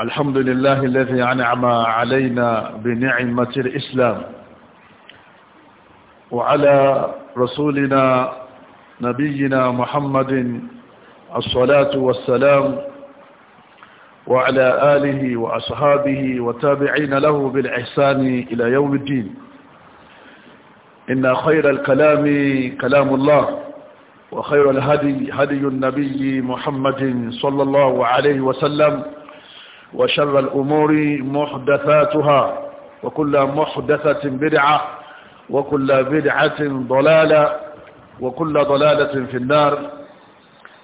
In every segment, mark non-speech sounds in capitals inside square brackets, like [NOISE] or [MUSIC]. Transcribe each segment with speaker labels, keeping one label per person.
Speaker 1: الحمد لله الذي أنعم علينا بنعمة الإسلام وعلى رسولنا نبينا محمد الصلاة والسلام وعلى آله وأصحابه وتابعين له بالإحسان إلى يوم الدين إن خير الكلام كلام الله وخير الهدي هدي النبي محمد صلى الله عليه وسلم وشر الأمور محدثاتها وكل محدثة بدعة وكل بدعة ضلالة وكل ضلالة في النار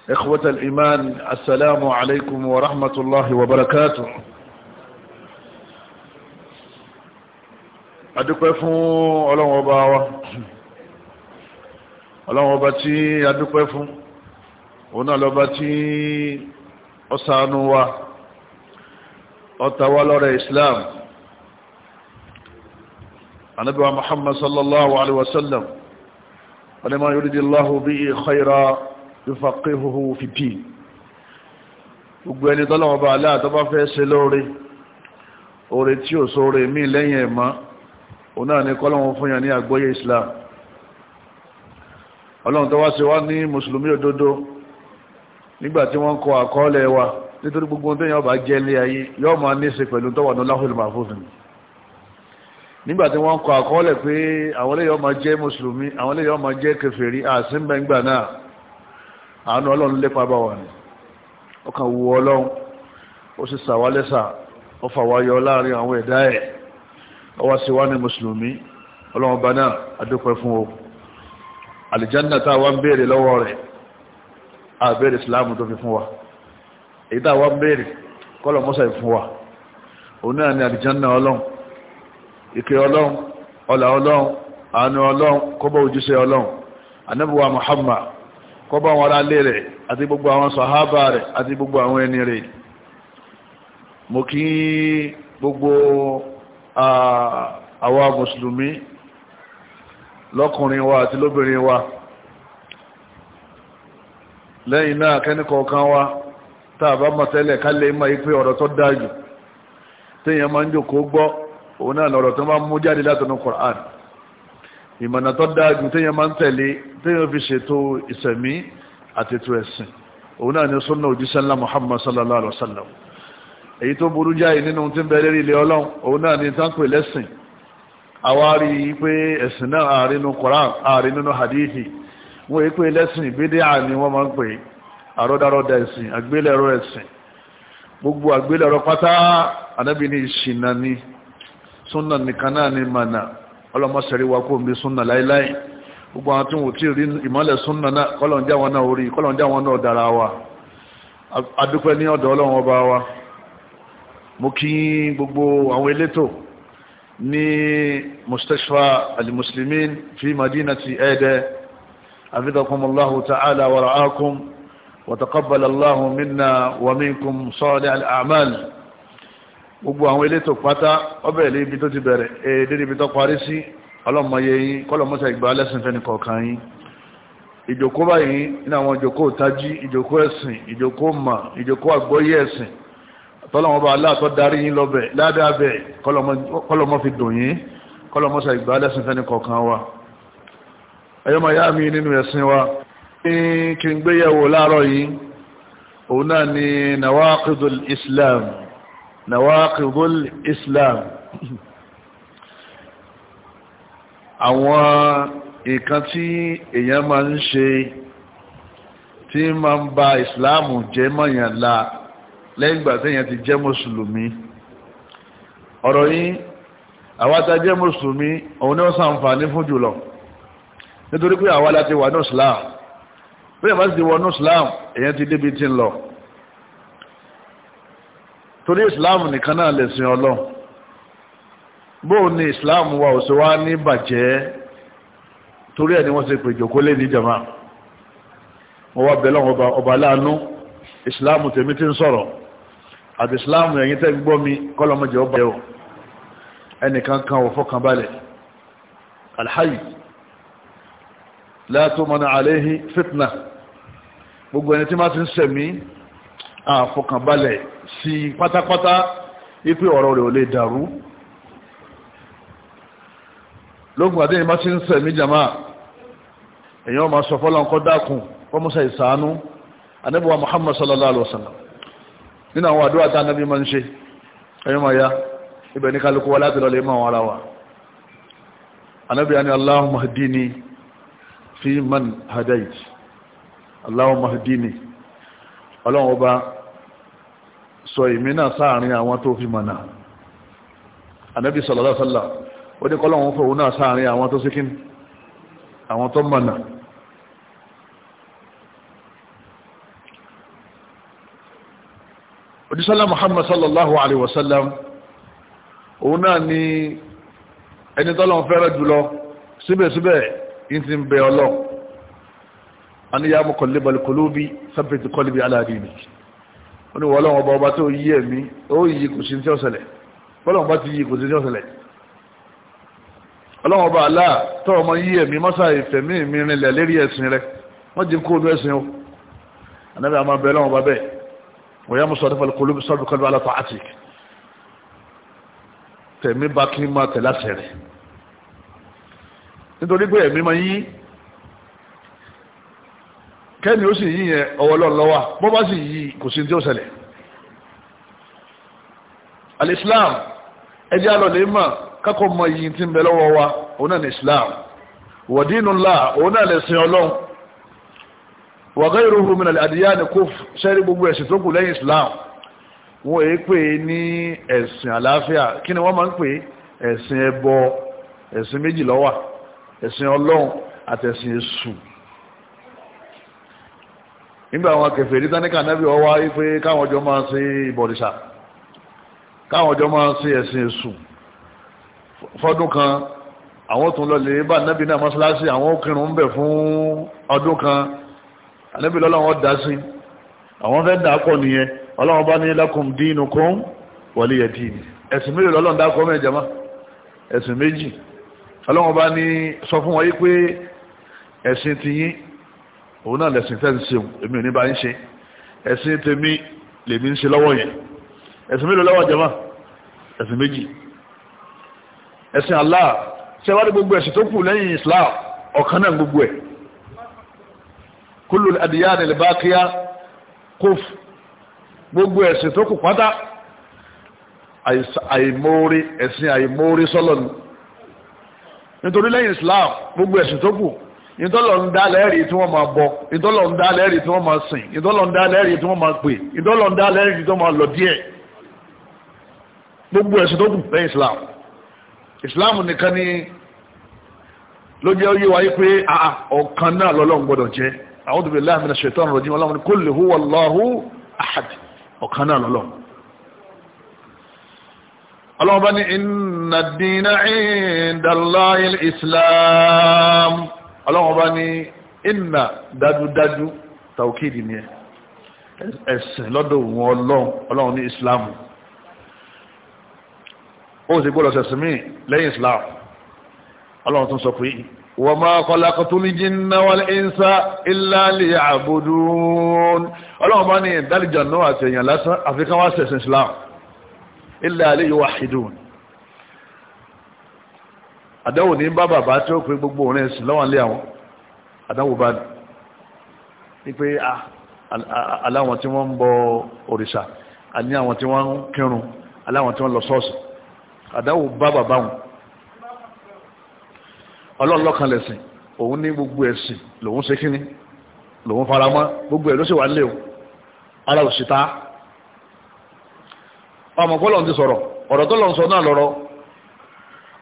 Speaker 1: إخوة الإيمان السلام عليكم ورحمة الله وبركاته adúpẹ́ fún ọlọ́run ọba wa ọlọ́run ọba tí adúpẹ́ fún òun náà lọ́ba tí ó wa ọ̀tàwà lọ́rẹ̀ islam anábíwa muhammad sallallahu alaihi wasallam wani ma yuridi allahu bihi khaira yufaqihuhu fi din gbogbo ẹni tọ́lọ́wọ́ bá aláà tó bá fẹ́ ṣe lóore oore tí ò sóore mí lẹ́yìn ẹ̀mọ́ òun náà ni kọ́lọ́wọ́ fún yàn ní àgbọ́yé islam ọlọ́run tó wá wá ní mùsùlùmí òdodo nígbà tí wọ́n kọ àkọọ́lẹ̀ wa nítorí gbogbo tó yàn bá jẹ́ ilé ayé yọ́ máa ní ṣe pẹ̀lú tó wà ní láhùlù mahfúzùn nígbàtí wọ́n kọ àkọọ́lẹ̀ pé àwọn ilé yọ́ máa jẹ́ mùsùlùmí àwọn ilé yọ́ máa jẹ́ kèfèrí àṣìmbẹ̀ngbà náà àánú ọlọ́run lépa bá wà ní ọkàn wu ọlọ́run ó sì sàwálẹ́sà ó èyí wa a kọ́lọ̀ mọ́sà ìfún òun náà ni àlìjánná ọlọ́run ìkẹ́ ọlọ́run ọlà ọlọ́run àánú ọlọ́run kọ́bọ̀ òjíṣẹ́ ọlọ́run anábùwà Muhammad kọ́bọ̀ àwọn rẹ̀ gbogbo àwọn sàhábà rẹ̀ àti gbogbo àwọn ẹni rẹ̀ mo kí gbogbo àwa mùsùlùmí lọ́kùnrin wa àti lóbìnrin wa lẹ́yìn náà tá a bá mọ̀ tẹ́lẹ̀ ká lè máa yí pé ọ̀rọ̀ tó dájú téèyàn máa ń jòkó gbọ́ òun náà lọ̀rọ̀ tó máa ń mú jáde látọ̀nù Qur'an ìmọ̀nà tó dájú téèyàn máa ń tẹ̀lé téèyàn fi ṣètò ìsẹ̀mí àtètò ẹ̀sìn òun náà ni sunna òjíṣẹ́ ńlá Muhammad sallallahu alaihi wa sallam èyí tó burú jáì nínú tí ń bẹ ilé ọlọ́run òun náà ni tánkù lẹ́sìn àwárí pé ẹ̀sìn náà ààrin nínú Qur'an ààrin nínú hadithi wọ́n yí pé lẹ́sìn bídíà ni wọ́n máa ń pè é àrọ́dárọ́dá ẹ̀sìn àgbélẹ̀rọ ẹ̀sìn gbogbo àgbélẹ̀rọ pátá anábì ní ìṣìnà ni súnà nìkan náà ni mànà ọlọ́mọsẹ̀rí wa kó mi súnà láíláì gbogbo àwọn tí wọ́n ti rí ìmọ́lẹ̀ náà kọ́lọ̀ wọn na wọn wa ta'ala wa ra'akum وتقبل الله منا ومنكم صالح الأعمال gbogbo àwọn elétò pátá ọbẹ̀ ilé ibi tó ti bẹ̀rẹ̀ èdè ibi tó parí sí ọlọ́mọye yìí kọlọmọsẹ̀ ìgbà lẹ́sìn fẹ́ni kọ̀ọ̀kan yìí ìjòkó báyìí ní àwọn ìjòkó tají ìjòkó ẹ̀sìn ìjòkó mà ìjòkó àgbọ́yé ẹ̀sìn tọ́lọ́mọba aláàtọ́ darí yín lọ́bẹ̀ ládàbẹ̀ kọlọmọ fi dùn yín kọlọmọsẹ̀ ìgbà lẹ́sìn fẹ́ni kọ̀ọ̀kan wa ẹ̀yọ́mọ̀ kí n gbéyẹ̀wò láàárọ̀ yìí òun náà ni nawaqidul islam nawaqidul islam àwọn nǹkan tí èèyàn máa ń ṣe tí máa ń ba ìsìláàmù jẹ́ mọ̀yàn la lẹ́yìn ìgbà tẹ́yàn ti jẹ́ mùsùlùmí ọ̀rọ̀ yìí àwa jẹ́ mùsùlùmí òun ni ó ṣàǹfààní fún jùlọ nítorí pé àwa láti wà ní ìsìláàmù bí ẹ̀bá ti wọnú islam èyàn ti débi tí ń lọ torí islam nìkan náà lè sin ọlọ́ bóò ni islam wa ò sí wá ní bàjẹ́ torí ẹ̀ ni wọ́n ti pè jòkó lé ní jama wọ́n wá bẹ̀lọ́ ọba aláàánú islam tèmi ti ń sọ̀rọ̀ àti islam ẹ̀yin tẹ́ gbọ́ mi kọ́lọ́mọjẹ́ ọba ẹ̀ ẹnìkan kan ò fọkànbalẹ̀ alhaji látó mọ́nà àléhì fitna gbogbo ẹni tí má ti ń sẹ̀mí àfọkànbalẹ̀ sí pátápátá ipé ọ̀rọ̀ rẹ̀ ò lè dàrú lókùn àdéhì má ti ń sẹ̀mí jama èyàn ma sọ fọ́lá ńkọ́ dákun kọmọ́sà ìsànú anábíwá Muhammad sallallahu alaihi wasallam nínú àwọn àdúrà tá anábí máa ń ṣe ẹ̀yọ́ máa ya ibẹ̀ ní kálukú wa láti lọ lè máa wọn ara wa anábíwá ni Allahumma hdini fi man hadait Allahumma hadini ọlọ́run ọba sọ èmi náà sáàrin àwọn tó fi mọ̀nà anábì sallallahu alaihi wasallam ó ní kọ́lọ́run fòrò náà sáàrin àwọn tó síkín àwọn tó mọ̀nà òjísọ́lá Muhammad sallallahu alaihi wasallam òun náà ni ẹni tọ́lọ́run fẹ́rẹ̀ jùlọ síbẹ̀síbẹ̀ yìí ti ń bẹ ọlọ́run a ní yá mú kọlébọlì kọlóbi sábẹ̀tì kọlébì aláàdínì ó ní wọ́lọ́wọ́ ọba ọba tó yí ẹ̀mí ó yí kò sí tí ó ṣẹlẹ̀ wọ́lọ́wọ́ bá ti yí kò sí tí ó ṣẹlẹ̀ ọlọ́wọ́ ọba aláà tó ọmọ yí ẹ̀mí mọ́sá ìfẹ̀mí mi rinlẹ̀ lérí ẹ̀sìn rẹ wọ́n ti kó olú ẹ̀sìn o ànábì àmọ́ bẹ́ẹ̀ lọ́wọ́ ọba bẹ́ẹ̀ wọ́n yá mú sọ́dọ̀fọ̀lì kọlóbi sábẹ̀tì kọlébì aláàtọ̀ àtìk tẹ̀mí bá kí n máa tẹ̀lá sẹ̀rẹ̀ nítorí pé ẹ̀mí máa yí kẹ́ni ó sì yí yẹn ọwọ́ Ọlọ́run ló wà bọ́ bá sì yí kò sí tí ó ṣẹlẹ̀ al-Islam ẹjẹ́ alọ́lẹ̀ mọ̀ kákọ́ mọ iyì tí ń bẹ lọ́wọ́ wa òun náà ní Islam wa dinullah òun náà lẹ̀sìn Ọlọ́run wa ghayruhu min al-adyan kufr sẹ́rí gbogbo ẹ̀sìn tó kù lẹ́yìn Islam wọ́n èé pè ní ẹ̀sìn àlàáfíà kí ni wọ́n máa ń pè ẹ̀sìn ẹbọ ẹ̀sìn méjì ló ẹ̀sìn ọlọ́run àtẹ̀sìn èṣù nígbà àwọn kèfèrí táníkà nẹ́bí ọwá wípé káwọn ọjọ́ máa ṣe ìbọ̀rìṣà káwọn ọjọ́ máa ṣe ẹ̀sìn èṣù fọ́dún kan àwọn tún lọ lè bá nẹ́bí náà mọ́ṣáláṣí àwọn òkìrùn ń bẹ̀ fún ọdún kan nẹ́bí lọ́lọ́wọ́ dá sí àwọn fẹ́ dà pọ̀ nìyẹn ọlọ́wọ́ bá ní lakum dinukum waliya din ẹ̀sìn méjì lọ́lọ́ ẹ̀sìn méjì ọlọ́wọ́n bá ní sọ fún wọn yí pé ẹ̀sìn ti yín òun náà lẹ̀sìn fẹ́ ń ṣe èmi ò ní bá ń ṣe ẹ̀sìn tèmi lèmi ń ṣe lọ́wọ́ yẹn ẹ̀sìn mélòó lọ́wọ́ jẹ́mọ́ ẹ̀sìn méjì ẹ̀sìn Allah ṣe wá ní gbogbo ẹ̀sìn tó kù lẹ́yìn Islam ọ̀kan náà gbogbo ẹ̀ kullu al-adyan al-baqiya kóf gbogbo ẹ̀sìn tó kù pátá àìmórí ẹ̀sìn àìmórí sọ́lọ́nù nítorí lẹ́yìn Islam gbogbo ẹ̀sìn tó kù ìtọ́lọ̀ ń dá lẹ́rìí tí wọ́n máa bọ ìtọ́lọ̀ ń dá lẹ́rìí tí wọ́n máa sìn ìtọ́lọ̀ ń dá lẹ́rìí tí wọ́n máa pè ìtọ́lọ̀ ń dá lẹ́rìí tí wọ́n máa lọ díẹ̀ gbogbo ẹ̀sìn tó kù lẹ́yìn Islam Islam nìkan ni ló jẹ́ oyé wáyé pé ọ̀kan náà lọ́lọ́run gbọ́dọ̀ jẹ́ a'udhu billahi minash shaitanir rajim ọlọ́run qul huwa Allahu ahad ọ̀kan náà lọ́lọ́run ọlọ́run bá inna ad-dina 'inda Allahi al-Islam ọlọ́run ọba ní inna dájúdájú tàwọ́kìdì ni ẹ̀sìn lọ́dọ̀ òun ọlọ́run ọlọ́run ní Islam ó sì gbọ́dọ̀ sẹ̀sìn mí lẹ́yìn Islam ọlọ́run tún sọ pé wa ma khalaqtu l-jinna wal-insa illa liya'budun ọlọ́run bá ní ìdálìjà náà àti èèyàn lásán àfikán wá sẹ̀sìn Islam illa liyuwahhidun àdáwò ní bá bàbá tí ó pé gbogbo òun ẹ̀sìn lọ́wọ́n lé àwọn àdáwò bá ní pé aláwọn tí wọ́n ń bọ òrìṣà àní àwọn tí wọ́n ń kírun aláwọn tí wọ́n lọ sọ́ọ̀sì àdáwò bá bàbá wọn ọlọ́ọ̀lọ́kan lẹ̀sìn òun ní gbogbo ẹ̀sìn lòun ṣe kíní lòun faramọ́ gbogbo ẹ̀ ló sì wà lé o ara òṣìta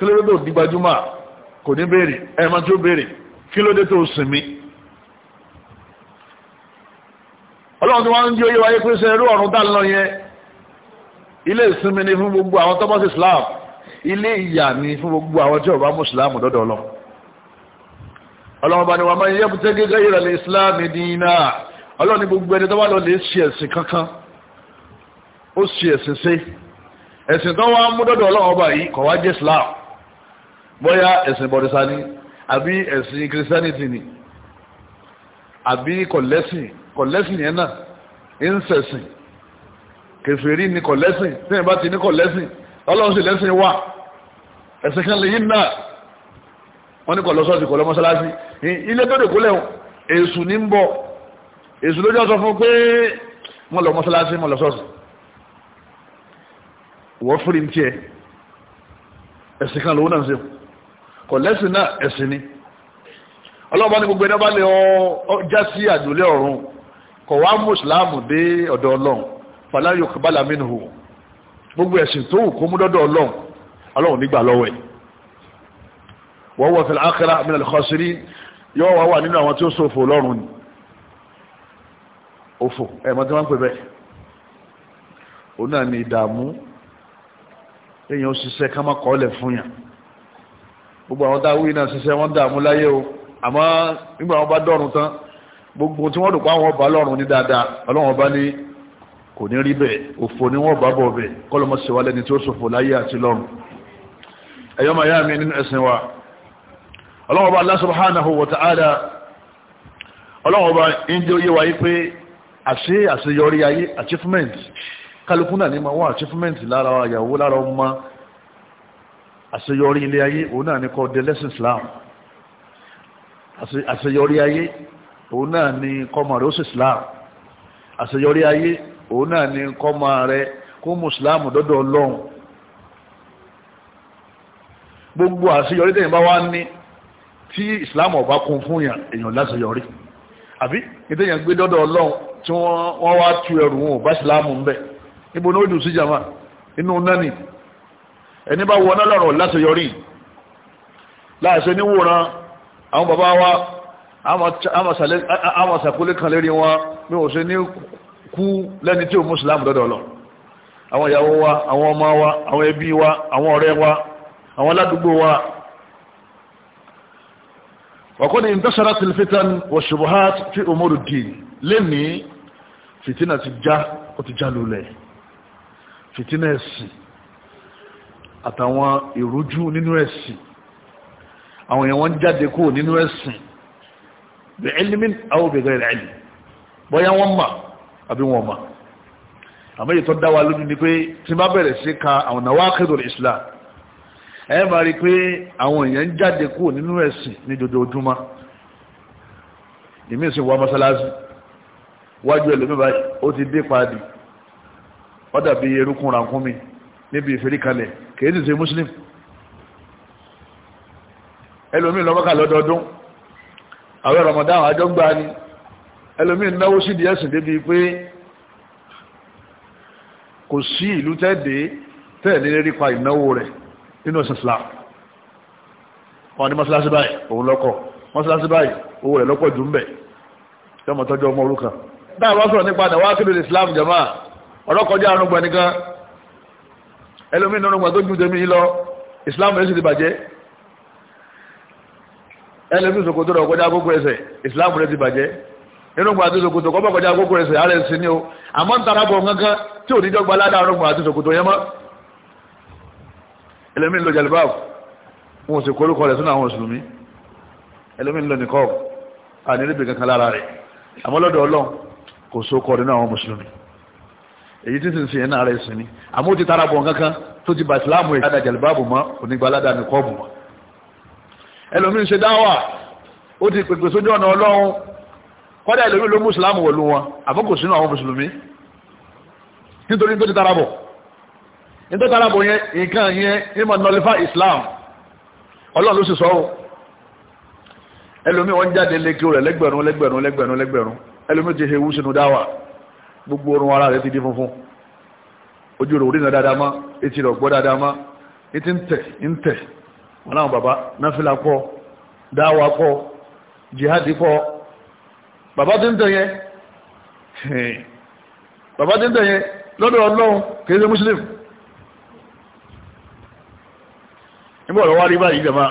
Speaker 1: kí ló dé kò ní béèrè ẹ máa tó béèrè kí tó sinmi. ọlọ́run tí wọ́n ń jí yẹn ilé ìsinmi ni fún gbogbo àwọn tọ́pọ́sí Islam ilé ìyà ni fún gbogbo àwọn tí ọba mùsùlùmù dọ́dọ̀ lọ ọlọ́run bá ní wọ́n máa yẹ́ bùtẹ́ gẹ́gẹ́ Islam gbogbo ẹni lọ lè kankan ó ṣe ẹ̀sìn ẹ̀sìn mú dọ́dọ̀ ọba yìí kọ̀ wá jẹ́ Islam bóyá ẹ̀sìn bọ̀dẹ̀sá ni àbí ẹ̀sìn christianity ni àbí kọ̀lẹ́sìn kọ̀lẹ́sìn yẹn náà ìǹsẹ̀sìn kèfèrí ni kọ̀lẹ́sìn tí ìbá ti ní kọ̀lẹ́sìn ọlọ́run sì lẹ́sìn wà ẹ̀sìn kan lè yí náà wọ́n ní kọ̀lọ́sọ́ọ̀sì kọ̀lọ́ mọ́sálásí ilé tó dèkó lẹ́hùn èṣù ní ń bọ̀ èṣù lójú ọ̀sọ́ fún pé wọ́n lọ kò lẹ́sìn náà ẹ̀sìn ni ọlọ́ọ̀bá ní gbogbo ẹ̀dá bá lè ọ já sí àjòlé ọ̀run kò wá mùsùlùmù dé ọ̀dọ̀ ọlọ́run fàlà yóò kábàlà mí nù gbogbo ẹ̀sìn tó wù kó mú dọ́dọ̀ ọlọ́run ọlọ́run nígbà lọ́wọ́ ẹ̀ wọ́n wọ́n fẹ́lẹ̀ ákẹ́rà min al-khasirin yóò wá wà nínú àwọn tí ó ṣòfò ọlọ́run ni òfò ẹ̀mọ́ tí wọ́n ń pè bẹ́ẹ̀ òun náà ni ìdààmú èèyàn ó ṣiṣẹ́ ká má kọ́ ọ́lẹ̀ fún yàn gbogbo àwọn ta náà ṣiṣẹ́ wọ́n dààmú láyé o àmọ́ nígbà wọn bá dọ̀run tán gbogbo tí wọ́n àwọn ọba lọ́run ní dáadáa ọlọ́run ọba ní kò ní rí bẹ́ẹ̀ ni wọ́n bá bọ̀ bẹ́ẹ̀ kọ́lọ́mọ ṣe wá lẹ́ni tí ó ṣòfò láyé àti ẹ̀yọ́ mi nínú ẹ̀sìn wa àṣeyọrí ilé ayé òun náà ní kọ́ de lẹ́sìn islam àṣeyọrí ayé òun náà ní kọ́mọ rẹ̀ ó sì islam àṣeyọrí ayé òun náà ní kọ́mọ rẹ̀ kó mùsùlámù dọ́dọ̀ ọlọ́run gbogbo àṣeyọrí tẹ̀yìn bá wá ní tí islam ọba kún fún yàn èèyàn láṣeyọrí àbí ìtẹ̀yìn gbé dọ́dọ̀ ọlọ́run tí wọ́n wá tu ẹrù wọn ò bá islam ń bẹ̀ níbo ní ó dùn sí jàmá inú náà nìyí ẹni bá wọ ọlọ́run láṣeyọrí láàṣẹ níwòran àwọn bàbá wa àwọn àṣàkólé kan lérí wọn mi ò ṣe ní kú lẹ́ni tí ò mùsùlùmí dọ́dọ̀ lọ àwọn ìyàwó wa àwọn ọmọ wa àwọn ẹbí wa àwọn ọ̀rẹ́ wa àwọn aládùúgbò wa وقد انتشرت الفتن والشبهات في امور الدين لني فتنه تجاه وتجاه لوله فتنه السي àtàwọn ìrújú nínú ẹ̀sìn àwọn èèyàn wọ́n jáde kó nínú ẹ̀sìn bí ilmin aw bi ghayri ilm bọ́yá wọ́n mà àbí wọ́n mà àmọ́ èyí tó dá wa lójú ni pé tí bá bẹ̀rẹ̀ sí ka àwọn nawaqidul islam ẹ máa rí pé àwọn èèyàn jáde kó nínú ẹ̀sìn ní dojoojúmọ́ ìmí ìsìn wa mọ́sálásí wájú ẹlòmí ó ti dé paadi ó dàbí erékùn rànkúnmi níbi ìfẹ́ríkalẹ̀ kìí sì ṣe muslim ẹlòmíì lọ́dọọdún àwọn ni náwó ẹ̀sìn débi pé kò sí ìlú tẹ́ẹ̀dẹ́ tẹ́ẹ̀lẹ́ ìnáwó rẹ̀ nínú Islam ni báyìí òun lọ́kọ̀ báyìí owó rẹ̀ lọ́pọ̀ jù ọmọ orúkà sọ̀rọ̀ nípa Islam ẹlòmí nínú ọgbà tó jù lọ islam rẹ̀ sì ti bàjẹ́ ẹlòmí ṣòkòtò rẹ̀ kọjá gbogbo ẹsẹ̀ islam rẹ̀ ti bàjẹ́ nínú ọgbà tó ṣòkòtò kọ́ kọjá gbogbo ẹsẹ̀ ààrẹ sí ni o àmọ́ ń tara bọ̀ gángan tí ò ní jọ́gba ládàá ọgbà tó ṣòkòtò yẹn mọ́ ẹlòmí ń lo jalibab wọn ò sì korúkọ rẹ̀ sínú àwọn mùsùlùmí ẹlòmí ń nìkọ́ àníríbì èyí tí sì ń sìn náà rẹ̀ sí ni àmọ́ ti tara bọ̀ kankan tó ti bà ìsìláàmù ẹ̀ dáadáa jàlùbáàbù mọ́ onígbàládà ní kọ́ọ̀bù mọ́ ẹlòmíín ṣe dáwà ó ti pèpè sójú ọ̀nà ọlọ́run kọ́dà ẹlòmíín ló mú ìsìláàmù wọ̀lú wọn àbọ̀kò sínú àwọn mùsùlùmí nítorí tó ti tara bọ̀ nítorí tara bọ̀ yẹn nǹkan yẹn ìmọ̀ nọlifá ìsìláàmù ọlọ́run ló sì sọ ọ́ ẹlòmíín wọ́n jáde lé gbogbo orun ara rẹ̀ ti di funfun ojú rẹ̀ oríran dáadáa má etí rẹ̀ ọ̀gbọ́ dáadáa má etí ń tẹ̀ ń tẹ̀ wọn bàbá náfìlà dáwà jihadi kọ́ bàbá tí ń tẹ̀ yẹn bàbá tí ń tẹ̀ yẹn lọ́dọ̀ ọlọ́run kìí ṣe muslim nígbà ọ̀rọ̀ wá rí báyìí jẹ̀má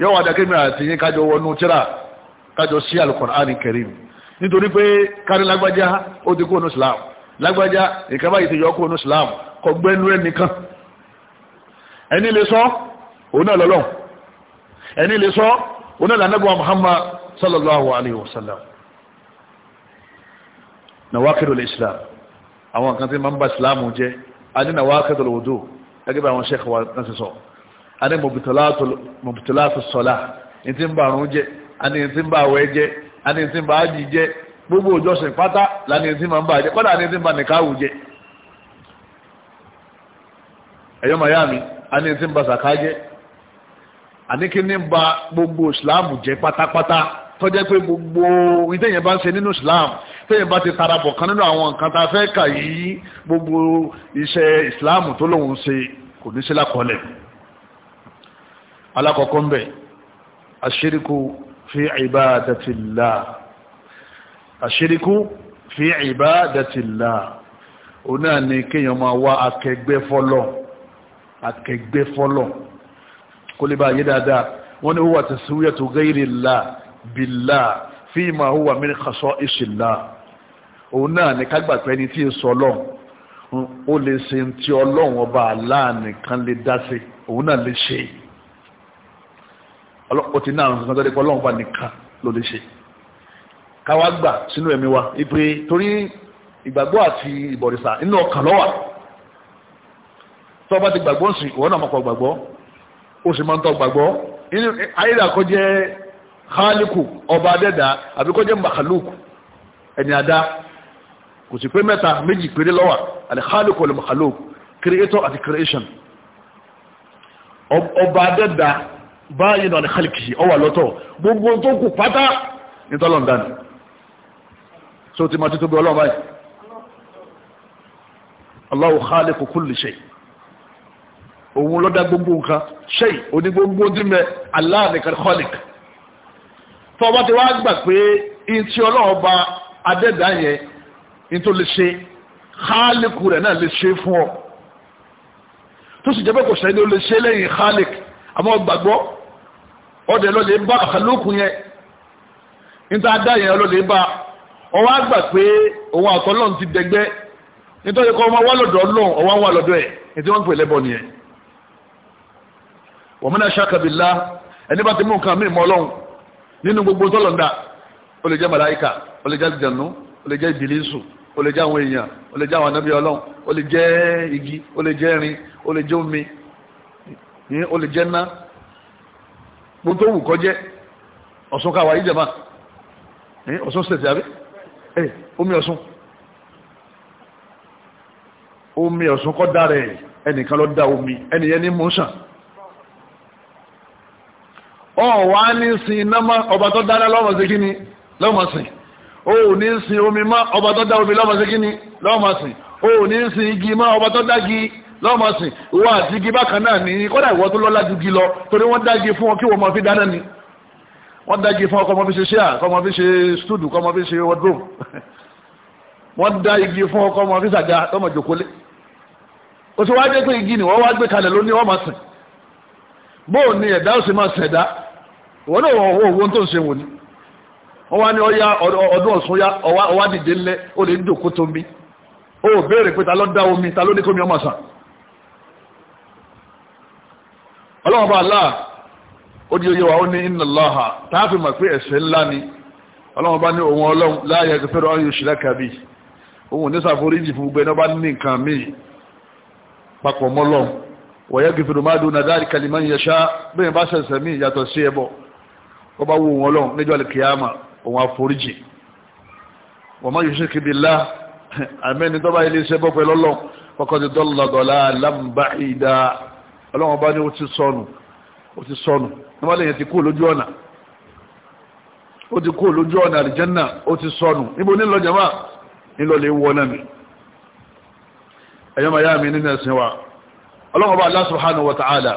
Speaker 1: yọ́wọ́ adákẹ́mìíràn àti yín kájọ wọnú tíra kájọ sí nítorí pé kárí lágbájá ó ti kó onú islam lágbájá nǹkan báyìí ti yọ kó onú islam kò gbẹ́nu ẹnìkan ẹni lè sọ òun náà lọ́lọ́ ẹni lè sọ òun náà lànàbọ̀ muhammad sallallahu alayhi wa sallam nawakidul islam àwọn kan tí ma ń bá islamu jẹ́ a ní nawakidul wudu gẹ́gẹ́ bí àwọn sheikh wa náà sọ a ní mubtilatu sọlá ní tí ń bá àrùn jẹ́ a ní tí ń bá àwẹ̀ jẹ́ láni tí ń bá ájì jẹ gbogbo òjọsìn pátá láni tí máa ń bá jẹ kọ́dà ní tí bá nìkáwù jẹ ẹ̀yọ́ miami àní tí ń bá sàká jẹ àní kí ní ń bá gbogbo ìsìláàmù jẹ pátápátá tó jẹ́ pé gbogbo ìtẹ̀yìn bá ń ṣe nínú islam tẹ̀yìn bá ti tarapọ̀ kan nínú àwọn nǹkan tá a fẹ́ kà yìí gbogbo iṣẹ́ islam tó lòun ṣe kò ní sí lákọọ́lẹ̀ alákọ̀ọ́kọ́ ń bẹ̀ àṣíríkù fi ibadatillah àṣíríkú fi ibadatillah ó náà ni kéèyàn máa wá akẹgbẹ́ fọ́lọ́ akẹgbẹ́ fọ́lọ́ kó lè bá yé dáadáa wọ́n ní huwa taswiyatu ghayrillah billah fima huwa min khasaisillah òun náà ni kágbàpẹ́ ni tí ń sọ ọlọ́run lè ṣe ti ọlọ́run ọba Allah nìkan lè dá sí òun náà lè ṣe ó ti ní àwọn nǹkan tó dé pé ọlọ́run bá nìkan ló lè ṣe káwá gbà sínú ẹ̀mí wa ìpè torí ìgbàgbọ́ àti ìbọ̀rìṣà inú ọkàn lọ́wà tó bá ti gbàgbọ́ sí ìwọ́n náà mọ́kọ̀ gbàgbọ́ ó sì máa ń tọ́ gbàgbọ́ ayédà kó jẹ́ khaliku ọba adẹ́dà àbí kó jẹ́ ẹni adá kò sì pé mẹ́ta méjì péré lọ́wà àti khaliku olùmakhaluku creator àti creation ọba adẹ́dà báyìí náà ni kálíkì ọwà lọ́tọ̀ gbogbo tó kù pátá ní tọ́lọ̀ dání so ti ma títún bí ọlọ́run báyìí Allahu khaliqu kulli shay òun ló dá gbogbo nǹkan shay oní gbogbo dínmẹ́ Allah tó sì jẹ́ kò sẹ́ni ó lè ṣe lẹ́yìn khaliq àmọ́ gbàgbọ́ ọdẹ lọ lè bá àkàlókùn yẹn níta dá yẹn lọ lè bá ọwọ́ àgbà pé òun àtọ́lọ́n ti dẹgbẹ́ nítorí kọ́ ọmọ wà lọ́dọ̀ ọlọ́run ọwọ́ wà lọ́dọ̀ ẹ̀ ètí wọ́n ń pè lẹ́bọ̀ nìyẹn wọ́n mú náà ṣàkàbìlá ẹni bá ti mú nǹkan mímọ́ ọlọ́run nínú gbogbo tọ́lọ̀ndà ó lè jẹ́ màláìkà ó lè jẹ́ àlùjànnú ó lè jẹ́ ìbìlísù ó lè jẹ́ àwọn èèyàn ó lè jẹ́ àwọn anábì ọlọ́run ó lè jẹ́ igi ó lè jẹ́ irin ó lè jẹ́ omi Ni o lè jẹ́ ná gbogbo wù kọjẹ́ ọ̀sán káwà yìí jẹ̀má ọ̀sán sẹ̀tì àbí omi ọ̀sán omi ọ̀sán kọ́ dá rẹ̀ ẹnìkan lọ dá omi ẹnìyẹn ní mọ́sàn ọ̀wá ní sin iná mọ́ ọba tó dáná lọ́mọ sí kí ni lọ́mọ sìn o ní sin omi mọ́ ọba tó dá omi lọ́mọ sí kí ni lọ́mọ sìn o ní sin igi mọ́ ọba tó dá gi lọ́mọ sìn ìwọ àti igi bákan náà ní kọ́dà ìwọ tó lọ́lá ju lọ torí wọ́n dági fún ọ wọ́n mọ fi dáná ni wọ́n dági fún ọ kọ́ mọ fi ṣe ṣíà kọ́ mọ fi ṣe stúdù kọ́ mọ fi ṣe wọ́dúrò [LAUGHS] wọ́n dá igi fún ọ kọ́ mọ fi ṣàjà lọ́mọ jòkólé o ti wá dé pé igi ni wọ́n wá gbé kalẹ̀ lóní wọ́n bóò ni ẹ̀dá ó sì máa sìn ẹ̀dá ni wọ́n wá ní ọya ya ọwá dìde ńlẹ̀ ó lè ń dòkó tómi ó béèrè pé ta ló dá omi ọlọ́wọ́n bá aláà ó di oyé wa ó ní inna tààfin ma pé ẹ̀ṣẹ̀ ńlá ni ọlọ́wọ́n ní ohun ọlọ́run la yaghfiru an yushraka bihi ohun onísàforíjì fún gbẹ́ náà bá ní nǹkan míì papọ̀ mọ́lọ́run wa yaghfiru ma duna dhalika liman yasha bẹ́ẹ̀ bá ṣẹ̀ṣẹ̀ míì yàtọ̀ sí ẹbọ ó bá wo ohun ọlọ́run níjọ́ alìkìyàmà ohun àforíjì wa àmẹ́ni ọlọ́run bá ní ó ti sọnù ó ti sọnù níwájú èèyàn ti kú lójú ọ̀nà ó ti kú lójú ọ̀nà àlìjẹ́nà ó ti sọnù níbo nílò jama nílò lè wọ náà mi ẹ̀yọ́ màá yá mi nínú ẹ̀sìn wa ọlọ́run bá Allah subhanahu wa ta'ala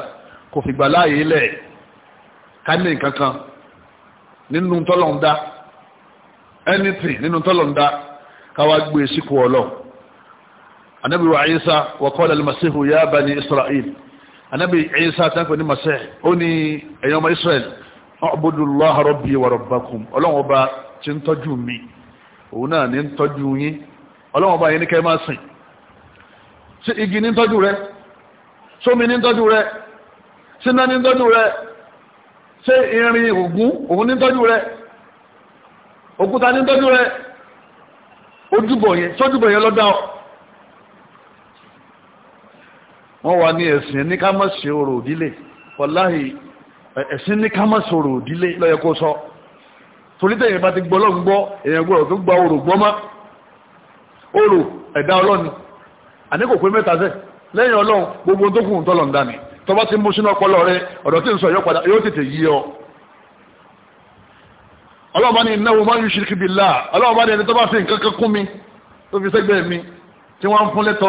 Speaker 1: kò fìgbà láàyè ilẹ̀ ká ní nínú tọ́lọ̀ anything nínú tọ́lọ̀ káwá gbé síkú ọlọ́ anábìwá ayé sá wa qala al-masihu ya bani isra'il anabi isa tanko ni masẹ ó ní ẹ̀yin ọmọ israel ọ̀bùdùlọ́hà rọ́bì wà rọ́bàkùn ọlọ́run ọba tí ń tọ́jú mi òun náà ní ń tọ́jú yín ọlọ́run ọba yẹn ní kẹ́ máa sìn ṣé igi ní ń tọ́jú rẹ sómi ní ń tọ́jú rẹ síná ní ń irin ògún òun ní ń tọ́jú rẹ òkúta ní ń tọ́jú rẹ ojúbọ yẹn sójúbọ wọ́n wà ní ẹ̀sìn ní ká má ṣe orò òdílé wàláhì ẹ̀sìn ní ká má ṣe orò òdílé lọ́yẹ kó sọ torí tẹ̀yìn bá ti gbọ́ lọ́n gbọ́ èèyàn gbọ́dọ̀ tó gba orò gbọ́ mọ́ orò ẹ̀dá ọlọ́ni àní kò pé mẹ́ta sẹ́ lẹ́yìn ọlọ́run gbogbo tó kù tọ́lọ̀ ń dání tó bá ti mú sínú ọpọlọ rẹ ọ̀dọ̀ tí ń sọ yọ padà yóò tètè yí ọ ọlọ́run bá ní innahu man yushrik billah ọlọ́run bá ní ẹni tó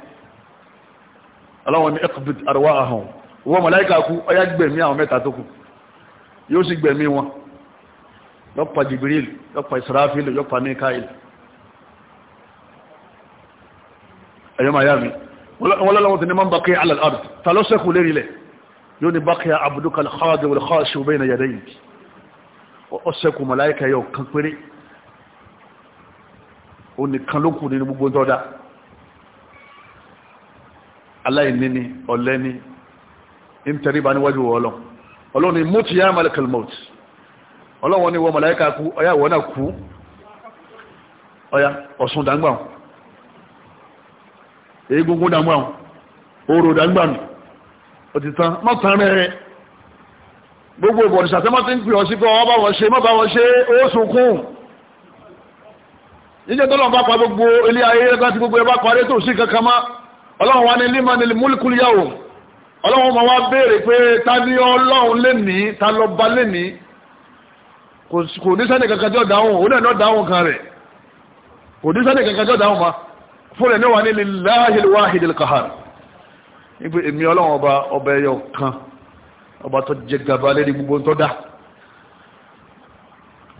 Speaker 1: aláwọn ní ekbid arwa ahun wọ́n mọ̀láíkà kú ọyá gbẹ̀mí àwọn mẹ́ta tó kù yóò sì gbẹ̀mí wọn yọ́pa jibril yọ́pa israfil yọ́pa mikael ẹ̀yọ́ miami wọ́n lọ́lọ́wọ́n ti ní mọ́ bàkẹ́ alàlárù ta ló sẹ́kù lérí lẹ̀ yóò ní bàkẹ́ abdukal khadi wal khashi bayna yadayi ó sẹ́kù mọ̀láíkà yóò kan péré ó nìkan ló kù nínú gbogbo dọ́dá aláìníní ọ̀lẹ́ni ń tẹríba níwájú ọlọ́run ọlọ́run ni mọ́tí ya malakal mọ́tí ni wọ́n malaika kú ọya wọ́n náà kú ọya ọ̀sùn dàgbàun egungun dàgbàun oró dàgbàun òtítàn mọ́tàn rẹ̀ gbogbo ìbọ̀dìsà tẹ́ mọ́tí pè ọ sí pé wọ́n ṣe wọ́n ṣe ó sunkún bá pa gbogbo ilé ayé gbogbo ọlọ́run wa ní lima ní múlíkùlù yàwó ọlọ́run ma wá béèrè pé ta ni ọlọ́run lè ní ta lọ ba lè ní kò ní sẹ́ni kankan tí ó dáhùn òun náà dáhùn kan rẹ̀ kò ní sẹ́ni kankan tí ó dáhùn ma fúnlẹ̀ ní wa ní lillahil wahidil qahar nígbè èmi ọlọ́run ọba ọba ẹyọ kan ọba tó jẹ gàba lérí gbogbo tó dá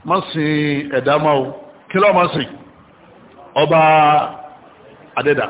Speaker 1: má sin ẹ̀dá máa o kí lọ́ọ́ má sin ọba adẹ́dàá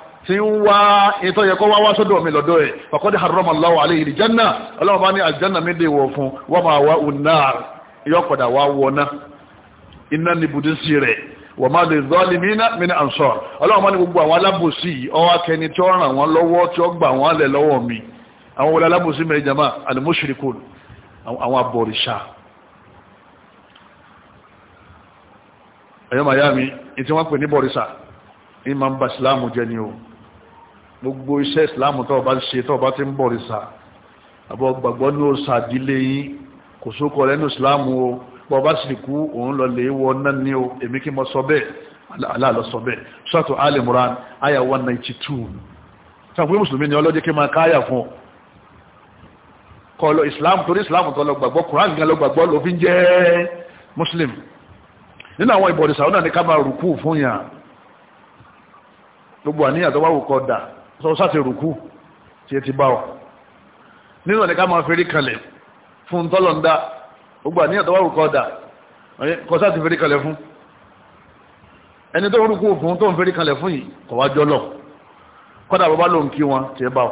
Speaker 1: tí ń wá ètò yẹ kó wá wá sọ́dọ̀ mi lọ́dọ̀ ẹ̀ faqad harrama Allahu alayhi al-janna ọlọ́wọ́ bá ní aljanna mi dè wọ̀ fún wa ma'wahu an-nar yọ́kọ̀dà wá wọná iná ní bùdísí rẹ̀ wa ma liz-zalimina min ansar ọlọ́wọ́ bá ní gbogbo àwọn alábòsí ọwọ́ akẹni tí ó ràn wọ́n lọ́wọ́ tí ó gbà wọ́n lẹ̀ lọ́wọ́ mi àwọn wọlé alábòsí mẹ́rin jama al àwọn abọ̀rìṣà ẹ̀yọ́ miami ìtí wọ́n pè ní bọ̀rìṣà ní ma jẹ́ ni o gbogbo iṣẹ́ ìsìláàmù tó bá ṣe tó bá ti ń bọ̀ rìsà àbọ̀ gbàgbọ́ ní o sàdílé yín kò sókọ lẹ́nu ìsìláàmù o bọ́ bá sì kú òun lọ lè wọ náà ní o èmi kí mo sọ bẹ́ẹ̀ aláàlọ́ sọ bẹ́ẹ̀ ṣàtò alimuran aya 192 sàpé mùsùlùmí ni ọlọ́jẹ́ kí máa káyà fún kọlọ ìsìláàmù torí ìsìláàmù tó lọ gbàgbọ́ kùránì gan lọ gbàgbọ́ ló fi ń jẹ́ mùsùlùmí nínú àwọn gbogbo àníyàn tó wá wò kọ dáa sọ sáti rùkú tí ẹ ti bá ọ nínú ọ̀dẹ̀ká máa fẹ́rí kalẹ̀ fún tọ́lọ̀ ń dá gbogbo àníyàn tó wá rùkọ́ dà kọ sáti fẹ́rí kalẹ̀ fún ẹni tó rùkú fún tó ń fẹ́rí kalẹ̀ fún yìí kọ̀ wá kọ́dà bàbá ló wọn tí ẹ bá ọ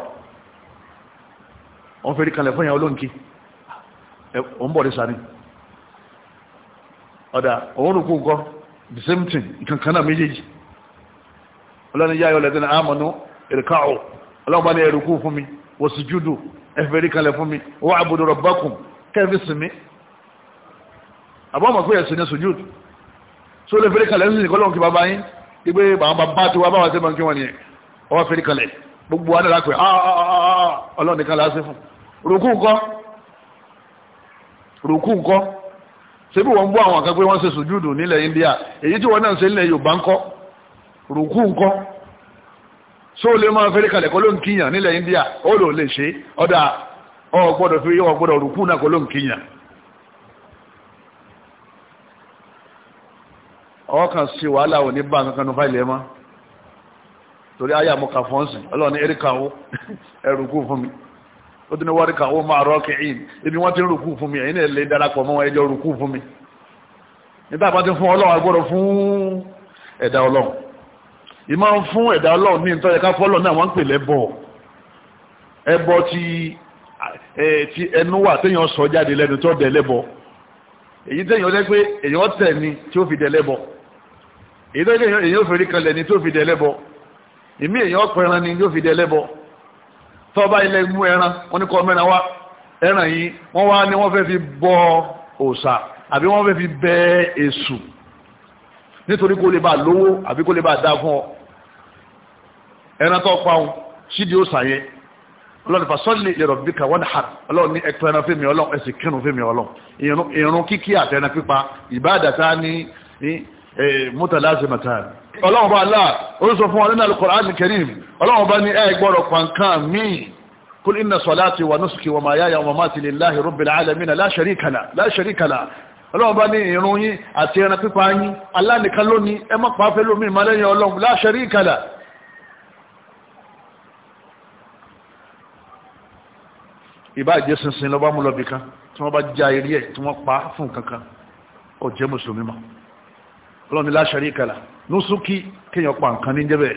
Speaker 1: wọ́n fẹ́rí kalẹ̀ fún yàwó ló ń kí ń bọ̀ dé sani ọ̀dà òun rùkú kọ́ the same thing ìkankan náà méjèèjì ọlọ́ni yáyọ̀ lẹ́dínà ámọ́nú ìrìkáwò ọlọ́ọ̀bá ní ẹ̀rùkú fún mi wòsùjúdù ẹ̀fẹ̀rí kalẹ̀ fún mi wọ́n àbùdó rọ̀bákùn kẹ́ẹ̀fì sinmi àbọ̀mọ̀ pé ẹ̀sìn ní sùjúdù só lè fẹ́rí kalẹ̀ ní ìkọlọ́hún بابا bàbá yín ipé àwọn bàbá tí wọ́n bá wà sí mọ́ kí wọ́n nìyẹn ọwọ́ fẹ́rí kalẹ̀ gbogbo wa nílá pé ọlọ́ọ̀nì kan láásí fún rùkú ńkọ́ rùkú ńkọ́ ṣébí wọ́n ń bú àwọn kan wọ́n ṣe sùjúdù nílẹ̀ India èyí tí wọ́n náà ṣe nílẹ̀ Yorùbá ńkọ́ rùkú ńkọ́ so le ma fẹ́rí kale kọ́ ló ń kíyàn nílẹ̀ India ó le lè ṣe o ọgbọ́dọ̀ fi ọ rùkú náà kọ́ ló ń kíyàn ọkàn sí wàhálà ò ní bá kankan fà ilẹ̀ mọ́ torí ayé àmúka fọ́nsìn ọlọ́ni eríkàwó ẹrùkú fún mi ó ti ní wáríkàwó máa rọ́ọ̀kì in ibi wọ́n mi ìmọ̀ fún ẹ̀dá ọlọ́run ní ìtọ́jẹ́ ká fọ́lọ́ náà wọ́n ń pè lẹ́bọ ẹbọ ti ti ẹnu wà téèyàn sọ jáde lẹ́nu tó dẹ̀ lẹ́bọ èyí téèyàn lẹ́ pé èyàn tẹ̀ ni tí ó fi dẹ̀ lẹ́bọ èyí tó yẹ èyàn fèrè kalẹ̀ ni tí ó fi dẹ̀ lẹ́bọ ìmí èyàn pẹran ni yóò fi dẹ̀ lẹ́bọ tọ́ba ilẹ̀ mú ẹran wọn ní kọ́ mẹ́ran wá ẹran yìí wọ́n wá ní wọ́n fẹ́ fi bọ òòṣà àbí wọ́n fẹ́ fi bẹ èṣù nítorí kó lè bá lówó àbí kó lè bá dá fún ọ ẹran tó pa òun sídi ó sàyẹ ọlọ́run fasọ́lì lè rọ̀bí ka wọ́n hà ọlọ́run ní ẹ̀pẹ́ ẹran fẹ́mi ọlọ́run ẹ̀sìn kírun fẹ́mi ọlọ́run ìrun kíkí àti ẹran pípa ìbáàdàtà ní mútàlásìmọ̀tà ọlọ́run bá aláà ó sọ fún ọlọ́run al-Qur'an al-Karim ọlọ́run bá ní ẹ gbọ́dọ̀ pàǹkan míì قل إن صلاتي ونسكي ومحياي ومماتي لله رب العالمين لا شريك له لا شريك له ọlọ́run bá ní ìrun yín àti ẹran pípa yín Allah nìkan ló ni ẹ má pa á fẹ́lòmíì má lẹ́yìn لا شريك له ìbáàjẹ́ sinsin lọ́ba mú lọ́bì kan tí wọ́n bá já eré ẹ̀ tí wọ́n pa fún kankan ó jẹ́ mùsùlùmí mọ́ ọlọ́ni la sharika lah nusuki kéèyàn pa nǹkan ní jẹ́bẹ̀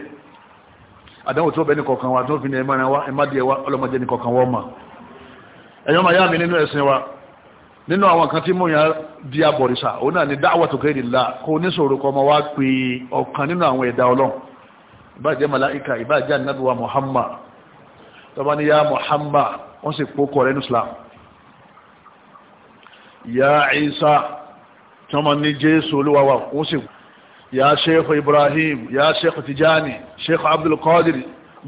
Speaker 1: àdánwò tó bẹ́ẹ̀ ní kọ̀ọ̀kan wa tó fi ní ẹ̀mọ́ wa ẹ̀má díẹ̀ wa ọlọ́mọdé ní kọ̀ọ̀kan wọ́n mọ̀ ẹ̀yọ́n yá mi nínú ẹ̀sìn wa nínú àwọn kan tí mò ń di abọ̀rìṣà òun náà ni da'watu ghayrillah kó oníṣòro kọ́ ọmọ wa pé ọ̀kan nínú àwọn ẹ̀dá ọlọ́run ìbáàjẹ́ màláìka ìbáàjẹ́ anábìwa Muhammad tọ́ba ni yá Muhammad wọ́n sì pọ́ kọ̀ọ̀rẹ́ ní islam ya isa tí wọ́n ma ní jésù olúwawa wọ́n sì ya sheikh ibrahim ya sheikh tijani sheikh abdul qadir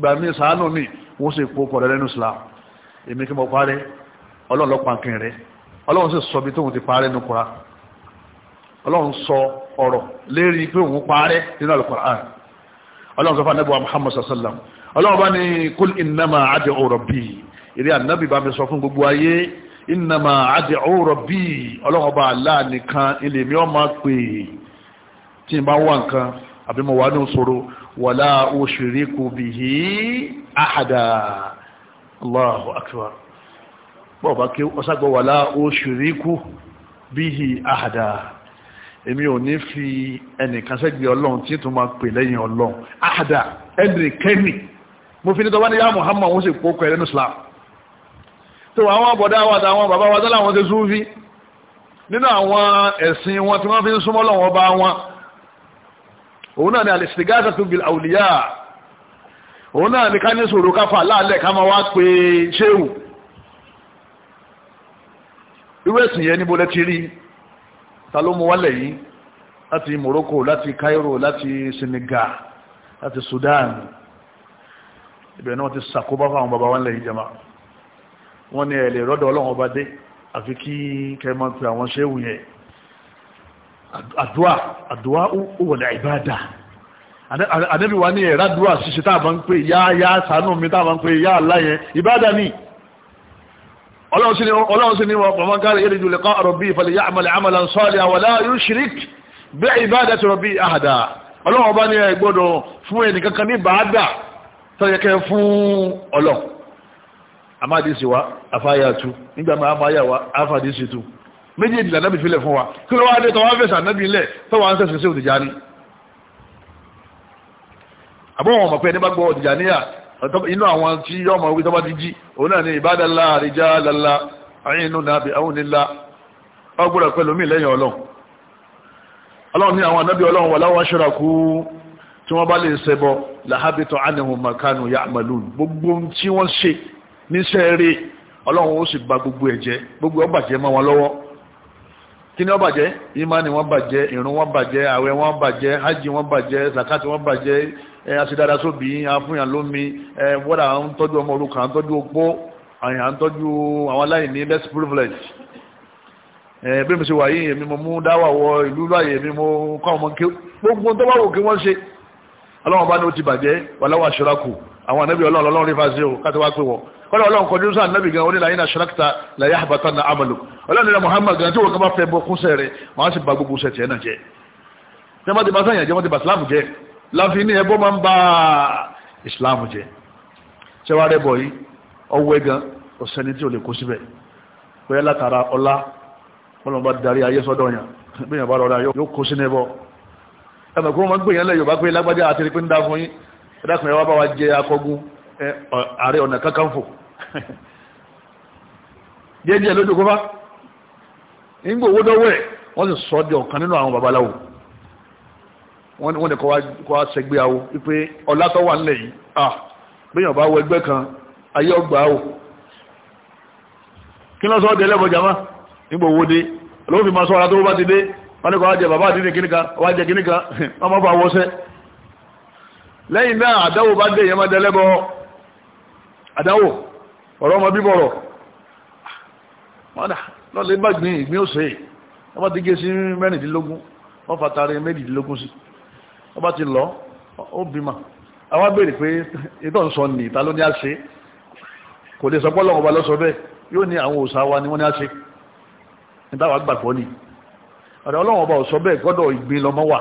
Speaker 1: gbàmí sàánù mi wọ́n sì pọ́ kọ̀ọ̀rẹ́ ní islam èmi kí mo parẹ́ ọlọ́run ló pàǹkìn rẹ̀ ọlọ́run sì sọ bí tóun ti parẹ́ ní kura ọlọ́run sọ ọ̀rọ̀ lérí pé òun parẹ́ nínú alukur'an ọlọ́run eré ànábì bá mi sọ fún gbogbo ayé ìnàmà àdì ọ̀rọ̀ bí ọlọ́wọ́ bá aláà nìkan ilé mi ọmọ pè tí n bá wà nǹkan àbí mo wà ní òṣòro wàlá ushriku bihi ahada Allahu akbar bọ́ọ̀bá kí ó sàgbọ́ wàlá ushriku bihi ahada èmi ò ní fi ẹnìkan sẹ́gbẹ̀ẹ́ ọlọ́run tí tó máa pè lẹ́yìn ọlọ́run ahada ẹnìkẹ́ni mo fi ní tọ́wá ní yá Muhammad wọ́n sì kó kọ Islam tó àwọn àbọ̀dá wa àtàwọn bàbá wa tọ́lá wọn ti súnfí nínú àwọn ẹ̀sìn wọn tí wọ́n fi ń súnmọ́ lọ́wọ́ bá wọn òun náà ni alìsìgáàtà tó bil àwùlíyà òun náà ni ká ní sòrò káfà láàlẹ̀ ká máa wá pé ṣéwù irú ẹ̀sìn yẹn níbo lẹ́ ti rí ta ló mú wálẹ̀ yìí láti Morocco láti Cairo láti Senegal láti Sudan ibẹ̀ náà ti sàkóbá fáwọn bàbá wọn lẹ́yìn jama'a wọ́n ní ẹ̀lẹ̀ rọ́dọ̀ ọlọ́run ọba dé àfi kí kẹmọ́ pé àwọn ṣéwù yẹn àdúà àdúà òwòlẹ̀ ìbáadà ànábì wa ní ẹ̀rá àdúà ṣíṣe táàbà ń pè yá yá sànú mi táàbà ń pè yá aláyẹ ìbáadà ni ọlọ́run sí ni wọ́n pàmọ́ kárí yẹ́lẹ̀ jù lẹ́kọ́ àrọ̀bí ìfàlẹ̀ yá àmàlẹ̀ àmàlẹ̀ sọ́ọ̀lẹ̀ àwọ̀lá yóò ṣirik bí ìbáadà ti rọ̀bí àhàdà ọlọ́run ọba ní ẹ gbọ́dọ̀ fún ẹnìkankan ní bàádà tọ́yẹkẹ fún ọlọ́run amáàdìsí wa afáyàtú nígbà máa máa yà wa afáàdìsí tú méjèèjì lànàbì filẹ̀ fún wa kí ló wá dé tọwọ́ fẹ̀sà nábì ilẹ̀ tọwọ́ ń sẹ̀sẹ̀ sí Tijani àbọ̀wọ̀n ọmọ pé ẹni bá gbọ́ Tijani à inú àwọn tí yọ ọmọ wíjọba ti jí òun náà ni ìbádàlá àríjálàlá àyínú nàbì àwọn onílá ọgbọ́dọ̀ pẹ̀lú mí lẹ́yìn ọlọ́run ọlọ́run ní àwọn anábì níṣẹ́ rí ọlọ́run ó sì ba gbogbo ẹ̀jẹ̀ gbogbo ó bàjẹ́ mọ́ wọn lọ́wọ́ kí ni ó bàjẹ́ ìmánì wọn bàjẹ́ ìrun wọn bàjẹ́ àwẹ̀ wọn bàjẹ́ hajj wọn bàjẹ́ zakati wọn bàjẹ́ ẹ asidada sóbì afúnyàn lómi ẹ wọ́dà à tọ́jú ọmọ òrukàn à tọ́jú opó à tọ́jú àwọn aláìní less privilege ẹ bí mo ṣe wà yìí èmi mo mú dáwà wọ ìlú láàyè mi mo kọ́ ọmọ kí gbogbo tó bá wò kí wọ́n ṣe ọlọ́wọ́n bá ní ó ti bàjẹ́ wàláwà ṣọ́ra àwọn ànábì ọlọ́run ọlọ́run rí fásitì o káti wá pé wọ kọ́lá ọlọ́run kọjú sí ànábì gan onílà yín aṣọ́lákítà làyà àbátá na amalu ọlọ́run nílà Muhammad gan tí wọn kọ́ bá fẹ́ bọ́ kúnṣẹ́ rẹ màá sì ba gbogbo ṣẹ̀ tiẹ̀ náà jẹ́ tẹ́mọ́tì bá sáyẹn jẹ́ mọ́tì bá Islam jẹ́ láfi ní ẹbọ́ máa ń ba Islam jẹ́ ṣẹ́wárẹ́ bọ̀ yìí ọwọ́ gan ọ̀sẹ́ni tí ò lè kó síbẹ̀ pé látara ọlá wọn bá darí yorùbá pé lágbájá àti rí fún yín ẹ̀dàkùn ẹwà bá wa jẹ akọgun ààrẹ ọ̀nà kakanfò díẹ̀díẹ̀ [LAUGHS] lójú kọfà nígbò owó dọ́wọ́ ẹ̀ wọ́n sì sọ di ọ̀kan nínú àwọn babaláwo wọ́n ní kọ́ wá sẹgbé awo wípé ọlá tó wà nílẹ̀ yìí ah gbéyàn bá wọ ẹgbẹ́ kan ayé ọgbà o kí lọ́sọ́ ọdẹ ẹlẹ́bọ̀ jama nígbò owó dé olóòfin máa sọ ara tó bá ti dé wọ́n n'i kọ́ wá jẹ [LAUGHS] lẹ́yìn náà àdáwò bá dé èyàn má dẹ́lẹ́bọ àdáwò ọ̀rọ̀ ọmọ bíbọ̀rọ̀ mọ́dà lọ́lẹ́ bá gbìn ìgbín òsè wọ́n bá ti gé sí mẹ́rìndínlógún wọ́n fàtàrí méjìdínlógún sí wọ́n bá ti lọ ó bímọ àwọn béèrè pé ìtọ́ ń sọ ní ìta ló ní àṣẹ kò lè sọpọ́ lọ́wọ́ bá lọ sọ bẹ́ẹ̀ yóò ní àwọn òòṣà wa ni wọ́n ní àṣẹ ìtawà gbàgbọ́ ni ọ̀dọ̀ ọlọ́wọ́ bá ò sọ bẹ́ẹ̀ gbọ́dọ̀ ìgbín lọmọ wà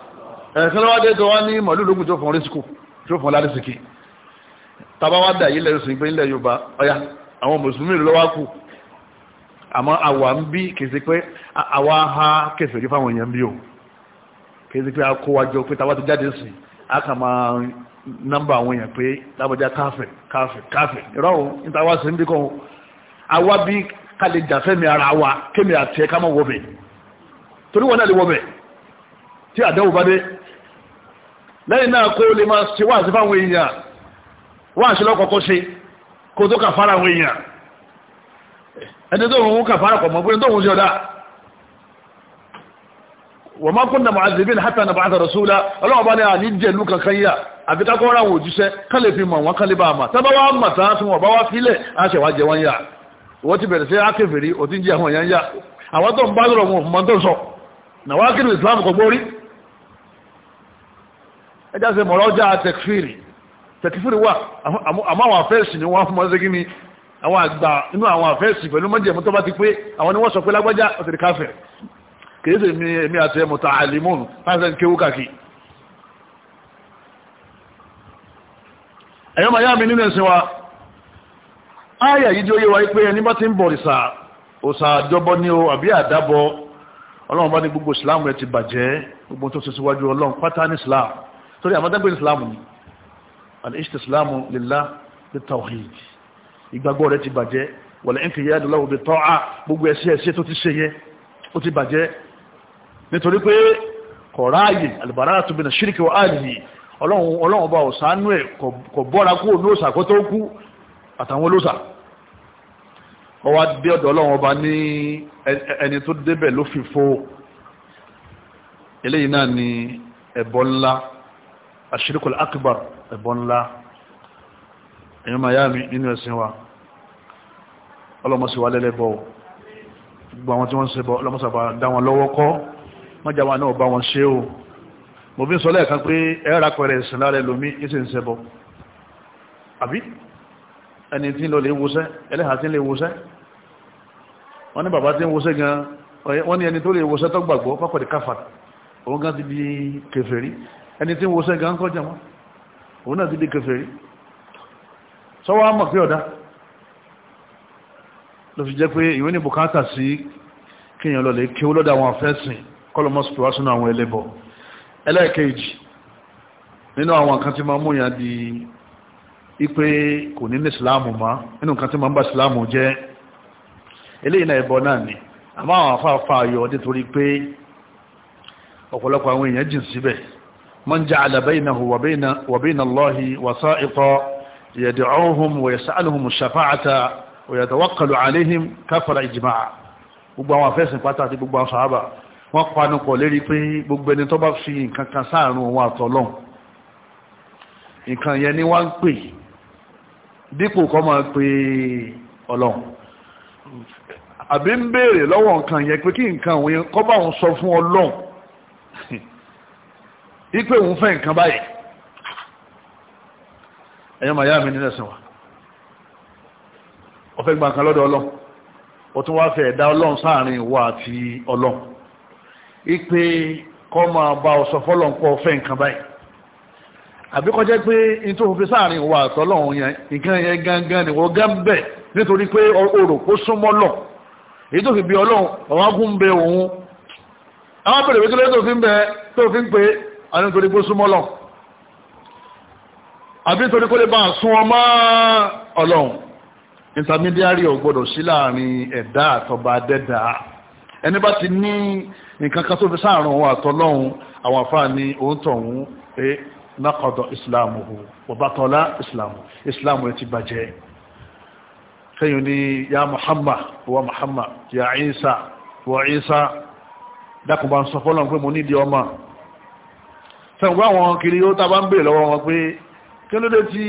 Speaker 1: ẹ̀sẹ̀lọ́wádé tó wá ní mọ̀lúlógún tó fún orísìkò tó fún alárísìkì tàbáwádà yìí lẹ́rù sí pé ilẹ̀ Yorùbá ọya àwọn mùsùlùmí lọ́wọ́ kù àmọ́ àwa ń bí kèsì pé àwa ha kèsì rí fáwọn èèyàn bí o kèsì pé a kó wájọ pé tàbá ti jáde sí a kà máa nọ́mbà àwọn èèyàn pé lábọjá káfẹ̀ káfẹ̀ káfẹ̀ ìrọ̀rùn nítawá sí ń kan àwa bí kalẹ̀ jàfẹ́mi ara wa kémi àti ẹ̀ká mọ̀ wọ́bẹ̀ torí wọn náà lè wọ́bẹ̀ tí àdáwò bá dé lẹ́yìn náà kó lè máa ṣe wa fáwọn èèyàn wáàsí lọ́kọ̀ọ́kọ́ ṣe kó tó kàfàrà àwọn èèyàn ẹni tó ń kàfàrà kọ̀ mọ́ pé tó ń ṣe ọ̀dá wọ́n máa kún nàmà àzìbí ní hátà nàbà àtàrà sóòlá ọlọ́wọ́ bá ní à jẹ̀lú kankan yà àfi ká kọ́ra àwọn òjíṣẹ́ ká ma fi mọ̀ wọn bá àmà tábà wá mà tán tí wọ́n wá sílẹ̀ á wá jẹ wọn yà wọ́n ti bẹ̀rẹ̀ sí ò ti ẹjá ṣe mọ̀rọ̀ ọjà tẹkfìrì tẹkfìrì wà àmọ́ àwọn àfẹ́ẹ̀sì ni wọ́n fún mọ́ ni àwọn àgbà inú àwọn àfẹ́ẹ̀sì pẹ̀lú mọ́jẹ̀mú tó bá ti pé àwọn ni wọ́n sọ pé lágbájá ọ̀tẹ̀rẹ̀ káfẹ̀ kìí sì mi èmi àti ẹmọ ta àlìmọ́nù láti ẹni kéwú kàkì ẹ̀yọ́ màá yá mi nínú ẹ̀sìn wa áyà yìí tí ó yé wa pé ẹni bá ti ń bọ̀rìṣà òṣà àjọbọ ni o àbí àdábọ ọlọ́run bá ní gbogbo ìsìláàmù ẹ ti bàjẹ́ gbogbo tó ṣe síwájú ọlọ́run pátá ní ìsìláàmù torí àwọn dágbé ìsìláàmù ni al-istislamu lillah bit-tawhid ìgbàgbọ́ rẹ̀ ti bàjẹ́ wọ̀lẹ̀ inqiyadu lahu bit-ta'a gbogbo ẹ̀ṣẹ̀ ẹ̀ṣẹ̀ tó ti ṣe yẹ ó ti bàjẹ́ nítorí pé kọ̀ráàyè al-bara'atu min ash-shirki wa ahlihi ọlọ́run ọba ọ̀sánú ẹ̀ kò bọ́ra kú òní òsà kó ọwá dé ọ̀dọ̀ ọlọ́run ọba ní ẹni tó débẹ̀ ló fi fo eléyìí náà ni ẹ̀bọ ńlá àṣírìkọ̀lá akbar ẹ̀bọn ńlá èyàn máa yá mi nínú ẹ̀sìn wa ọlọ́mọsí wa lẹ́lẹ́bọ̀ gbogbo àwọn tí wọ́n ń ṣe bọ́ ọlọ́mọsàbà dá wọn lọ́wọ́ kọ́ mọ́jàwá náà bá wọn ṣe o mo fi ń sọ lẹ́ẹ̀kan pé ẹ̀rọ akọrẹ ẹ̀sìn lára ẹlòmí ìsì ń ṣẹbọ àbí ẹni ẹni tí ń wo sẹ́gà ń kọjá wọn òun náà ti di kèfèrí sọ́wọ́ á mọ̀ pé ọ̀dá ló fi jẹ́ pé ìwé ní bùkátà sí kíyàn lọ lè kí ó lọ́dà àwọn afẹ́sìn kọlọmọ́sùpù wá sínú àwọn ẹlẹ́bọ ẹlẹ́ẹ̀kejì di ipé kò ní ní ìsìláàmù má ọ̀pọ̀lọpọ̀ àwọn èèyàn jìn síbẹ̀ من جعل بينه وبين, وبين الله وسائطا يدعوهم ويسألهم الشفاعة ويتوكل عليهم كفر إجماعا gbogbo àwọn afẹ́sìn pátá àti gbogbo àṣàábà wọ́n panupọ̀ lérí pé gbogbo ẹni tó bá fi nǹkan kan sáàrin òun àtọ̀lọ́n nǹkan yẹn ni wọ́n ń pè dípò kọ́ máa pè ọlọ́run àbí ń béèrè lọ́wọ́ nǹkan yẹn pé kí nǹkan òun kọ́ bá òun sọ fún ọlọ́run [LAUGHS] ipe òun fẹ́ nǹkan báyìí ẹ̀yọ́ màá yá mi nílẹ̀ sìn wá ọ̀fẹ́ gba nǹkan lọ́dọ̀ ọlọ́run ó tún wá fẹ́ ẹ̀dá ọlọ́run sáàrin ìwọ àti ọlọ́run ipe kọ́ máa bá ọ sọ fọ́lọ́run pọ̀ fẹ́ nǹkan báyìí àbí pé n tó fi sáàrin ìwọ àti ọlọ́run yẹn nǹkan yẹn gangan ni wọ́n gán bẹ̀ nítorí pé orò kó súnmọ́ lọ èyí tó fi bí ọlọ́run ọ̀wá gún bẹ òun àwọn abèrè wíkí tó fi ń bẹ tó fi ń pè é àní nítorí pé súnmọ́ lọ àbí nítorí kó lè bá sún ọmọ ọlọ́run intermediary ò gbọ́dọ̀ sí láàrin ẹ̀dá àtọba dẹ́dà ẹni bá ti ní nǹkan kan tó fi sáàrùn òun àtọlọ́run àwọn àfáà ní òun tọ̀hún pé nákọ̀dọ̀ ìsìláàmù ọ̀bátọ́lá ìsìláàmù ìsìláàmù ẹ̀ ti bàjẹ́ kẹyìn ní ya Muhammad wa Muhammad ya Isa wa Isa dákùnbà ń sọ fọ́lọ́n pé mo nídìí ọmọ sọ̀gbọ́n àwọn kiri ó tàbá ń bèèrè lọ́wọ́ wọn pé kí ló dé tí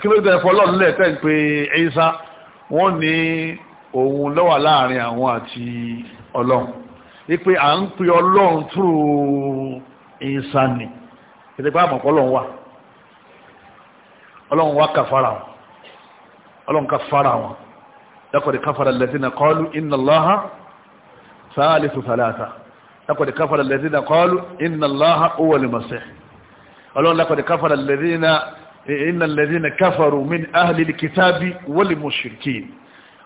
Speaker 1: kí ló dé fọlọ́n lẹ̀ tẹ́ pé ẹ̀yíṣá wọ́n ní òun ló wà láàrin àwọn àti ọlọ́run wípé à ń pe ọlọ́run túrò ẹ̀yíṣá ni kìtẹ́ pé ọlọ́run wà ọlọ́run wà kàfàrà wọn ọlọ́run kàfàrà wọn laqad kafara alladhina qalu inna Allaha thalithu thalatha لقد كفر الذين قالوا إن الله هو المسيح قالوا لقد كفر الذين إن الذين كفروا من أهل الكتاب والمشركين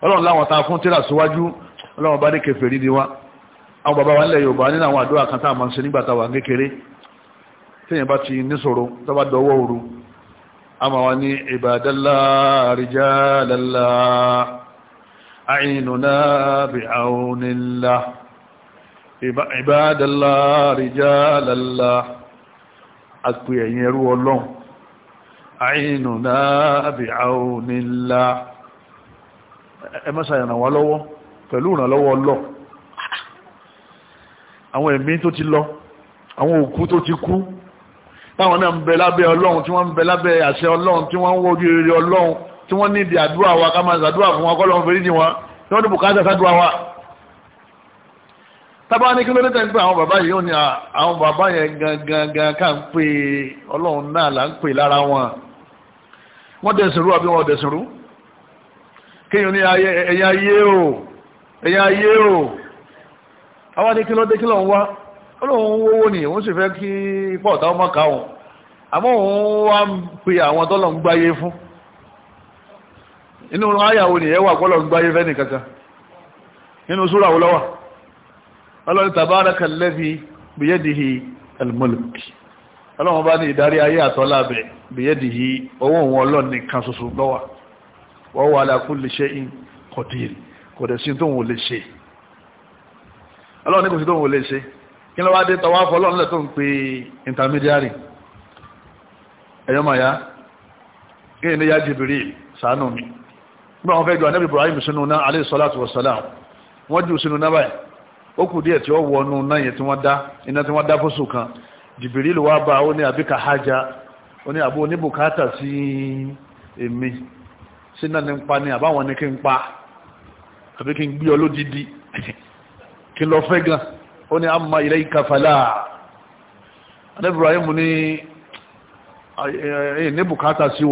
Speaker 1: قالوا لا وتعفون ترى سواجو قالوا بارك في ريدوا أو بابا ولا يبانين أو أدوا كانت أمان سنين باتوا تين باتي نسورو تبا دوورو أما واني عباد الله رجال الله أعيننا بعون الله ìbádàlá rìjálàlá àpè ẹ̀yìn ẹrú ọlọ́run àìnù náà bí àwọn onílá ẹ mọ́sà ìrànwà lọ́wọ́ pẹ̀lú ìrànlọ́wọ́ lọ àwọn ẹ̀mí tó ti lọ àwọn òkú tó ti kú táwọn náà ń bẹ lábẹ́ ọlọ́run tí wọ́n ń bẹ lábẹ́ àṣẹ ọlọ́run tí wọ́n ń wọ́jú wọ́n nídìí àdúrà wa tí wọ́n ní tábà ní kí ló dé tẹ́ ń pè àwọn bàbá yìí ó ní àwọn bàbá yẹn gangan ká ń pè ọlọ́run náà là ń pè lára wọn wọ́n dẹ̀sìn rú àbí wọ́n dẹ̀sìn rú kéèyàn ní ẹ̀yà ayé o ẹ̀yà ayé o àwọn ní kí ló dé kí lọ́n wá ọlọ́run wówó ni òun sì fẹ́ kí ipá ọ̀tá ọmọ ká wọn àmọ́ òun wá ń pè àwọn tọ́lọ̀ ń gbáyé fún inú ayàwó nìyẹn wà pọ́lọ̀ ń gbáyé fẹ́ nìkankan nínú súrà wọ́lọ́wà ọlọ́run tàbárakà lẹ́fi bìyẹ́dìhì almulki ọlọ́run bá ní ìdarí ayé àtọ́lábẹ̀ bìyẹ́dìhì ọwọ́ òun ọlọ́run nìkan ṣoṣo lọ́wà wọ́n wà ala kulli shay'in qadir kò dẹ̀ sí tóun ò lè ṣe ọlọ́run ní kò sí tóun ò lè ṣe kí ló wá dé tọwọ́ afọ ọlọ́run lẹ̀ tó ń pe intermediary ẹ̀yọ́ màá yá kí ni ya Jibril sànù mi nígbà wọn fẹ́ jọ anábì Ibrahim sínú náà alayhi salatu wassalam wọ́n jù sínú náà báyìí ó kù díẹ̀ tí ó wọnú náà yẹn tí wọ́n dá iná tí wọ́n dá fóṣù kan jìbìrì ló wá bá ó ní àbíkà hajj ó ní àbó oníbùkátà sí èmi sí náà ní pa ní àbáwọn ní kí n pa àbí kí n gbé ọ [LAUGHS] amma fala ní ẹ̀yìn sí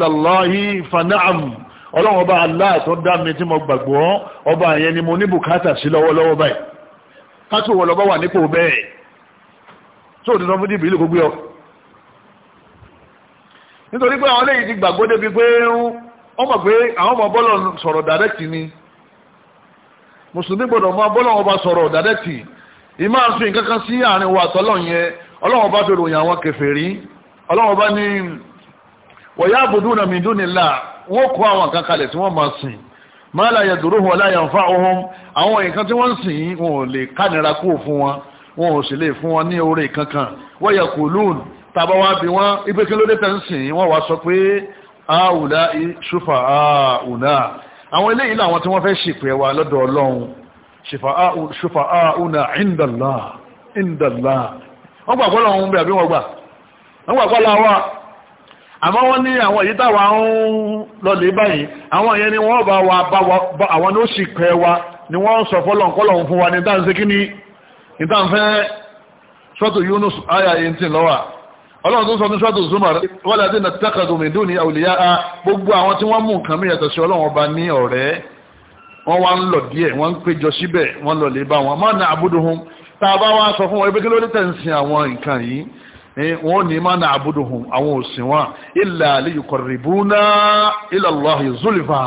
Speaker 1: wọlé fana'am ọlọ́run ala Allah tó dá tí mo gbàgbọ́ ọba yẹn ni mo ní bùkátà sí lọ́wọ́lọ́wọ́ báyìí wà nípò bẹ́ẹ̀ tó ní sọ fún dìbò gbogbo ọ nítorí pé àwọn lè ti gbàgbọ́ débi pé wọ́n mọ̀ pé àwọn ọmọ bọ́lọ̀ sọ̀rọ̀ ni mùsùlùmí gbọ́dọ̀ bọ́lọ̀ ọba sọ̀rọ̀ kankan sí àárín wa yẹn fi ròyìn àwọn ní wọ̀yá wọ́n kó àwọn nǹkan kalẹ̀ tí wọ́n máa sìn máa láyà dúró wọn láyà ń fa ohun àwọn nǹkan tí wọ́n ń sìn yìí wọn ò lè kánira kó fún wọn wọn ò sì lè fún wọn ní oore kankan wọ́n yẹ kò lóun tàbá wá bí wọ́n ipe kí ló tẹ̀ ń sìn wọ́n wá sọ pé àwùlá ṣùfà àwùlá àwọn eléyìí làwọn tí wọ́n fẹ́ ṣèpè wa lọ́dọ̀ ọlọ́run ṣùfà àwùlá ìndàlá ìndàlá wọ́n gbàgbọ́ àmọ́ wọ́n ní àwọn èyí táwa ń lọlé báyìí àwọn ìyẹn ni wọ́n bá wa bá àwọn ní ó sì pẹ́ wa ni wọ́n sọ fọ́lọ̀ kọ́lọ̀ fún wa ní dáhùn sí kíní ìdáhùnfẹ́ sọ́tò Yunus aya eighteen lọ́wà ọlọ́run tó sọ ní sọ́tò Zumar wọ́n láti nà tẹ́kàdù mìdú ní àwùlíyá a gbogbo àwọn tí wọ́n mú nǹkan mí yàtọ̀ sí ọlọ́run ọba ní ọ̀rẹ́ wọ́n wá ń lọ díẹ̀ wọ́n wọ́n ní ma na àbúdò hùn àwọn òsìn wọn ilà liyuqarribuna ila Allahi zulfa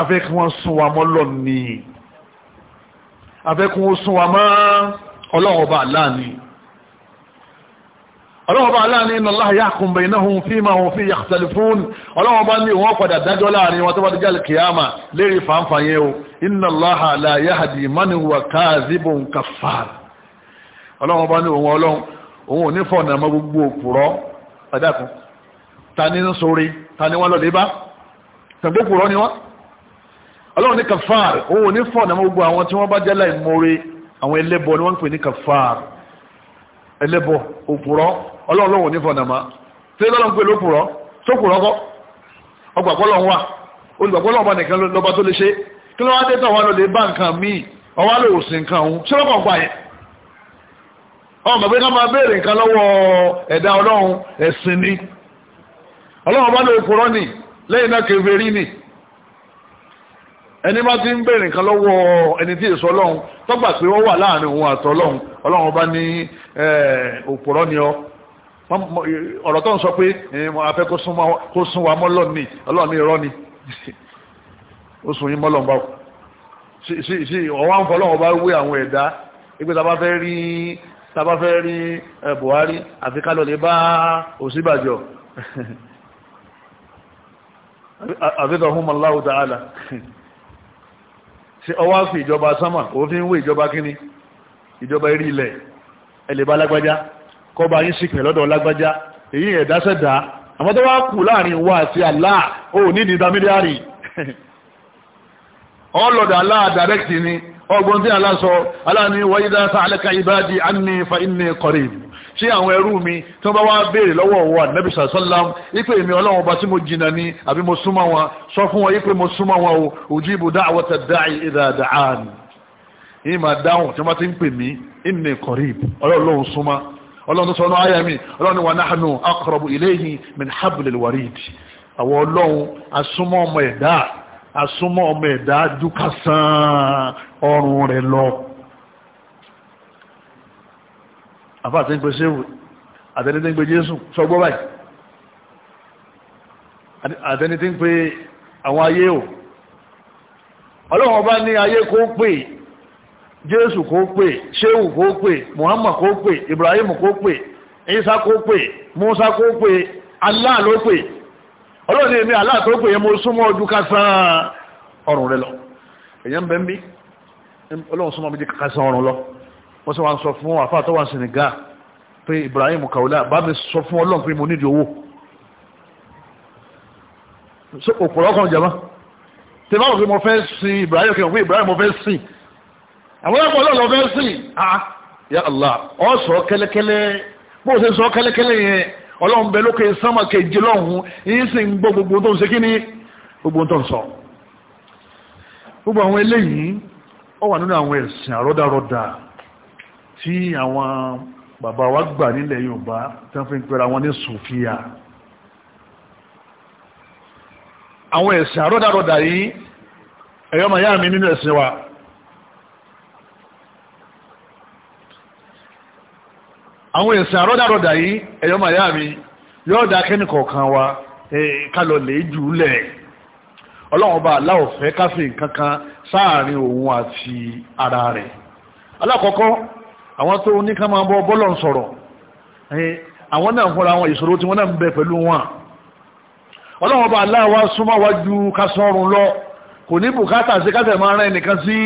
Speaker 1: afẹ́ kí wọ́n sún wa mọ́ lọ́nìí afẹ́ kí wọ́n sún wa mọ́ ọlọ́wọ́ bá láàní ọlọ́wọ́ bá láàní inna Allaha yahkum baynahum fima hum fihi yakhtalifun ọlọ́wọ́ bá ní wọ́n padà dájọ́ láàrin wọn tó bá dájọ́ kìyàmà lérí fàǹfààyè o inna Allaha la yahdi man huwa kadhibun ọlọ́wọ́ bá ní òun ọlọ́wọ́ òun ò ní fọ̀nà ọmọ gbogbo òpùrọ́ ọ̀dàkùn ta ní ń sori ta ní wọ́n lọ́dẹ bá tẹ̀gbọ́ òpùrọ́ ni wọ́n ọlọ́run ní kàfàr òun ò ní fọ̀nà ọmọ gbogbo àwọn tí wọ́n bá jẹ́ láì mọ́re àwọn ẹlẹ́bọ ni wọ́n ń pè ní kàfàr ẹlẹ́bọ òpùrọ́ ọlọ́run lòun ò ní fọ̀nà ma tí ọlọ́run pè lópùrọ́ sópùrọ́ kọ́ ọgbàgbọ́ lọ́n wà olùgbàgbọ́ lọ́n bá nìkan lọ́ba tó lè ṣe kí ló wá dé tọ̀ wá lọ lè bá nǹkan míì ọwá lòsìn nǹkan òun ṣé lọ́kàn gbà yẹn ọmọ pé ká máa béèrè nǹkan lọ́wọ́ ẹ̀dá ọlọ́run ẹ̀sìn ni ọlọ́run bá lóò kúrọ́ nì lẹ́yìn náà kèfèrí nì ẹni bá ti ń béèrè nǹkan lọ́wọ́ ẹni tí èso ọlọ́run tọ́gbà pé wọ́n wà láàrin òun àti ọlọ́run ọlọ́run bá ní òpùrọ́ ni ọ ọ̀rọ̀ tó ń sọ pé afẹ́ kó sún wa mọ́lọ́ ni ọlọ́run irọ́ ni [LAUGHS] ó sùn yín mọ́lọ́ bá sí ọ̀wá ń fọlọ́run bá wé àwọn ẹ̀dá ìgbésà bá fẹ́ rí tàbá fẹ́ rí eh, Buhari àfi ká lọ lè bá Ọ̀ṣínbàjò àfíkàhúnmọ̀láwò tààlà sí ọwá fi ìjọba sánmà òfin wé ìjọba kíní ìjọba irí ilẹ̀ ẹlẹ́bá lágbájá kọba yí síkẹ̀ lọ́dọ̀ lágbájá èyí ẹ̀dáṣẹ́dá àmọ́ tó wá kù láàrin wa àti Allah ò ní ìdámídíárì [LAUGHS] ọlọ́dà Allah direct ni ọgbọ́n tí aláṣọ aláàní wáyídá sa'alaka ibadi anni fa inni qarib ṣé àwọn ẹrú mi tí wọ́n bá wá béèrè lọ́wọ́ wa nabi sallam ipe èmi ọlọ́run ọba tí mo jìnnà ni àbí mo súnmọ́ wọn sọ fún wọn ipe mo súnmọ́ wọn o ujibu da'wata da'i idha da'an yìí máa dáhùn tí wọ́n ti ń pè mí inni qarib ọlọ́run súnmọ́ ọlọ́run tó sọ ayé mi ọlọ́run ni wa ọrùn rẹ̀ lọ àfáà tí ń pe séwù àtẹni tí ń pe jésù sọgbọ́ báyìí àtẹni tí ń pe àwọn ayé o ọlọ́run ọba ní ayé kó pè jésù kó pè séwù kó pè muhammad kó pè ibrahim kó pè isa kó pè musa kó pè allah ló pè ọlọ́run ní èmi allah tó pè yẹn mo súnmọ́ ojú ká sán ọrùn rẹ̀ lọ èyàn bẹ́ẹ̀ bí ọlọ́run súnmọ́ mi jẹ́ kàkà sán ọrùn lọ wọ́n sì wá ń sọ fún àfáà tó wà sí nìgá pé Ibrahim Kaula bá mi sọ fún ọlọ́run pé mo nídìí owó ṣé òpòrọ̀ kan jẹ́ mọ́ tí bá wọ́n mo fẹ́ sin Ibrahim kí wọ́n fi Ibrahim mo fẹ́ sin àwọn ọlọ́pàá ọlọ́run lọ fẹ́ sin ah ya Allah ọ sọ kẹ́lẹ́kẹ́lẹ́ bó ṣe sọ kẹ́lẹ́kẹ́lẹ́ yẹn ọlọ́run bẹ lókè sánmà kejì lọ́hùn yìí sì ń gbọ́ gbogbo tó ń ṣe kí ni gbogbo tó ń sọ gbogbo àwọn eléyìí ó wà nínú àwọn ẹ̀sìn àrọ́dàrọ́dà tí àwọn bàbá wa gbà nílẹ̀ Yorùbá tí wọ́n fi ń pera wọn ní sùfíà àwọn ẹ̀sìn àrọ́dàrọ́dà yìí ẹ̀yọ́ màá yá mi nínú ẹ̀sìn wa àwọn ẹ̀sìn àrọ́dàrọ́dà yìí ẹ̀yọ́ màá yá mi yóò dá kẹ́nìkọ̀ọ̀kan wa kálọ̀ lè jù ú lẹ̀ ọlọ́run bá káfí nǹkan sáàrin òun àti ara rẹ̀ alákọ̀ọ́kọ́ àwọn tó ní ká máa bọ́ bọ́lọ̀ ń sọ̀rọ̀ àwọn náà fúnra wọn ìṣòro tí wọ́n náà ń bẹ pẹ̀lú wọn ọlọ́run bá aláwọ̀ súnmọ́wájú kásọ́run lọ kò ní bùkátà sí kásẹ̀ máa rán ẹnìkan sí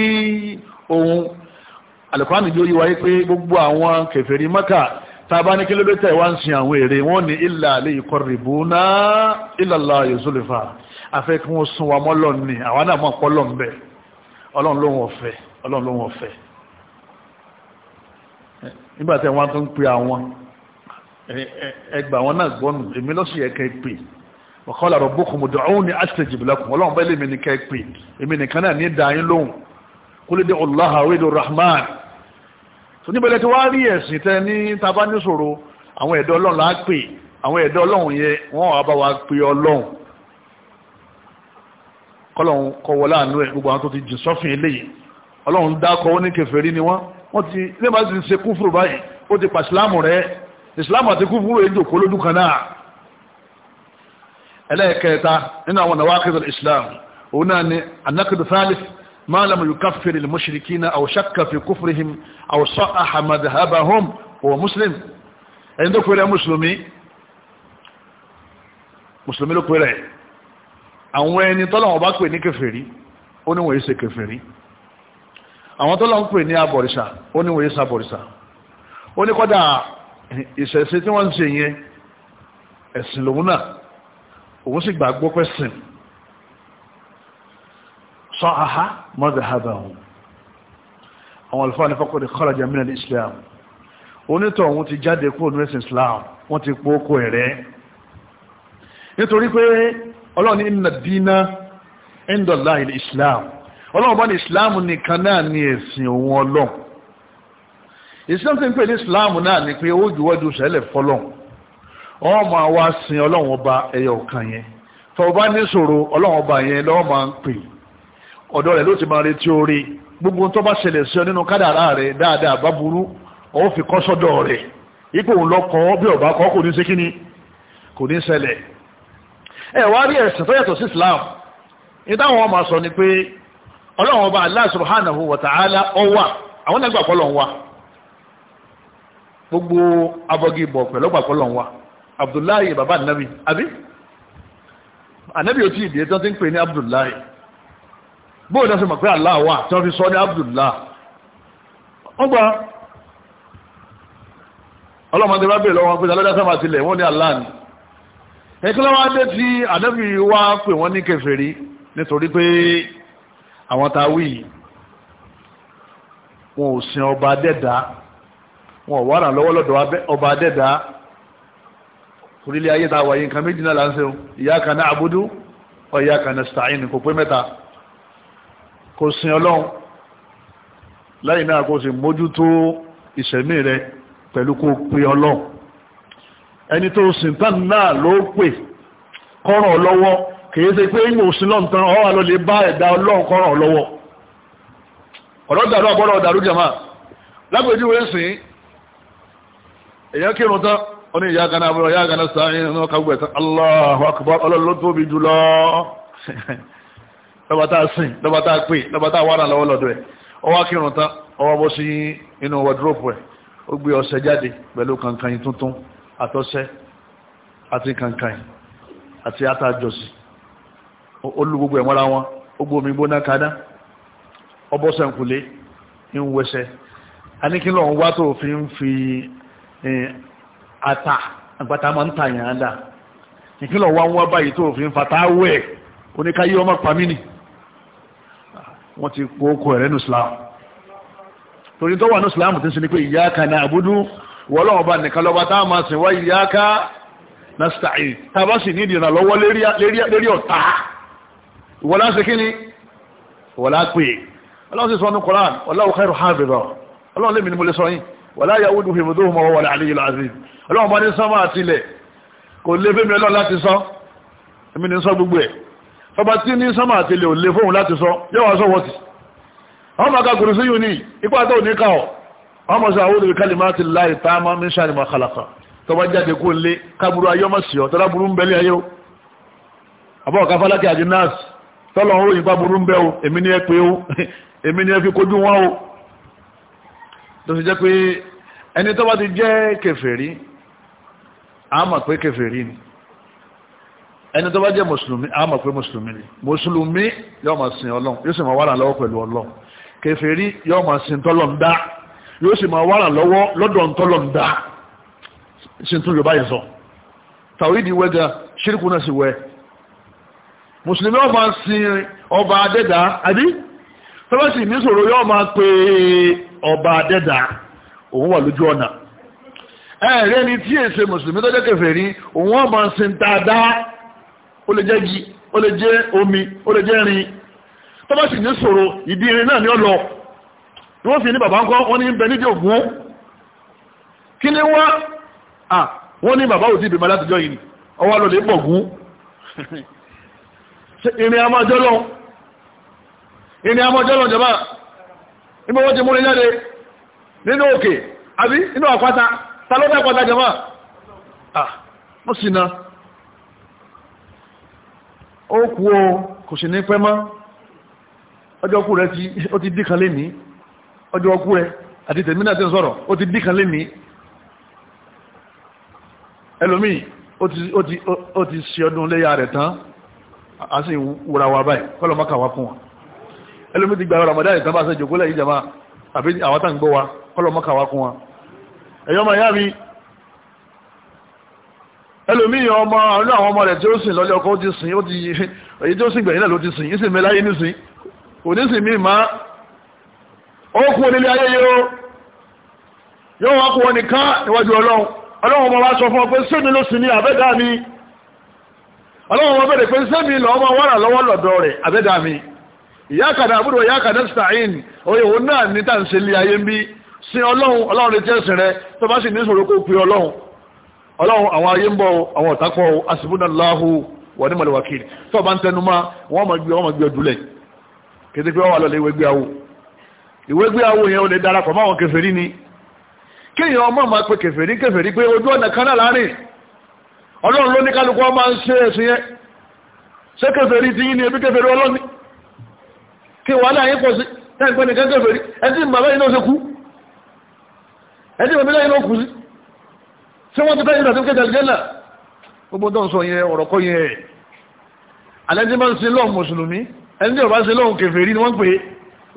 Speaker 1: afẹ́ kí wọ́n sún wa mọ́lọ̀ ni àwọn náà mọ̀ pọ́lọ̀ ń bẹ̀ ọlọ́run ló wọ́n fẹ́ ọlọ́run ló wọ́n fẹ́ nígbà tí wọ́n tó ń pe àwọn ẹgbà wọn náà gbọ́nù èmi lọ́sùn yẹ kẹ́ pè waqala rabbukum ud'uni astajib lakum ọlọ́run bẹ́ẹ̀ lèmi ni kẹ́ pè èmi nìkan náà ní dàáyín lóhùn qul ud'u Allaha aw ud'u Rahman tó níbẹ̀lẹ̀ tí wọ́n rí ẹ̀sìn tẹ́ ní tabaníṣòro àwọn ẹ̀dọ́ ọlọ́run lá pè àwọn ẹ̀dọ́ ọlọ́run yẹ wọ́n wà bá wa pè ọlọ́run kọ́lọ́hún kọwọ́ láàánú ẹ̀ gbogbo àwọn tó ti jìn sọ́fìn eléyìí ọlọ́run dákọ̀ ó ní kèfèrí ni wọ́n wọ́n ti ilé bá ti ṣe kúfùrù báyìí ó ti pa ìsìláàmù rẹ̀ ìsìláàmù àti kúfùrù èjì òkú lójú kan náà ẹlẹ́ẹ̀kẹta nínú àwọn nawaqid al-islam òun náà ni an-naqd thalith ma lam yukaffir al-mushrikina aw shakka fi kufrihim aw sahha madhhabahum huwa muslim ẹni tó pèrè mùsùlùmí mùsùlùmí ló pèrè àwọn ẹni tọ́lọ́wọ́n bá pè ní kèfèrí ó ní wọ́n yé ṣe kèfèrí àwọn tọ́lọ́wọ́n pè ní abọ̀rìṣà ó ní wọ́n yé ṣàbọ̀rìṣà ó ní kọ́dà ìṣẹ̀ṣe tí wọ́n ń ṣe yẹn ẹ̀sìn lòun náà òun sì gbàgbọ́ pẹ́sìn sọ àhá mọ́dàhábà òun àwọn alfáà ọlọ́run ní inna dínà indallahi islam ọlọ́run bá ní islam nìkan náà ní ẹ̀sìn òun ọlọ́run islam ti ń pè ní islam náà ni pé ó juwọ́jú sẹ́lẹ̀ fọlọ́n wọ́n máa wá sin ọlọ́run ọba ẹyọ kan yẹn tọ́wọ́ bá ní ṣòro ọlọ́run ọba yẹn lọ́wọ́ máa ń pè ọ̀dọ̀ rẹ̀ ló ti máa retí orí gbogbo tó bá ṣẹlẹ̀ sí ọ nínú kádàrá rẹ̀ dáadáa bá burú ọ fi kọ́ sọ́dọ̀ rẹ̀ ipò òun lọ́kọ̀ọ́ bí ọba kọ́ kò ní ṣe kíni kò ní ṣẹlẹ̀ ẹ wá rí ẹ̀sìn tó yàtọ̀ sí islam ní táwọn ọmọ sọ ni pé ọlọ́run ọba Allah subhanahu wa ta'ala ọwà àwọn náà gbàpọ̀lọ̀ wa gbogbo abọ́gi ìbọ̀ pẹ̀lú gbàpọ̀lọ̀ wa abdullahi baba anabi abi anabi ò tí ì dìé tán ti ń pè ní abdullahi bóòdù náà sì mọ̀ pé Allah wà tí wọ́n fi sọ ní abdullahi wọ́n gba ọlọ́mọdé bá bèèrè lọ́wọ́ pé alọ́dá ẹ̀kọ́lọ́wọ́ dé tí àdẹ́bì wá pè wọ́n ní kèfèrí nítorí pé àwọn tawí wọn ò sin ọba dẹ́dà wọn ò wárà lọ́wọ́ lọ́dọ̀ ọba dẹ́dà orílẹ̀ ayé ta wáyé nǹkan méjì náà láńsẹ̀ iyyaka na'budu wa iyyaka nasta'in kò pé mẹ́ta kò sin ọlọ́run lẹ́yìn náà kò sì mójútó ìṣẹ̀mí rẹ pẹ̀lú kó pe ọlọ́run ẹni tó sìntán náà ló pè kọ́rọ̀ lọ́wọ́ kìí ṣe pé ìwò sílọ́n tán ọwà ló lè bá ẹ̀dá ọlọ́run kọ́rọ̀ lọ́wọ́ ọ̀rọ̀ dàrú àbọ́rọ̀ lọ́bàtà sìn [LAUGHS] lọ́bàtà pè lọ́bàtà wàrà lọ́wọ́ ẹ̀ ọwá tán ọwọ́ bọ́ sí inú wọ́dúrópù ẹ̀ ó gbé jáde àtọ́sẹ́ àti kankan àti àtàjọsí olú gbogbo ẹ̀mọ́ra wọn gbogbo omi gbóná kaná ọbọ́sẹ̀ nkùlé ń wẹsẹ̀ a ní wá tó fi ń fi ata àgbàtà máa ń tàyàn àdá ìkí lọ wá ń wá báyìí tó fi ń fata wẹ̀ oníkáyé ọmọ pàmínì wọ́n ti kó okò ẹ̀rẹ́nu Islam torí tó wà ní Islam ti ń sin ní pé iyyaka na'budu wọ́lọ́wọ́ bá nìkan lọ́ba tá a máa sìn wá iyyaka nasta'in tàbá sì nídìí ìrànlọ́wọ́ lérí ọ̀tá wọ́lá sí kíní wọ́lá pè ọlọ́run sì sọ ní koran wallahu khairu hafiza ọlọ́run lèmi ni mo lè sọ yín wala ya'uduhu hifdhuhuma wa huwal aliyyul azim ọlọ́run bá ní sánmà àtilẹ̀ kò lè fẹ́mi ọlọ́run láti sọ èmi ọmọ sọ àwọn olùkọ́ lè máa ti láì tá a máa ń ṣàrìmọ̀ àkàlàkà tó bá jáde kó lé kábúrú ayọ́mọ̀ sí ọ̀ tọ́lá burú ń bẹ́lẹ̀ ayé o àbọ̀ ọ̀ká fálákì àti nọ́ọ̀sì tọ́lọ̀ ń ròyìn bá burú ń bẹ́ o èmi ni ẹ pé o [LAUGHS] èmi ni ẹ fi kojú wọn o tó sì jẹ́ pé ẹni tó bá ti jẹ́ kèfèrí a pé kèfèrí ni ẹni tó bá jẹ́ mùsùlùmí a pé mùsùlùmí ni mùsùlùmí yóò yóò sì máa wára lọ́wọ́ lọ́dọ̀ ntọ́lọ́ndà sí tún yorùbá yẹn sọ tàwídì wẹ́gà ṣírkù náà sì wẹ́ mùsùlùmí ọba sin ọba adẹ́dà àbí tọ́lọ́sì ní sòrò yóò máa pe ọba adẹ́dà òun wà lójú ọ̀nà ẹ̀rẹ́ ni tí èsè mùsùlùmí tó jẹ́ kèfèrí òun ọba sin dáadáa ó lè jẹ́ gi ó lè jẹ́ omi ó lè jẹ́ rin tọ́lọ́sì ní sòrò ìdí irin náà ni ó lọ ni wọ́n sì ní bàbá ń wọ́n ní bẹ nídìí ògún kí ní wọ́n à wọ́n ní bàbá òsì ìbìmọ̀ látijọ́ yìí ọwọ́ lọ pọ̀ gún ìrìn àmọ́jọ́lọ́ jọba wọ́n ti jáde nínú òkè àbí inú àpáta ọjọ́ ọkú ẹ àti tèmi náà ti ń sọ̀rọ̀ ó ti díkan lé ní ẹlòmíì ó ti ṣe ọdún léyà rẹ̀ tán a sì wúra wa báyìí kọ́lọ̀ má kàwá fún wa ẹlòmíì ti gba Ramadan ìtàn bá ṣe jòkó lẹ́yìn ìjàmá àbí àwọn tá gbọ́ wa kọ́lọ̀ má kàwá fún wa ẹ̀yọ́ máa yá mi ẹlòmíì ọmọ inú àwọn ọmọ rẹ̀ tí ó sìn lọ́lẹ́ ọkọ̀ ó ti sìn ó ti èyí tí ó sìn gbẹ̀yìn náà ló ti sìn yìí sì mẹ́láyé nísìn kò ní sìn mí máa ó kú onílé ayé yìí ó yóò wá kú wọn nìkan níwájú ọlọ́run ọlọ́run ọmọ wa sọ fún ọ pé sẹ́mi ló sì ní àbẹ́dá mi ọlọ́run ọmọ bẹ̀rẹ̀ pé sẹ́mi lọ́ọ́ máa wàrà lọ́wọ́ lọ́dọ̀ rẹ̀ àbẹ́dá mi ìyákàdà àbúrò ìyákàdà stein oyè òun náà ní tà ń ṣe lé ayé ń bí sí ọlọ́run ọlọ́run lè jẹ́ ìsìn rẹ tó bá sì ní ìṣòro kó pe ọlọ́run ọlọ́run àwọn ayé ń bọ̀ àwọn ọ̀tápọ̀ asibúnàláhù wà ní mọ̀lẹ̀wàkì tó bá ń tẹnu mọ́ wọ́n mọ̀ gbé ọdúnlẹ̀ kété pé wọ́n wà lọ́lẹ̀ ìwé gbé àwọ̀ ìwé gbé àwọn èèyàn olè darapọ̀ máwọn kèfèrí ni kíyàn ọmọ ma pe kèfèrí kèfèrí pé ojú ọ̀nà kan náà láàrin ọlọ́run ló ní kálukú ọmọ ń ṣe ẹ̀sìn yẹn ṣé kèfèrí ti yín ni ebi kèfèrí ọlọ́ni kí wàhálà yín pọ̀ sí tẹ́ǹpẹ́ nìkan kèfèrí ẹtí màmá yìí náà ṣe kú ẹni tí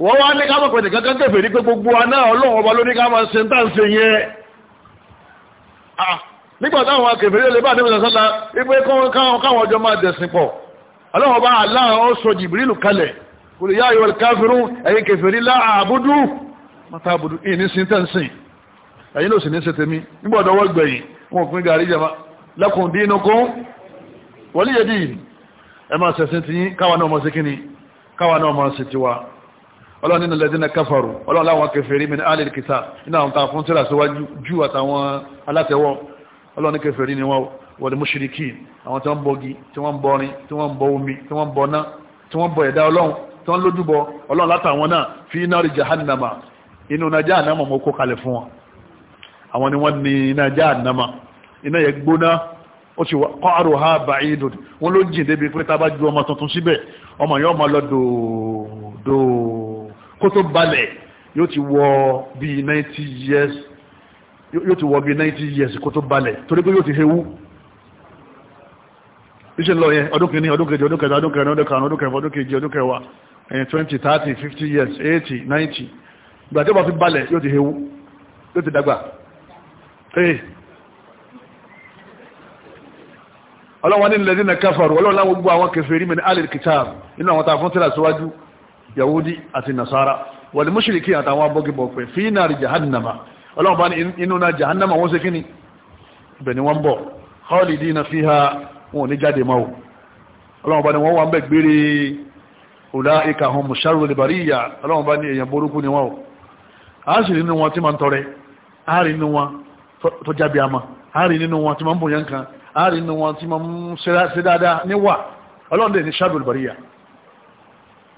Speaker 1: wọ́n wá ní káàmọ̀ pẹ̀lú kankan kẹfẹ́ ní pé gbogbo wa náà ọlọ́run ọba ló ní káàmọ̀ ṣe ń tàǹṣe yẹn ah, nígbà táwọn akẹfẹ́ lè bá níbi sọ́sọ́lá wípé káwọn ọjọ́ máa dẹ̀sìn pọ̀ ọlọ́run ọba Allah ó sọ Jibrilu kalẹ̀ kò lè yá ayọ̀ káfírún ẹ̀yin kẹfẹ́ lá àbúdú mọ́tà àbúdú ìní sí tẹ̀sìn ẹ̀yin ló sì ní sẹ́tẹ̀mí nígbà ọ̀dọ́wọ́ gbẹ̀yìn wọn òpin gàrí jama lakum dinukum waliya din ẹ máa sẹ̀sìn tiyín káwa náà mọ̀ sí kíni káwa náà mọ̀ sí tiwa ọlọ́run nínú lẹ́dínà káfàrù ọlọ́run láwọn kèfèrí mi ní alìlì kìtà nínú àwọn tààfún tíra síwájú jù àtàwọn alátẹwọ́ ọlọ́run ní kèfèrí ni wọ́n wọ́n ni mùṣírikí àwọn tí wọ́n ń bọgi tí wọ́n ń bọrin tí wọ́n ń bọ omi tí wọ́n ń bọ ná tí wọ́n ń bọ ẹ̀dá ọlọ́run tí wọ́n ń lójúbọ ọlọ́run látàwọn náà fi iná rí jahannama inú iná jahannama mo kó kalẹ̀ fún wọn àwọn kó tó balẹ̀ yóò ti wọ bí 90 years yóò ti wọ bí 90 years kó tó balẹ̀ torí pé yóò ti hewu iṣẹ́ lọ yẹn ọdún kìíní ọdún kejì ọdún kẹta ọdún kẹrin ọdún karùn ọdún kẹfà ọdún kejì ọdún kẹwàá ẹ̀yìn 20 30 50 years eighty ninety ìgbà tí ó bá fi balẹ̀ yóò ti hewu yóò ti dàgbà ọlọ́wọ́n ní lẹ́dínà káfàrù ọlọ́wọ́n láwọn gbogbo àwọn kèfèrí min alil kitab inú àwọn tààfún tíra síwájú yahudi àti nasara wal mushriki àtàwọn abọ́gibọ̀ pé fi nari jahannama ọlọ́run bá ní inú na jahannama wọ́n ṣe kíni ibẹ̀ ni wọ́n bọ̀ khalidina fiha wọn ò ní jáde máa wò ọlọ́run bá ní wọ́n wà ń bẹ̀ gbére ulaika hum sharrul bariyya ọlọ́run bá ní èèyàn burúkú ni wọ́n o a sì nínú wọn tí ma ń tọrẹ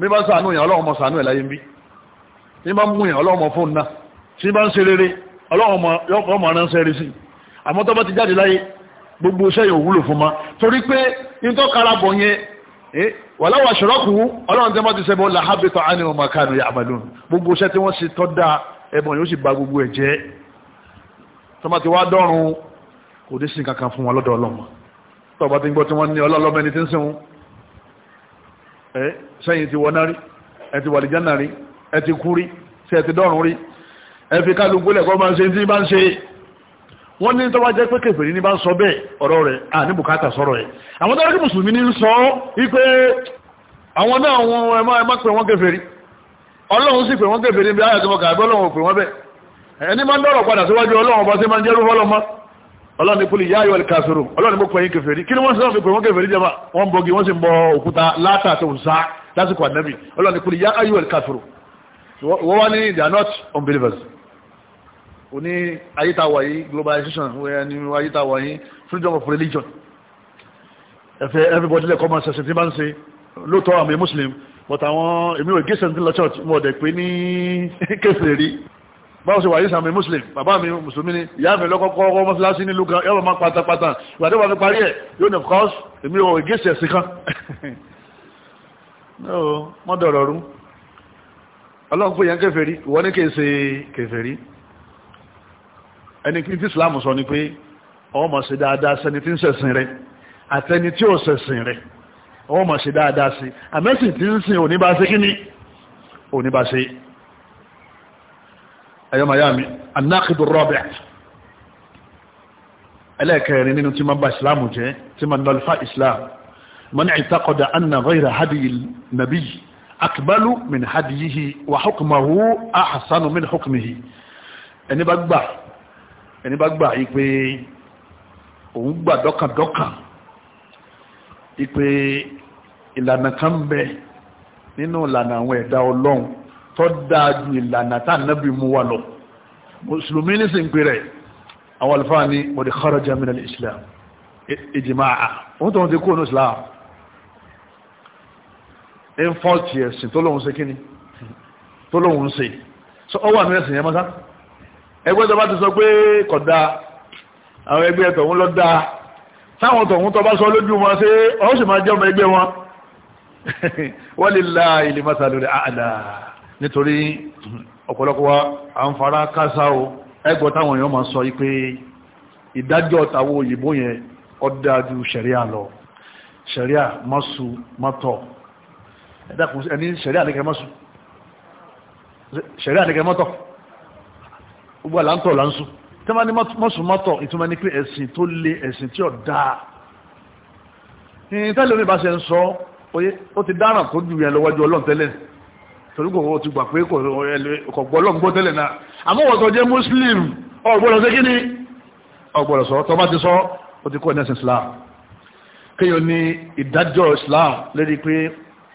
Speaker 1: bí bá ń sànú yàn ọlọ́run mọ sànú ẹ̀ láyé ń bí tí bá ń mú yàn ọlọ́run mọ fóun náà tí bá ń ṣe rere ọlọ́run mọ yọkọ̀ ọmọ ránṣẹ́ rí sí àmọ́ tó bá ti jáde láyé gbogbo iṣẹ́ yóò wúlò fún ma torí pé nítọ́ karabọ̀ yẹn wà láwọn aṣọ́rọ́kù ọlọ́run tí wọ́n ti sẹ́bọ̀ làhábẹ́tọ̀ á ní ọmọ kánú yà àmàlùn gbogbo iṣẹ́ tí wọ́n ṣe tọ́ da ẹbọn yóò sì ba gbogbo ẹ̀ jẹ́ tó bá ti wá dọ́rùn kò dé sí ẹ sẹ́yìn ti wọná rí ẹ ti wàlìjánà rí ẹ ti kú rí sí ẹ ti dọ́rùn rí ẹ fi kálukú lẹ̀kọ́ máa ń ṣe tí bá ń ṣe wọ́n ní tọ́wọ́ jẹ́ pé kèfèrí ní bá ń sọ bẹ́ẹ̀ ọ̀rọ̀ rẹ̀ à ní bùkátà sọ̀rọ̀ ẹ̀ àwọn tọ́wọ́ kí mùsùlùmí ní ń sọ wípé àwọn náà wọn ẹ má wọ́n kèfèrí ọlọ́run sì pè wọ́n kèfèrí bí ayàtọ̀ mọ̀kà ọlọ́run pè wọ́n bẹ́ẹ̀ ẹni máa ń dọ̀rọ̀ padà síwájú ọlọ́run ọba sí máa ń jẹ́rú fọ́lọ́mọ́ ọlọ́run ní kúlì yáyọ̀ ìkàṣòro ọlọ́run ní mo pẹ̀yìn kí ni wọ́n sọ́rọ̀ fi pẹ̀wọ́n kèfèrí jẹba wọ́n bọ́gi wọ́n sì ń bọ òkúta látà tó ń sá lásìkò ànábì ọlọ́run ní kúlì yáyọ̀ ìkàṣòro wọ́n wá ní they are not unbelievers o ní ayétawà yìí globalization ní ayétawà yìí freedom of religion ẹ̀fẹ́ everybody lẹ́kọ́ máa ṣẹ̀ṣẹ̀ tí bá ń ṣe lóòótọ́ àmì muslim but àwọn èmi ò gẹ́sẹ̀ church mo ọ̀dẹ̀ pé [LAUGHS] báwo ṣe wà yìí sàmì muslim bàbá mi mùsùlùmí ni ìyá mi lọ́kọ́kọ́ ọkọ́ mọ́síláṣí ní lùkàn yọ́bọ̀ máa pátápátá ìwádìí wà ní parí ẹ̀ yóò ní kọ́s èmi ò gẹ́sẹ̀ sí kan [LAUGHS] mọ́ dọ̀rọ̀ rú ọlọ́run pé yẹn kèfèrí ìwọ ní kèsè kèfèrí ẹni tí islam sọ ni pé ó máa ṣe dáadáa sẹ́ni tí ń ṣẹ̀sìn rẹ̀ àtẹni tí ò ṣẹ̀sìn rẹ̀ ó máa ṣe dáadáa sí àmẹ́sìn tí ayọ́mà yá mi anákìdù robert ẹlẹ́ẹ̀kẹrin nínú tí ma bá islam jẹ́ tí ma nọlifá islam man ìtakọ̀dà anna ghayra hadiyi nabi akbalu min hadiyihi wa hukmahu ahsanu min hukmihi ẹni bá gbà ẹni bá gbà ipe òun gbà dọ́kàndọ́kàn ipe ìlànà kan bẹ nínú ìlànà àwọn ẹ̀dá ọlọ́run tó dáa ju ìlànà tá nábì mú wa lọ mùsùlùmí ní sì ń pè rẹ̀ àwọn alfáà ní wọ́n di kharaja min al-islam ìjìmáà e, wọ́n tó wọ́n ti kó ní islam in fọ́ọ̀tì ẹ̀sìn tó lóun ṣe kíni tó lóun ṣe so ọwọ́ àmì ẹ̀sìn yẹn ẹgbẹ́ tó bá ti sọ pé kò àwọn ẹgbẹ́ tọ̀hún lọ dáa táwọn tọ̀hún tó sọ lójú wọn ṣe ọ́ sì máa jẹ́ ọmọ ẹgbẹ́ wọn [LAUGHS] walillahi al-masalul a'la nítorí ọ̀pọ̀lọpọ̀ wa à ń fara kásá o ẹgbọ́ táwọn èèyàn máa sọ pé ìdájọ́ tàwọn òyìnbó yẹn ó dájú ṣẹ̀ríà lọ ṣẹ̀ríà mọ́sù mọ́tọ̀ ẹni ṣẹ̀ríà nìkẹ́ mọ́sù ṣẹ̀ríà nìkẹ́ mọ́tọ̀ gbogbo àlántọ̀ láńsù tí wọ́n ní mọ́sù mọ́tọ̀ ìtumọ̀ ní pé ẹ̀sìn tó le ẹ̀sìn tí ó dáa ní omi bá ṣe ń sọ ó ti dáràn tó ju yẹn lọ́wọ́jú ọlọ́ntẹ́lẹ̀ torí kò wọ́n ti gbà pé kò gbọ́ lọ́n gbọ́ tẹ́lẹ̀ náà àmọ́ wọ́n tó jẹ́ muslim ọgbọ́dọ̀ sí kíní ọgbọ́dọ̀ sọ tó bá ti sọ ó ti kọ́ ẹ̀nẹ́sì islam kéèyàn ní ìdájọ́ islam lédi pé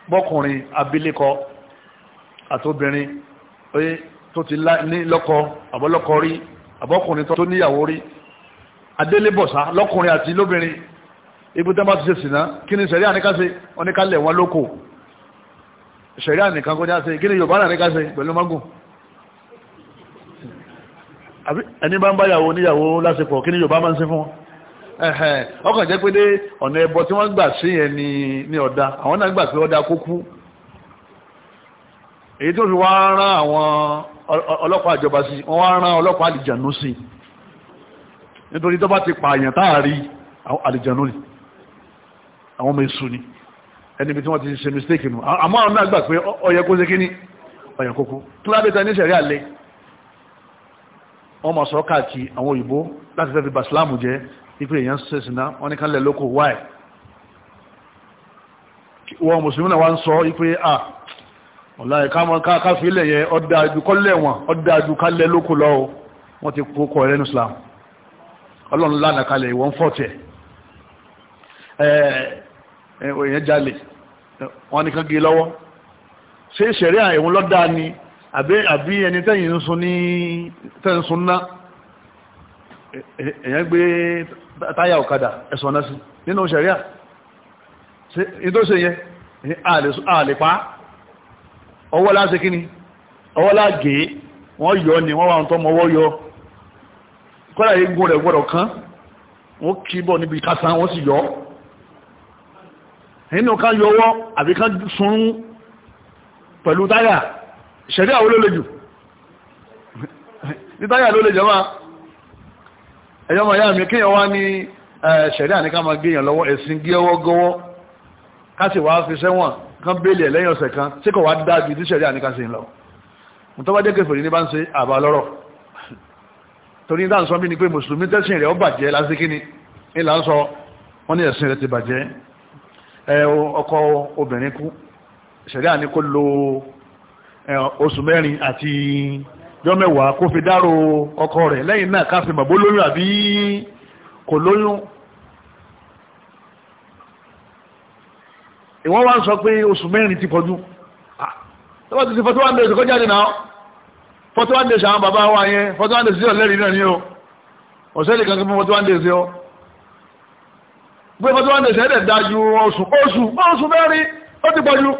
Speaker 1: bọ́kùnrin abilékọ àtobìnrin tó ti ní lọ́kọ àbọ́lọ́kọ rí àbọ́kùnrin tó níyàwó rí adélébọ̀sá lọ́kùnrin àti lóbìnrin ibùdó ṣẹ̀ríà nìkan kọjá sí kí ni yorùbá náà ní ká ṣe pẹ̀lú mágùn ẹni bá ń bá yàwó níyàwó lásìkò kí ni yorùbá máa ń ṣe fún wọn ọkàn jẹ́ pé dé ọ̀nà ẹbọ tí wọ́n gbà sí yẹn ní ọ̀dá àwọn náà gbà pé ọ̀dá kó kú èyí tó fi wá rán àwọn ọlọ́pàá àjọba sí wọ́n wá rán ọlọ́pàá àlìjànú sí nítorí tó bá ti pààyàn táàrí àlìjànú rí àwọn ọmọ èṣù ni ẹni bí tí wọ́n ti ṣe mistake nù àmọ́ àwọn náà gbà pé ọyẹ kó ṣe kí ní ọyẹ kókó kílábẹ́ta ní sẹ̀rí àlẹ́ wọ́n ma sọ káàkiri àwọn òyìnbó láti fẹ́ fi bà sílámù jẹ́ ipé èèyàn sẹ́sìná wọ́n ní kánlẹ̀ lókò wáì wọ́n mùsùlùmí náà wá ń sọ ipé à ọ̀lá káfílẹ̀ yẹ ọlọ́run lánàá ìwọ̀n fọ́tẹ̀ èèyàn jalè wọ́n nìkan gé lọ́wọ́ ṣé ìṣẹ̀rí àìwọ̀n lọ́dà ni àbí ẹni tẹ́yìn ń sun ní tẹ́yìn sun ná èèyàn gbé táyà ọ̀kadà ẹ̀sùn ọ̀nà sí nínú ìṣẹ̀rí à tó ṣe yẹn àlè pa ọwọ́ láti kíni ọwọ́ láàgé wọ́n yọ ni wọ́n wà ń tọ́mọ ọwọ́ yọ kọ́lá eégún rẹ̀ gbọ́dọ̀ kán wọ́n kí bọ̀ níbi kásán wọ́n sì yọ ọ́ nínú ká yọwọ́ àbí ká sun pẹ̀lú táyà ṣẹ̀rí àwọn olóòlè jù ní táyà ló lè jọba ẹ̀yọ́ ma yá mi kíyàn wá ní ṣẹ̀rí àníká ma gbéyàn lọ́wọ́ ẹ̀sìn gíọwọ́ gọwọ́ ká sì wá fi sẹ́wọ̀n kan bèèlè lẹ́yìn ọ̀sẹ̀ kan tí kò wá dájú ni pé mùsùlùmí tẹ́sìn rẹ̀ ó bàjẹ́ lásìkíní ìlà ń sọ ọkọ obìnrin kú ṣẹ̀dá ní kó lo oṣù mẹ́rin àti jọ mẹ́wàá kó fi dárò ọkọ rẹ̀ lẹ́yìn náà ká fi mọ̀ bó lóyún àbí kò lóyún ìwọ́n wá ń sọ pé oṣù mẹ́rin ti pọ̀jú tọ́wọ́ kankan fún fọ́tí wọ́n dẹ̀ẹ́sì gbé fọ́tí wọ́n dẹ̀sẹ̀ ẹ̀dẹ̀ dájú oṣù oṣù oṣù mẹ́rin ó ti pọ̀jú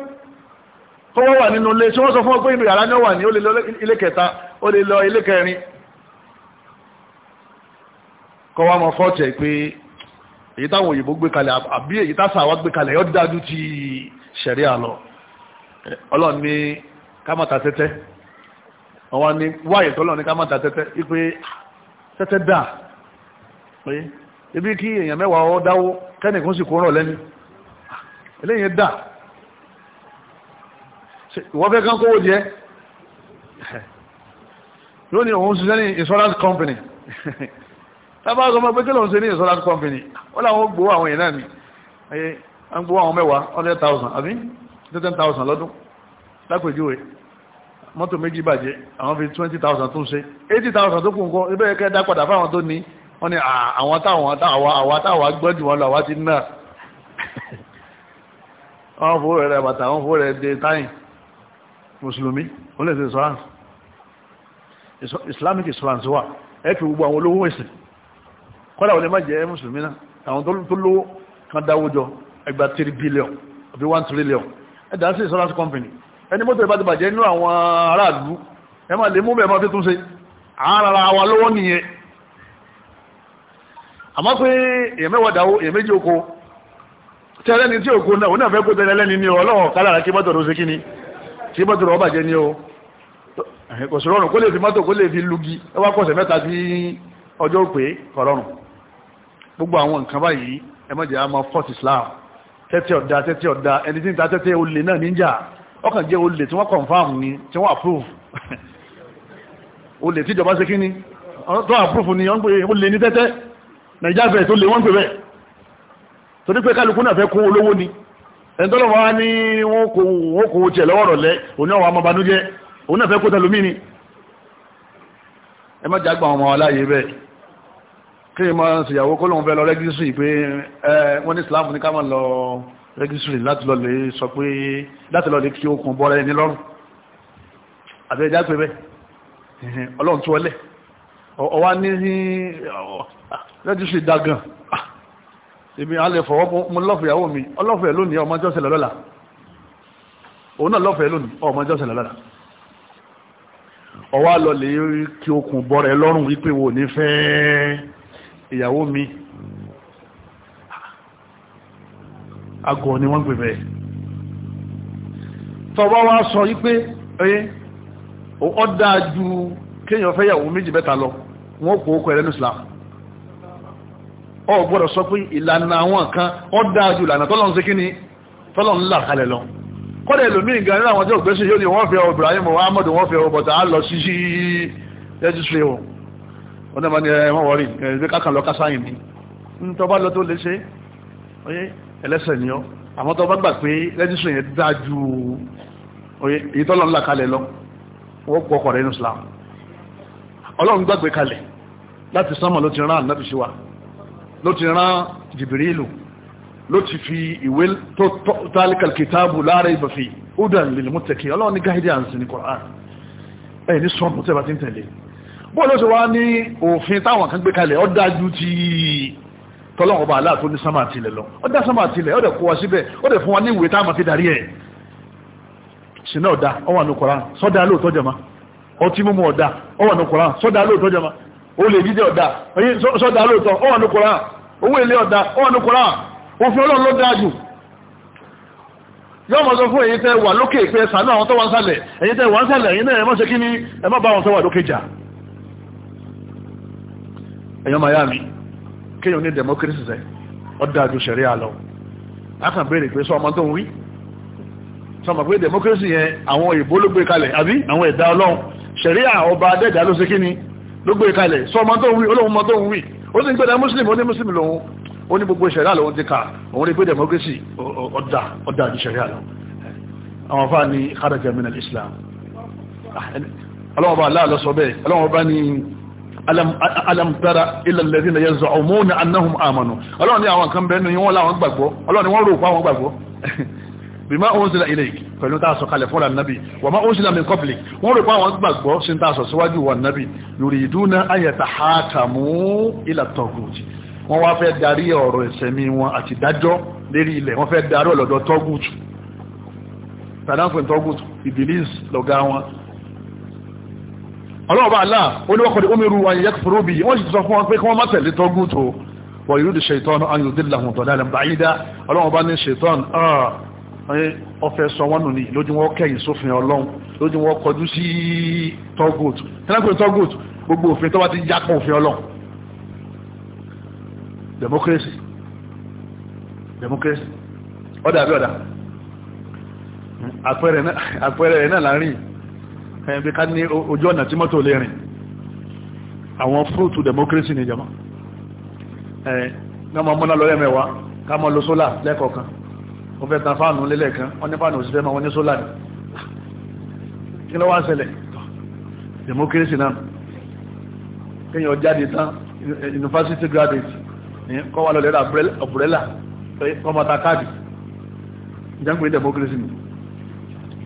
Speaker 1: tó wọ́n wà nínú ilé tí wọ́n sọ fún ọgbẹ́ inú yàrá náà wà ní ó lè lọ ilé kẹta ó lè lọ ilé kẹrin kọ́ wa mọ̀ fọ́tẹ̀ pé èyí táwọn òyìnbó gbé kalẹ̀ àbí èyí tásà wá gbé kalẹ̀ yọ́ dájú ti ṣẹ̀rí àlọ́ ọlọ́run ní kámọ́ta tẹ́tẹ́ wọ́n ní wáyé tọ́lọ́run ní kámọ́ta tẹ́tẹ́ wípé tẹ́tẹ́ dáa pé ibi kí èèyàn mẹ́wàá ọ dáwó tẹ́nìkún sì kó rán lẹ́ni eléyìn dà wọ́n fẹ́ kán kówó jẹ́ lónìí òun ṣiṣẹ́ ní insurance company [LAUGHS] tábà ọmọ pé kí lóun ṣe ní insurance company wọ́n láwọn gbowó àwọn èèyàn náà ni ayé wọ́n gbowó àwọn mẹ́wàá 100,000 àbí 10,000 lọ́dún lápèjúwe mọ́tò méjì bàjẹ́ àwọn fi 20,000 tún ṣe 80,000 tó kù nǹkan ibẹ̀ kẹ́ dá padà fáwọn tó ní wọ́n ní àwọn táwọn táwọn àwọn táwọn gbọ́jù wọn lọ wá ti náà wọ́n fó rẹ̀ bàtà wọ́n fó rẹ̀ dé táyìn mùsùlùmí ó lè ṣe ìsọ́ránsì islamic ìsọ́ránsì wà ẹ́kì gbogbo àwọn olówó ìsìn kọ́lá wọlé má jẹ́ mùsùlùmí náà àwọn tó lówó kan dáwójọ ẹgbà 3 billion àbí 1 trillion ẹ̀dà sí ìsọ́ránsì company ẹni mọ́tò ìbá ti bàjẹ́ inú àwọn aráàlú ẹ má lè mú bẹ́ẹ̀ má fi túnṣe àárara wa lówó nìyẹn àmọ́ pé èèyàn mẹ́wàá dáwó èèyàn méjì oko tí ẹlẹ́ni tí ògo náà òun náà fẹ́ kó tẹ́lẹ̀ ẹlẹ́ni ní ọlọ́wọ́ kálára kí mọ́tò ló ṣe kí ni kí mọ́tò ló bàjẹ́ ni o kò sí rọrùn kó lè fi mọ́tò kó lè fi lugi ẹ wá pọ̀sẹ̀ mẹ́ta sí ọjọ́ pé kọ̀rọ̀rùn gbogbo àwọn nǹkan báyìí ẹ má jẹ́ àmọ́ fort islam tẹ́tẹ́ ọ̀dà tẹ́tẹ́ ọ̀dà ẹni tí ń ta tẹ́tẹ́ olè náà níjà ọkàn jẹ́ olè tí wọ́n confam ni tí wọ́n approve [LAUGHS] olè tíjọba ṣe kí ni tó approve ni wọ́n pè olè ní tẹ́tẹ́ nàìjíríà fẹ́ tó lè wọ́n pè bẹ́ẹ̀ torí pé kálukú náà fẹ́ kó olówó ni ẹ̀ńtọ́lọ́wọ́ wá ní wọ́n kò tiẹ̀ lọ́wọ́ rọ̀lẹ́ òní ọ̀wọ́ amọ̀bánújẹ́ òun náà fẹ́ kó tẹlómi ni ẹ má jà gbà ọmọ aláyé ni máa ń ṣèyàwó kó lóun fẹ́ lọ rẹ́gísírì pé wọ́n ní islam ní ọlọ́run tó ọlẹ̀ ọwá ní lẹ́tí sì dàgàn ah, èmi alẹ́ fọwọ́ mo lọ́fẹ̀ẹ́ àwọn mi ọlọ́fẹ̀ẹ́ lónìí ọmọ ọjọ́ ṣẹlẹ̀ lọ́la òun náà lọ́fẹ̀ẹ́ lónìí ọmọ ọjọ́ ṣẹlẹ̀ lọ́la ọwọ́ lọ lè kí okùn bọ́rẹ̀ lọ́rùn wípé wo ní fẹ́ ìyàwó mi ah, agọ̀ ni wọ́n gbẹ̀bẹ̀ tọba wá sọ wípé ẹyẹ ọ dáa ju kéèyàn fẹ́ ìyàwó méjì bẹ́ta lọ wọ́n kò ó kọ ẹ̀rẹ́ ní Islam ọ gbọ́dọ̀ sọ pé ìlànà àwọn kan ọ dáa ìlànà tọ́lọ́n sí kíni tọ́lọ́n là kalẹ̀ lọ kọ́dẹ̀ lómi ìgbà àwọn tí òpé sí yóò ní wọ́n fẹ́ Ibrahim Muhammad wọ́n fẹ́ ọbọ̀tà lọ sí Ọlọ́run gbàgbé kalẹ̀ láti sánmà ló ti rán ànábì sí wa ló ti rán jìbìrìlù ló ti fi ìwé tó tálíkàl kìtàbù lára ìbàfí udan lil muttaqi ọlọ́run ní guidance ní Qur'an ẹ̀ ní sọ́nù tẹ́bà tí ń tẹ̀lé bó ló ṣe wá ní òfin táwọn kan gbé kalẹ̀ ó dájú ti tọ́lọ́wọ́ bá aláàtó ní sámà tilẹ̀ lọ ó dá sámà tilẹ̀ ó dẹ̀ kó wa síbẹ̀ ó dẹ̀ fún wa ní ìwé táwọn ó lè jíjẹ ọ̀dá sọ́dá lóòtọ́ ó wà ní kòrán owó ilé ọ̀dá ó wà ní kòrán òfin ọlọ́run ló dáa jù yọ́ mọ̀ sọ fún èyí tẹ́ wà lókè pé sànú àwọn tó wà ń sàlẹ̀ èyí tẹ́ wà ń sàlẹ̀ èyí náà ẹ má kí ní ẹ bá wọn tó wà lókè jà ẹ̀yàn miami kéèyàn ní democracy sẹ́ ọ ju ṣẹ̀rí àlọ́ a kàn béèrè pé sọ ọmọ tó ń wí sọmọ pé democracy yẹn àwọn ìbólógbé kalẹ̀ àbí àwọn ẹ̀dá ọlọ́run ṣẹ̀rí àwọn ọba adẹ́dàá ló ṣe kí ni ló gbé kalẹ̀ sọ ọmọ tó ń wí olóhùn ọmọ tó ń wí ó sì ń gbẹ̀dẹ̀ muslim ó ní muslim lòun ó ní gbogbo ìṣẹ̀dá lòun ti ka òun rí pé democracy ọ̀dà ọ̀dà àti ìṣẹ̀dá lọ àwọn afá ni kharaja min al-islam ah, ọlọ́wọ́ bá aláàlọ́ sọ bẹ́ẹ̀ ọlọ́wọ́ bá ní kan bẹ́ẹ̀ ni wọ́n láwọn gbàgbọ́ ọlọ́wọ́ wọ́n rò pa gbàgbọ́ [LAUGHS] bima unzila ilayk pẹ̀lú tá a sọ kalẹ̀ fún ànábì wa ma unzila min qablik wọ́n rò pé àwọn gbàgbọ́ sí tá a sọ síwájú wọn ànábì yuriduna an yatahakamu ila taghut wọ́n wá fẹ́ darí ọ̀rọ̀ ìsẹ̀mí wọn àti dájọ́ lérí ilẹ̀ wọ́n fẹ́ darí ọ̀lọ́dọ̀ taghut tàdáfẹ́ taghut ibilis lọ́gá wọn ọlọ́ọ̀bá aláà olúwọ́kọ̀dé omiru wọn yẹ kúrò bí wọ́n sì sọ fún wọn pé kí wọ́n má tẹ̀lé taghut wọ̀ ọfẹ́ sọ wọ́n nù ní lójú wọn kẹ́yìn sófin ọlọ́run lójú wọn kọjú sí tọ́gùt tẹ́lẹ́pẹ̀ tọ́gùt gbogbo òfin tó bá ti yàpọ̀ òfin ọlọ́run democracy democracy ọ̀dà àbí ọ̀dà àpẹẹrẹ rẹ̀ náà láàrin ẹ̀yìn bí ká ní ojú ọ̀nà tí mọ́tò lè rìn àwọn fúrútù democracy ni jama ẹ̀ náà mọ́ mọ́ná lọ́yẹ̀ mẹ́wàá ká mọ́ lo sólà lẹ́kọ̀ọ̀kan ó fẹ́ ta fáànù lélẹ̀ kan wọ́n ní fáànù òṣìṣẹ́ máa wọ́n ní sólà ní kí ló wá ń ṣẹlẹ̀ democracy náà kéèyàn jáde tán university graduate kọ́ wà lọ́lẹ́rà ọ̀bùrẹ́là kọ́ káàdì ìjàngbé democracy ni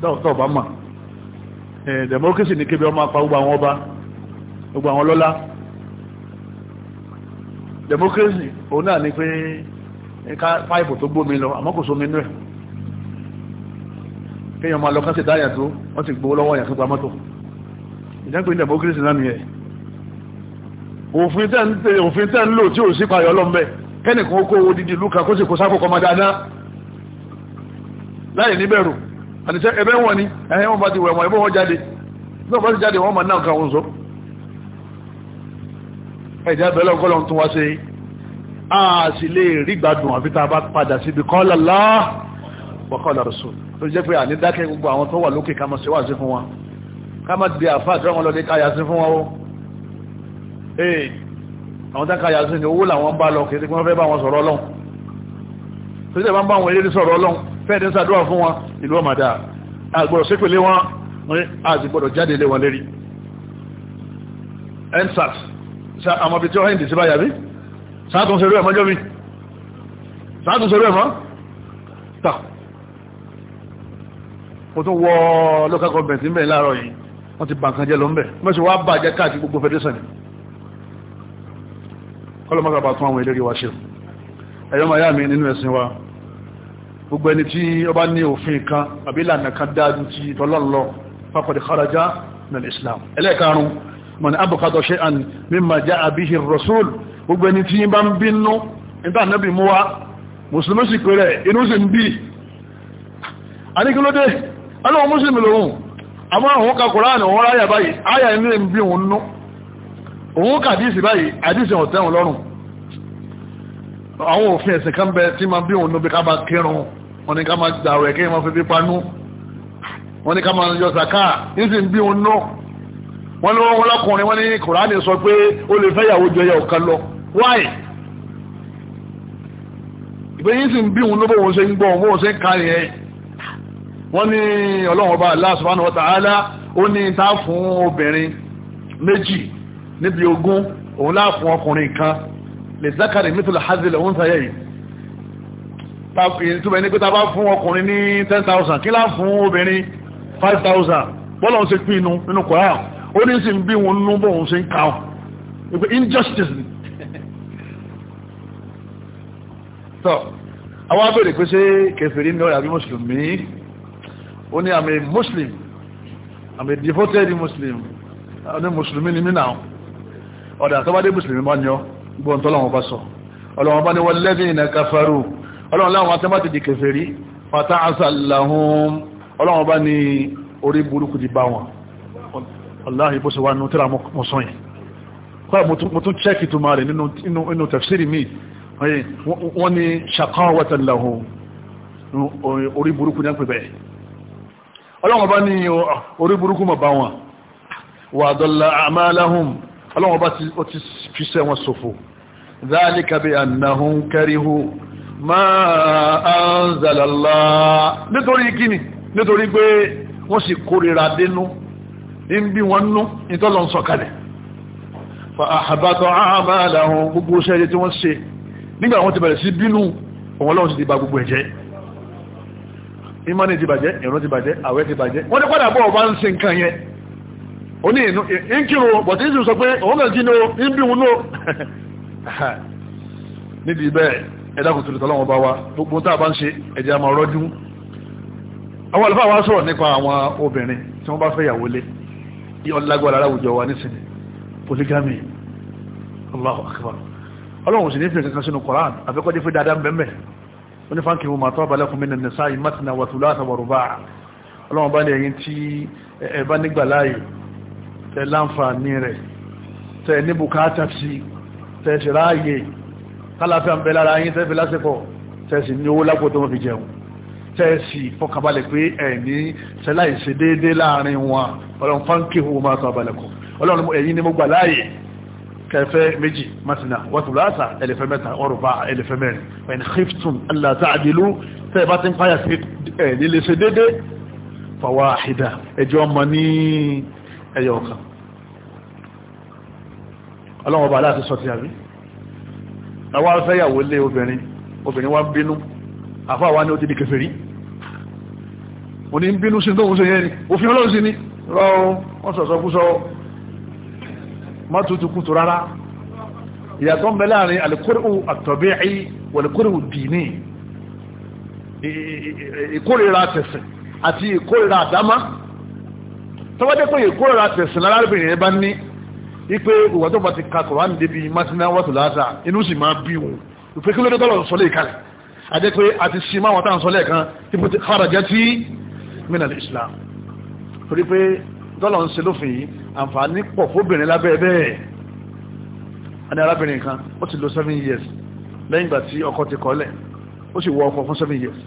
Speaker 1: dọ́ọ̀tọ̀ ọba mà democracy ní kébí ọmọ apá gbogbo àwọn ọba gbogbo àwọn lọ́lá democracy òun náà ni pé ká páìpù tó gbómi lọ àmọ́ kò sómi inú ẹ̀ kéèyàn máa lọ kán sì dáyà tó wọ́n sì gbowó lọ́wọ́ yàn fúnpa mọ́tò ìjẹ́pẹ́ ní democracy náà nìyẹn òfin tẹ́ ń lò tí ò sí payọ̀ ọlọ́mbẹ́ kẹ́nìkan ó kó owó dídì lúkà kó sì kó sápò kọmọ dáadáa láì níbẹ̀rù àníṣẹ́ ẹbẹ́ wọn ni ẹ̀yẹ́ wọn bá ti wẹ̀wọ̀n ẹbọ́ wọn jáde náà bá ti jáde wọn máa náà ká wọn sọ ẹ̀jẹ̀ abẹ́lẹ́ ọgọ́lọ́ tún wá sí i a sì lè rí gbádùn àfi tá a bá padà síbi qala Allah wa qala Rasul tó jẹ́ pé àní dákẹ́ gbogbo àwọn tó wà lókè ká máa ṣe wá sí fún wa ká máa di àfa àti àwọn lọ́dẹ káyà sí fún wa o ee àwọn tá káyà sí ni owó làwọn ń bá lọ kí wọ́n fẹ́ bá wọn sọ̀rọ̀ ọlọ́run tó jẹ́ bá ń bá wọn eléré sọ̀rọ̀ ọlọ́run fẹ́ẹ̀ ní sàdúrà fún wọn ìlú ọmọdà àgbọ̀rọ̀ sípèlé wọn àti gbọ́dọ̀ jáde lé wọn lérí endsars àmọ́bi tí ó hẹ́ndì sí báyà bí sáàtún ṣerú ẹ̀mọ́ jọ́mi sáàtún ṣerú ẹ̀mọ́ tà ó tún wọ local government ń bẹ̀ láàárọ̀ yìí wọ́n ti bàǹkan jẹ́ lọ ń bẹ̀ mẹ́sì wá bà jẹ́ káàkiri gbogbo federation kọlọmọ́sàbà tún àwọn ìlérí wa ṣe ẹ̀yọ́ màá yá mi nínú ẹ̀sìn wa gbogbo ẹni tí ó bá ní òfin kan àbí ìlànà kan dájú ti tọ́lọ́lọ́ faqad kharaja min islam ẹlẹ́ẹ̀karùn-ún man abghada shay'an mimma ja'a bihi ar-rasul gbogbo ẹni tí yín bá ń bínú níta ànábì mú wa mùsùlùmí sì pé rẹ̀ inú sì ń bí àníkílódé aláwọ̀ mùsùlùmí lòun àmọ́ àwọn ka Kùránì àwọn ráyà báyìí áyà inú ẹ̀ ń bí òun nú òun kà àdìsí báyìí àdìsí ọ̀tẹ́ òun lọ́rùn àwọn òfin ẹ̀sìn kan bẹ tí ma bí wọ́n ni ká máa yọ sàká yìí ń bí òun nú wọn lọ́wọ́ wọn lọ́kùnrin ní Kùránì sọ pé ó lè fẹ́ ìyàwó jọ yẹ ọ̀kan lọ Why? ìgbéyìn sì ń bí òun ló bó wọn ṣe ń gbọ́ wọn wọn ṣe ń kárí ẹ wọ́n ní ọlọ́run ọba Allah subhanahu wa ta'ala ó ní ta fún obìnrin méjì níbi ogún òun láàfún ọkùnrin kan lè zákàrí mítòlá hazil òun sáyẹ̀ yìí ìtúbẹ̀ ní pé ta bá fún ọkùnrin ní 10,000 kí lá fún obìnrin 5,000 bọ́lá ń ṣe pín inú nínú kọ̀ọ̀rán injustice tọ́ àwọn abèrè pé ṣé kẹfìrí ní ọ̀rẹ́ àbí mùsùlùmí ó ní àmì muslim àmì devoted muslim ní mùsùlùmí ni nínà ọ̀dà tó bá dé mùsùlùmí bá yan gbọ́n tó lọ́wọ́ bá sọ ọlọ́wọ́ bá ní wọ́n lẹ́bí ìnà kafaru ọlọ́wọ́ láwọn atẹ́mátì di kẹfìrí fata asàlàhún ọlọ́wọ́ bá ní orí burúkú ti bá wọn aláhì bó ṣe wá wọ́n ni ṣàkọ́wọ́tà lọ́hùn orí burúkú ní pẹ̀bẹ̀ ọlọ́wọ́ bá ní orí burúkú mọ̀ bá wọn wà dọ́là àmàláhùn ọlọ́wọ́ bá ti fi sẹ́ wọn sòfò dhalika bí annahum karihu ma anzalalla nítorí kíni nítorí pé wọ́n sì ń bí gbogbo ṣẹ́yẹ tí wọ́n ṣe nígbà wọn ti bẹ̀rẹ̀ sí bínú òun ọlọ́run ti ba gbogbo ẹ̀jẹ̀ imani ti bàjẹ́ ìrun ti bàjẹ́ àwẹ̀ ti bàjẹ́ wọ́n ti padà bọ́ ọba ń ṣe nǹkan yẹn ó ní inú ìkírò bọ̀tí ìsìn sọ pé òun kàn jí ní o ń bí wọn náà [LAUGHS] níbi bẹ́ẹ̀ ẹ̀dá kò tòlùtọ̀ lọ́wọ́ bá wa gbogbo tá a bá ń ṣe ẹ̀jẹ̀ àmọ́ rọ́jú àwọn àlùfáà wa sọ̀rọ̀ nípa àwọn obìnrin Allahu akbar ọlọ́run sì ní fi kankan sínú koran àfikọ́jẹ́ fi dáadáa bẹ́ẹ̀ wọ́n ní fáńkì wọn màtọ́ balẹ̀kùn mi nìyẹn sáyé mátìnà wàtúlá àtàwọ̀rùbá ọlọ́run bá lẹ́yìn tí ẹ bá nígbà láàyè tẹ láǹfààní rẹ̀ tẹ ní bùkátà sí tẹ kẹfẹ́ méjì masina wàtúlásà ẹlẹ́fẹ́ mẹ́ta ọrùfà ẹlẹ́fẹ́ mẹ́rin ẹni khiftum allah ta'adilu tẹ́ bá ti ń fàyà sí nílé ṣe dédé fawahida ẹjọ́ ọmọ ní ẹyọ ọ̀kan ọlọ́wọ́ bá láti sọ ti àbí àwọn afẹ́yàwó lé obìnrin obìnrin wá bínú àfáà wá ní ó ti má tutù kútù rárá ìyàtọ̀ ń bẹ láàrin alìkúrò àtọ̀bẹ́ẹ̀ì wọ̀lìkúrò dìní ìkórìíra tẹ̀sìn àti ìkórìíra àdámá tọ́wọ́dé pé ìkórìíra tẹ̀sìn lárábìnrin ẹ bá ní wípé ìwà tó bá ti ka kọ̀wán débi martina wọ́tò láta inú sì máa bí wọn ìpè kí ló dé tọ́lọ̀ sọlé ìkàlẹ̀ ń ṣe àǹfààní pọ̀ fóbìnrin lábẹ́ bẹ́ẹ̀ ẹni arábìnrin kan ó ti lò seven years lẹ́yìn ìgbà tí ọkọ ti kọ́lẹ̀ ó sì wọ ọkọ fún seven years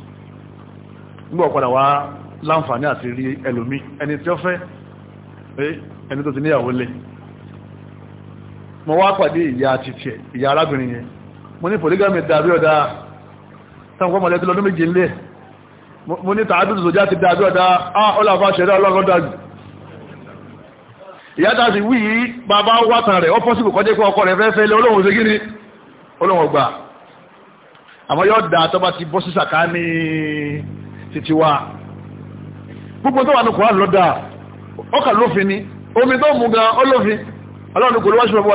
Speaker 1: nígbà ọ̀padà wá láǹfààní àti rí ẹlòmí ẹni tí ó fẹ́ ẹni tó ti níyàwó lé mo wá pàdé ìyá àti tiẹ̀ ìyá arábìnrin yẹn mo ní polygamy dàbí ọ̀dá táwọn ọmọ lẹ́tọ́ lọ́dún méje ńlẹ̀ mo ní tààdùn ìzòjá ti dàbí ọ̀dá ọlọ́fà ah, ṣẹ̀dá ọlọ́rọ̀ ìyá dáàsì wí yìí bàbá wátàn rẹ̀ ọ́pọ́sìkò kọjẹ́ pé ọkọ rẹ̀ fẹ́fẹ́ lé olóhùn ṣe gíní olóhùn gbà àmọ́ daa dáa tó bá ti bọ́ sí sàká ní títí tó wà ní kòrán lọ́dà ọkà lófin ni omi tó mú gan olófin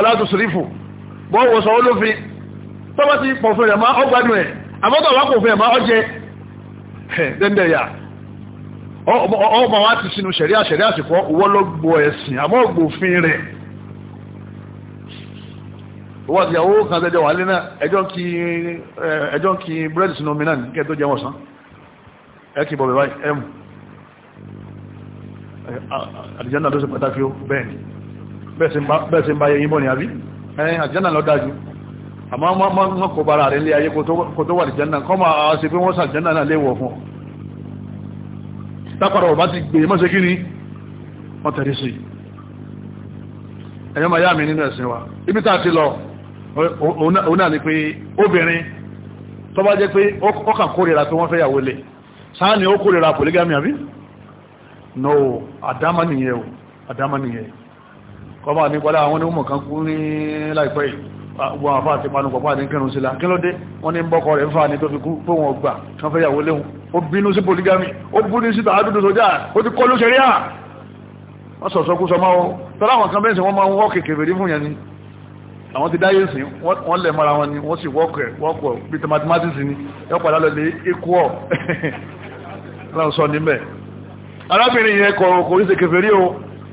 Speaker 1: látò sírífù ọmọ wa ti sínú ṣẹ̀ríà ṣẹ̀ríà sì fọ́ owó ló gbọ́ ẹ̀sìn àmọ́ ògbófin rẹ̀ owó àti ìyàwó kan tẹ́jọ wà lé náà ẹjọ́ kí búrẹ́dì sínú omi náà ní kẹ́ẹ̀ tó jẹ́ wọ́n sán ẹ kì bọ̀ bẹ̀ báyìí ẹ̀mù àdìjánà tó ṣe pàtàkì ó bẹ́ẹ̀ ni bẹ́ẹ̀ sí ń bá yẹyìn bọ́ ni àbí ẹ̀yìn àdìjánà lọ dájú àmọ́ wọ́n kò bára rẹ̀ lé ayé kò tó wà àdìjánà kọ́ máa ṣe pé wọ́n sàdìjánà náà léwọ̀ fún ọ tápàdà ọ̀bá ti gbé mọ́sẹ̀ kí ni wọ́n tẹ̀lé sí ẹ̀yọ́ máa yá mi nínú ẹ̀sìn wa ibi tá a ti lọ òun náà ni pé obìnrin tó bá jẹ́ pé ó kàn kórìíra pé wọ́n fẹ́ yàwó lé sáà ni ó kórìíra polygamy àbí no àdámà nìyẹn o àdámà nìyẹn kọba ní pọ́lá àwọn onímọ̀ kan kú ní láìpẹ́ ìwọ̀n ah, àfá àti panupọ̀pá ní kẹrùn sílá kí ló dé wọ́n ní bọ́kọ̀ rẹ̀ ń fa ní tó fi kú pé wọ́n gbà kan fẹ́ yàwó léhun ó bínú sí polygamy ó búrú sí tààdùdù sójá ó ti o tọ́lá àwọn kan bẹ́ẹ̀ sì wọ́n máa ń wọ́ kékeré rí fún yẹn ni àwọn ti dáyé sí wọ́n lẹ̀ mara wọn ni wọ́n sì wọ́kọ̀ wọ́kọ̀ bí ti mathematics ni yọ padà lọ lè ikú ọ̀ láwọn sọ níbẹ̀ arábìnrin yẹn kọ̀ kò rí ṣe kékeré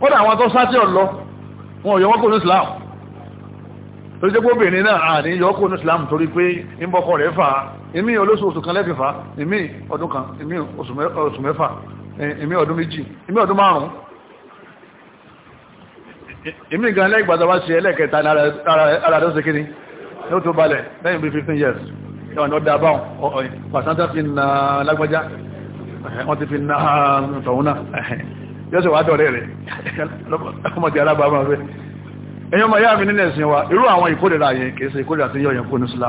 Speaker 1: kódà àwọn tó sáté ọ̀lọ́ wọn ò yọ wọ́n kò ní islam tó jẹ́ gbóbìnrin náà àní yọ kò ní islam torí pé ń bọ́kọ̀ rẹ̀ fà ìmí olóṣòṣù kan lẹ́fì fà ìmí ọdún kan ìmí oṣù mẹ́fà ìmí ọdún méjì ìmí ọdún márùn-ún ìmí gan lẹ́gbàdàwà sí ẹlẹ́kẹta ní ara tó ṣe kí ni ó tó balẹ̀ lẹ́yìn bí 15 years ọ̀nà ọ̀dà báwọn pàṣán yọ́sẹ̀ wà dọ̀rẹ́ rẹ̀ ọmọdé alábàámà rẹ̀ ẹ̀yọ́ ma yá mi nínú ẹ̀sìn wa irú àwọn ìkórìíra yẹn kìí ṣe ìkórìíra tó yọ̀yàn kó ní sílá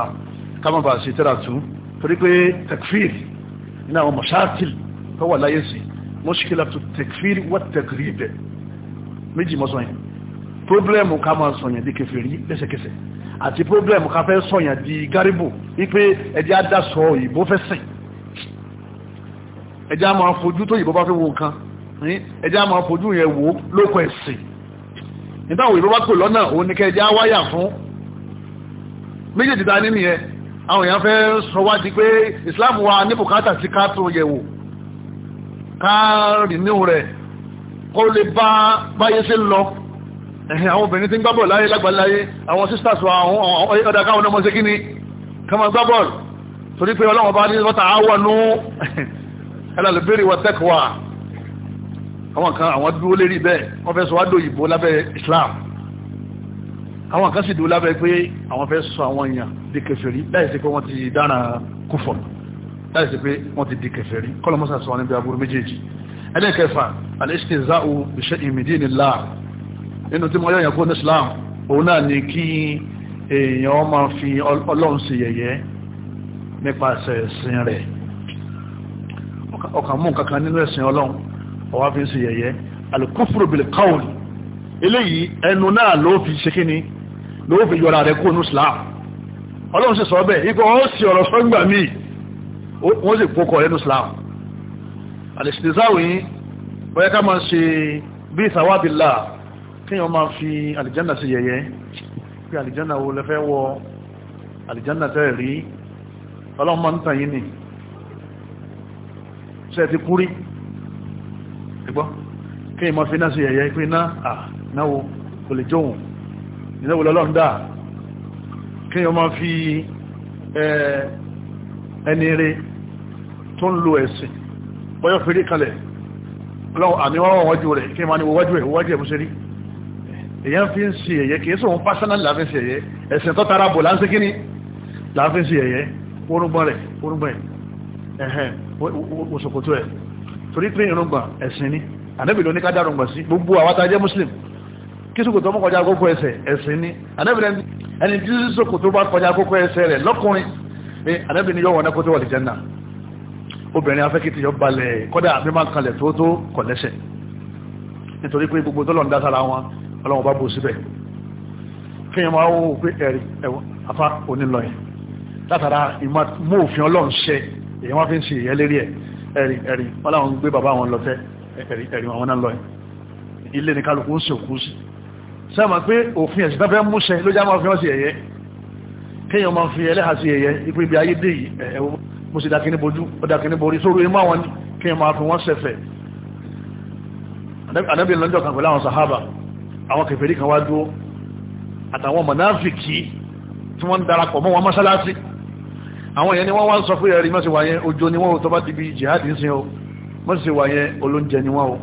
Speaker 1: kámọ́ bá sí tẹ́ra tún torí pé tekfir iná àwọn mọ̀ṣáàtìl tó wà láyé sí mọ́ṣíkìlá tó tekfir wà tẹ̀kìrìbẹ̀ méjì mọ́sọ̀ yẹn pírọ́blẹ́mù ká máa sọ̀yàn di kẹfìrí lẹ́sẹ̀kẹsẹ̀ àti pírọ́blẹ́mù ká fẹ́ sọ̀yàn di gáríbù wípé ẹ̀dí á dá sọ ìbò fẹ́ sìn ẹ̀dí á máa fojú tó ìbò bá fẹ́ wo nǹkan ẹjẹ́ àmọ́ fojú yẹn wò lóko ẹ̀sìn nígbà wo ìrora pè lọ́nà òun ni kẹjẹ́ wáyà fún méjèèjì ta ní nìyẹn àwọn èèyàn fẹ́ sọ wá di pé Islam wa ní bùkátà sí ká tó yẹ̀ wò ká rìnú rẹ̀ kó lè bá báyé sí lọ ẹ̀hìn àwọn obìnrin tí ń gbábọ̀ láyé lágbàláyé àwọn sisters wa àwọn ọ̀dà káwọn ọmọ ṣe kí ni gbábọ̀ torí pé ọlọ́wọ́n bá ní wọ́ta àwọn nú [LAUGHS] ẹlẹ́lẹ́bẹ̀rẹ̀ wọ́tẹ́kọ̀ọ́ àwọn kan àwọn dúró lérí bẹ́ẹ̀ wọ́n fẹ́ sọ wá dòyìnbó lábẹ́ Islam àwọn kan sì dúró lábẹ́ pé àwọn fẹ́ sọ àwọn èèyàn di kèfèrí láìsí pé wọ́n ti dára kúfọ̀ láìsí pé wọ́n ti di kèfèrí kọ́lọ́mọ́sà sọ wọn níbi aburú méjèèjì ẹlẹ́kẹfà alẹ́sìtìzáù iṣẹ́ ìmìdínilá nínú tí mo yọ̀yàn kó ní Islam òun náà ni kí èèyàn máa fi Ọlọ́run sí yẹ̀yẹ́ nípasẹ̀ ẹ̀sìn rẹ̀ ọkàn mú nǹkan kan nínú ẹ̀sìn Ọlọ́run ọwá fi ń sí yẹ̀yẹ́ alukufuru bil qawl eléyìí ẹnu náà ló fi ṣe kí ni ló fi yọra rẹ̀ kó ní islam ọlọ́run sì sọ bẹ́ẹ̀ ikọ̀ wọ́n sì ọ̀rọ̀ sọ́gbà míì wọ́n sì kókọ̀ rẹ̀ ní islam alìsìtìsáwì ọ̀yẹ́ ká máa ṣe bí ìsàwábìlá kí wọ́n máa fi alìjánà sí yẹ̀yẹ́ pé alìjánà wo lẹ́fẹ́ wọ alìjánà tẹ́rẹ̀ rí ọlọ́run máa ń tàn yín ni ṣe ti kú ẹgbọ́ kí ìmọ̀ fi náà sí ẹ̀yẹ pé náà ànáwó kò lè jóhun ìnáwó lọ́lọ́run dáa kí ìyọ́ máa fi ẹni rẹ tó ń lo ẹ̀sìn bọ́yọ́ fi rí kalẹ̀ lọ́wọ́ àníwọ́wọ́ wájú rẹ̀ kí ìmọ̀ ni wọ́wájú ẹ̀ wọ́wájú ẹ̀ bó ṣe rí èyàn fi ń sí ẹ̀yẹ kìí sóhun pásánàlì láàfin sí ẹ̀yẹ ẹ̀sìn tó tara bò láńsí kíní láàfin sí ẹ̀yẹ orúgbọ́n rẹ̀ orúgbọ́n ẹ̀ ẹ̀hẹ́n òṣòkòtò ẹ̀ torí pé ìrùngbà ẹ̀sìn ni ànábì ló ní ká dárùngbà sí gbogbo àwátá jẹ́ muslim kí sòkòtò ọmọ kọjá kókó ẹsẹ̀ ẹ̀sìn ni ànábì rẹ̀ ẹni tí sòkòtò bá kọjá kókó ẹsẹ̀ rẹ̀ lọ́kùnrin ní ànábì ni yọ wọn ẹkọ tó wà lè jẹ́ náà obìnrin afẹ́kìtì yọ balẹ̀ kọ́dà mi máa kalẹ̀ tó tó kọ̀ lẹ́sẹ̀ nítorí pé gbogbo tó lọ́n dására wọn ọlọ́run bá bò síbẹ̀ kí ni wọ́n wò pé ẹ̀rí ẹ̀wọ̀n afá onílọ́yìn látara ìmọ̀ mú òfin ọlọ́run ṣe èyí wọ́n fi ń ṣe ìyẹn lérí ẹ̀ ẹ̀rì ẹ̀rì wọ́n láwọn gbé bàbá wọn lọ tẹ́ ẹ̀rì ẹ̀rì wọn náà lọ ilé ní kálukú ń sèkú sí sẹ́mà pé òfin ẹ̀sìn tán fẹ́ múṣẹ ló já máa fi wọ́n sí ẹ̀yẹ kéèyàn máa fi ẹlẹ́hà sí ẹ̀yẹ ipò ibi ayé dé yìí ẹ̀wọ́ mo sì dákíní bojú ó dákíní borí sórí imú àwọn ni kéèyàn máa fi wọ́n sẹ̀fẹ̀ ànábì lọ́jọ́ kan pẹ̀lú àwọn àwọn yẹn ni wọ́n wá ń sọ fún ẹ̀rí mọ́sí wà yẹn ojo ni wọ́n o tó bá ti bí jihadi sí o mọ́sí wà yẹn olóúnjẹ ni wọ́n o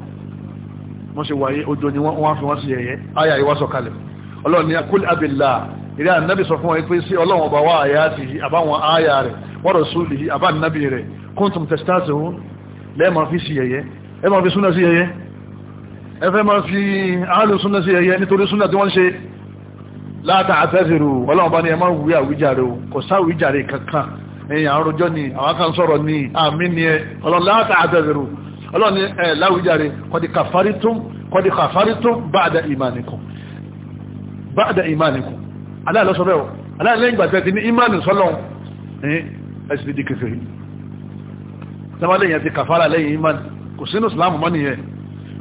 Speaker 1: mọ́sí wà yẹn ojo ni wọ́n wá fi wọ́n sí ẹ̀yẹ ayà ìwá sọ kalẹ̀ ọlọ́run ni akul abillah ìrẹ́ ànábì sọ fún wọn pé sí ọlọ́run ọba wa àyà ti àbáwọn ayà rẹ̀ wa rasulihi àbá ànábì rẹ̀ kuntum tastahzi'un lẹ́ẹ̀mọ́ fi sí ẹ̀yẹ ẹ àtẹ́sìrò ọlọ́run ọba ni ẹ máa wí àwíjàre o kò sáwíjàre kankan ẹ̀yìn àwọn rojọ́ ni àwọn kan ni àmì ni ẹ ọlọ́lá àtàdẹ̀rù ọlọ́ni ẹ̀ láwùjáre kọ́dí kàfárítún kọ́dí kàfárítún báadà ìmánikùn báadà ìmánikùn aláàlọ́sọ́bẹ̀ ọ̀ aláàlẹ́yìn gbàtẹ́ ti ní ìmánì sọ́lọ́ ẹ̀sìn di kèfèrí tẹ́wàlẹ́ yẹn ti kàfàrà lẹ́yìn ìmánì kò sínú ìsìláàmù mọ́ nìyẹn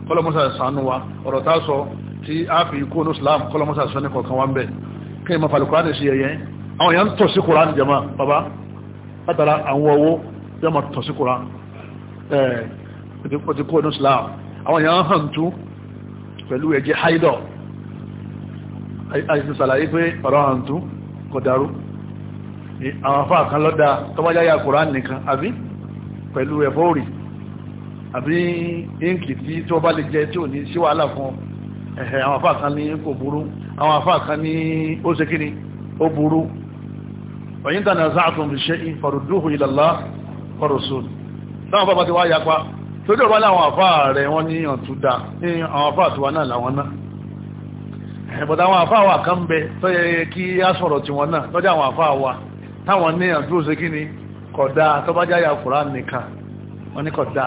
Speaker 1: kọlọmọ́sà sànú wa ọ̀rọ̀ tá sọ tí a fi kó ní ìsìláàmù kọlọmọ́sà sọ ní kọ̀ọ̀kan wa ń bẹ̀ kí ni mo sí ẹ̀yẹ àwọn bàbá látara àwọn owó tí wọ́n máa tọ̀ síkúra ẹ̀ẹ́dẹ́kọ́ ti kó inú islam àwọn èèyàn hàn tú pẹ̀lú ẹ̀jẹ̀ haidọ̀ àìsí sàlàyé pé ọ̀rọ̀ hàn tú kò dárú àwọn afá kan lọ́dá tọ́wájá ya kùrán nìkan àbí pẹ̀lú ẹ̀fọ́ òrì àbí ínkì tí tí wọ́n bá lè jẹ tí ò ní sí wàhálà fún ẹ̀hẹ̀ àwọn afá kan ní kò burú àwọn afá kan ní ó ṣe kíni ó burú ọ̀yìn tàn náà záàtùn bí ṣe ìfọ̀rùdúhù ìlàlá fọ̀rọ̀sùn láwọn bàbá ti wá yapa tó dẹ̀ wá láwọn àfá rẹ̀ wọ́n ní ọ̀túdá ní àwọn àfá àtúwà náà làwọn náà ẹ̀bọ̀dá àwọn àfá wà kan bẹ tó yẹ kí á sọ̀rọ̀ tí wọn náà lọ́jọ́ àwọn àfá wa táwọn ní àdúró ṣe kí ni kódà tó bá jáyà Kùránì nìkan wọ́n ní kódà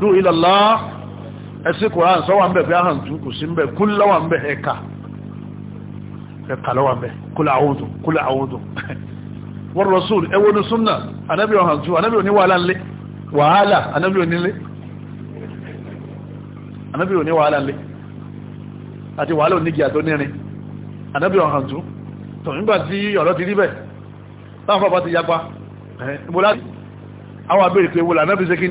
Speaker 1: fọ̀rọ̀dú ìlàlá ẹsẹ koran sọ wà ń bẹ fi ahàn tu sí ń bẹ kúlù lọ́wọ́ ń bẹ ẹ̀ka ẹ̀ka lọ́wọ́ ń bẹ kúlù àwọn tó kúlù àwọn tó wọ́n ẹwọ́ ní súnà anábì ọ̀hàn tu anábì òní wàhálà wàhálà anábì òní anábì òní wàhálà àti wàhálà òní tó nírin anábì ọ̀hàn nígbà tí ọ̀rọ̀ ti rí bẹ̀ fọ́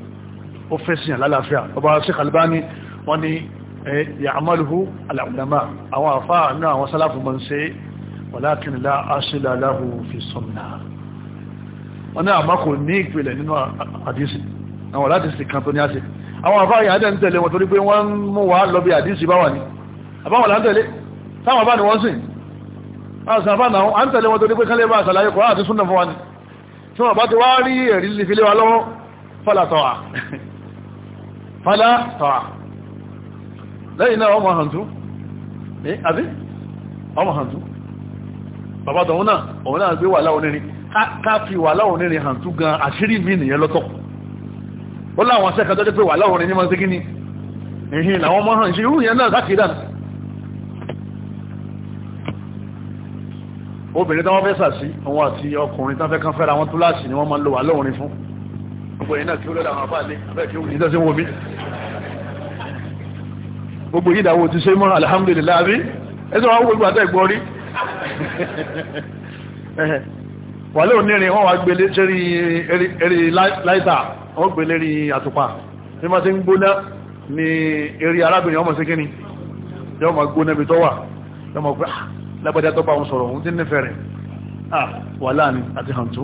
Speaker 1: ó fẹ́ sí àlàáfíà ọba Sheikh Albani wọ́n ni ya'maluhu al-ulama àwọn àfáà náà àwọn sálàfù mọ́ sí walakin la asila lahu fi sunnah wọ́n ní àmá kò ní ìpìlẹ̀ nínú àdísì àwọn aládìsì kan tó ní àṣì àwọn àfáà yà á dẹ̀ ń tẹ̀lé wọn torí pé wọ́n mú wá lọ bí àdísì bá wà ní àbáwọn ń tẹ̀lé fálá tàà lẹ́yìn náà ọmọ hàntú àbí ọmọ hàntú bàbá tọ̀hún náà òun náà gbé wà láonírin ká fi wà láonírin hàntú gan àṣírí mi nìyẹn lọ́tọ̀ ó láwọn ṣẹ́ka tó jẹ́ pé wà láonírin ní máa ṣe kíní ìhìn làwọn ọmọ hàn ṣe irú yẹn náà sákìdá obìnrin táwọn fẹ́ fẹ́ kan gbogbo ẹ̀yin náà kí ó lọ́dọ̀ àwọn afáàlẹ́ abẹ́ kí ó yìí tẹ́sí wọ́n mi. gbogbo yìí dàwọ̀ ti ṣe mọ́ alihamudulilayi àbí ẹ sọ wọn gbogbo àtẹ gbọ́ rí. [LAUGHS] wà lóò nírin wọn wá gbélé sẹ́rí eré láìsà wọn gbélé rí àtùpà bí wọ́n ti ń gbóná ní eré arábìnrin ọmọ sí kínní yóò máa gbóná ibi tó wà yóò máa gbé bá wọn sọ̀rọ̀ òun ti nífẹ̀ẹ́ rẹ̀ ah, wà láàánú àti hàǹtó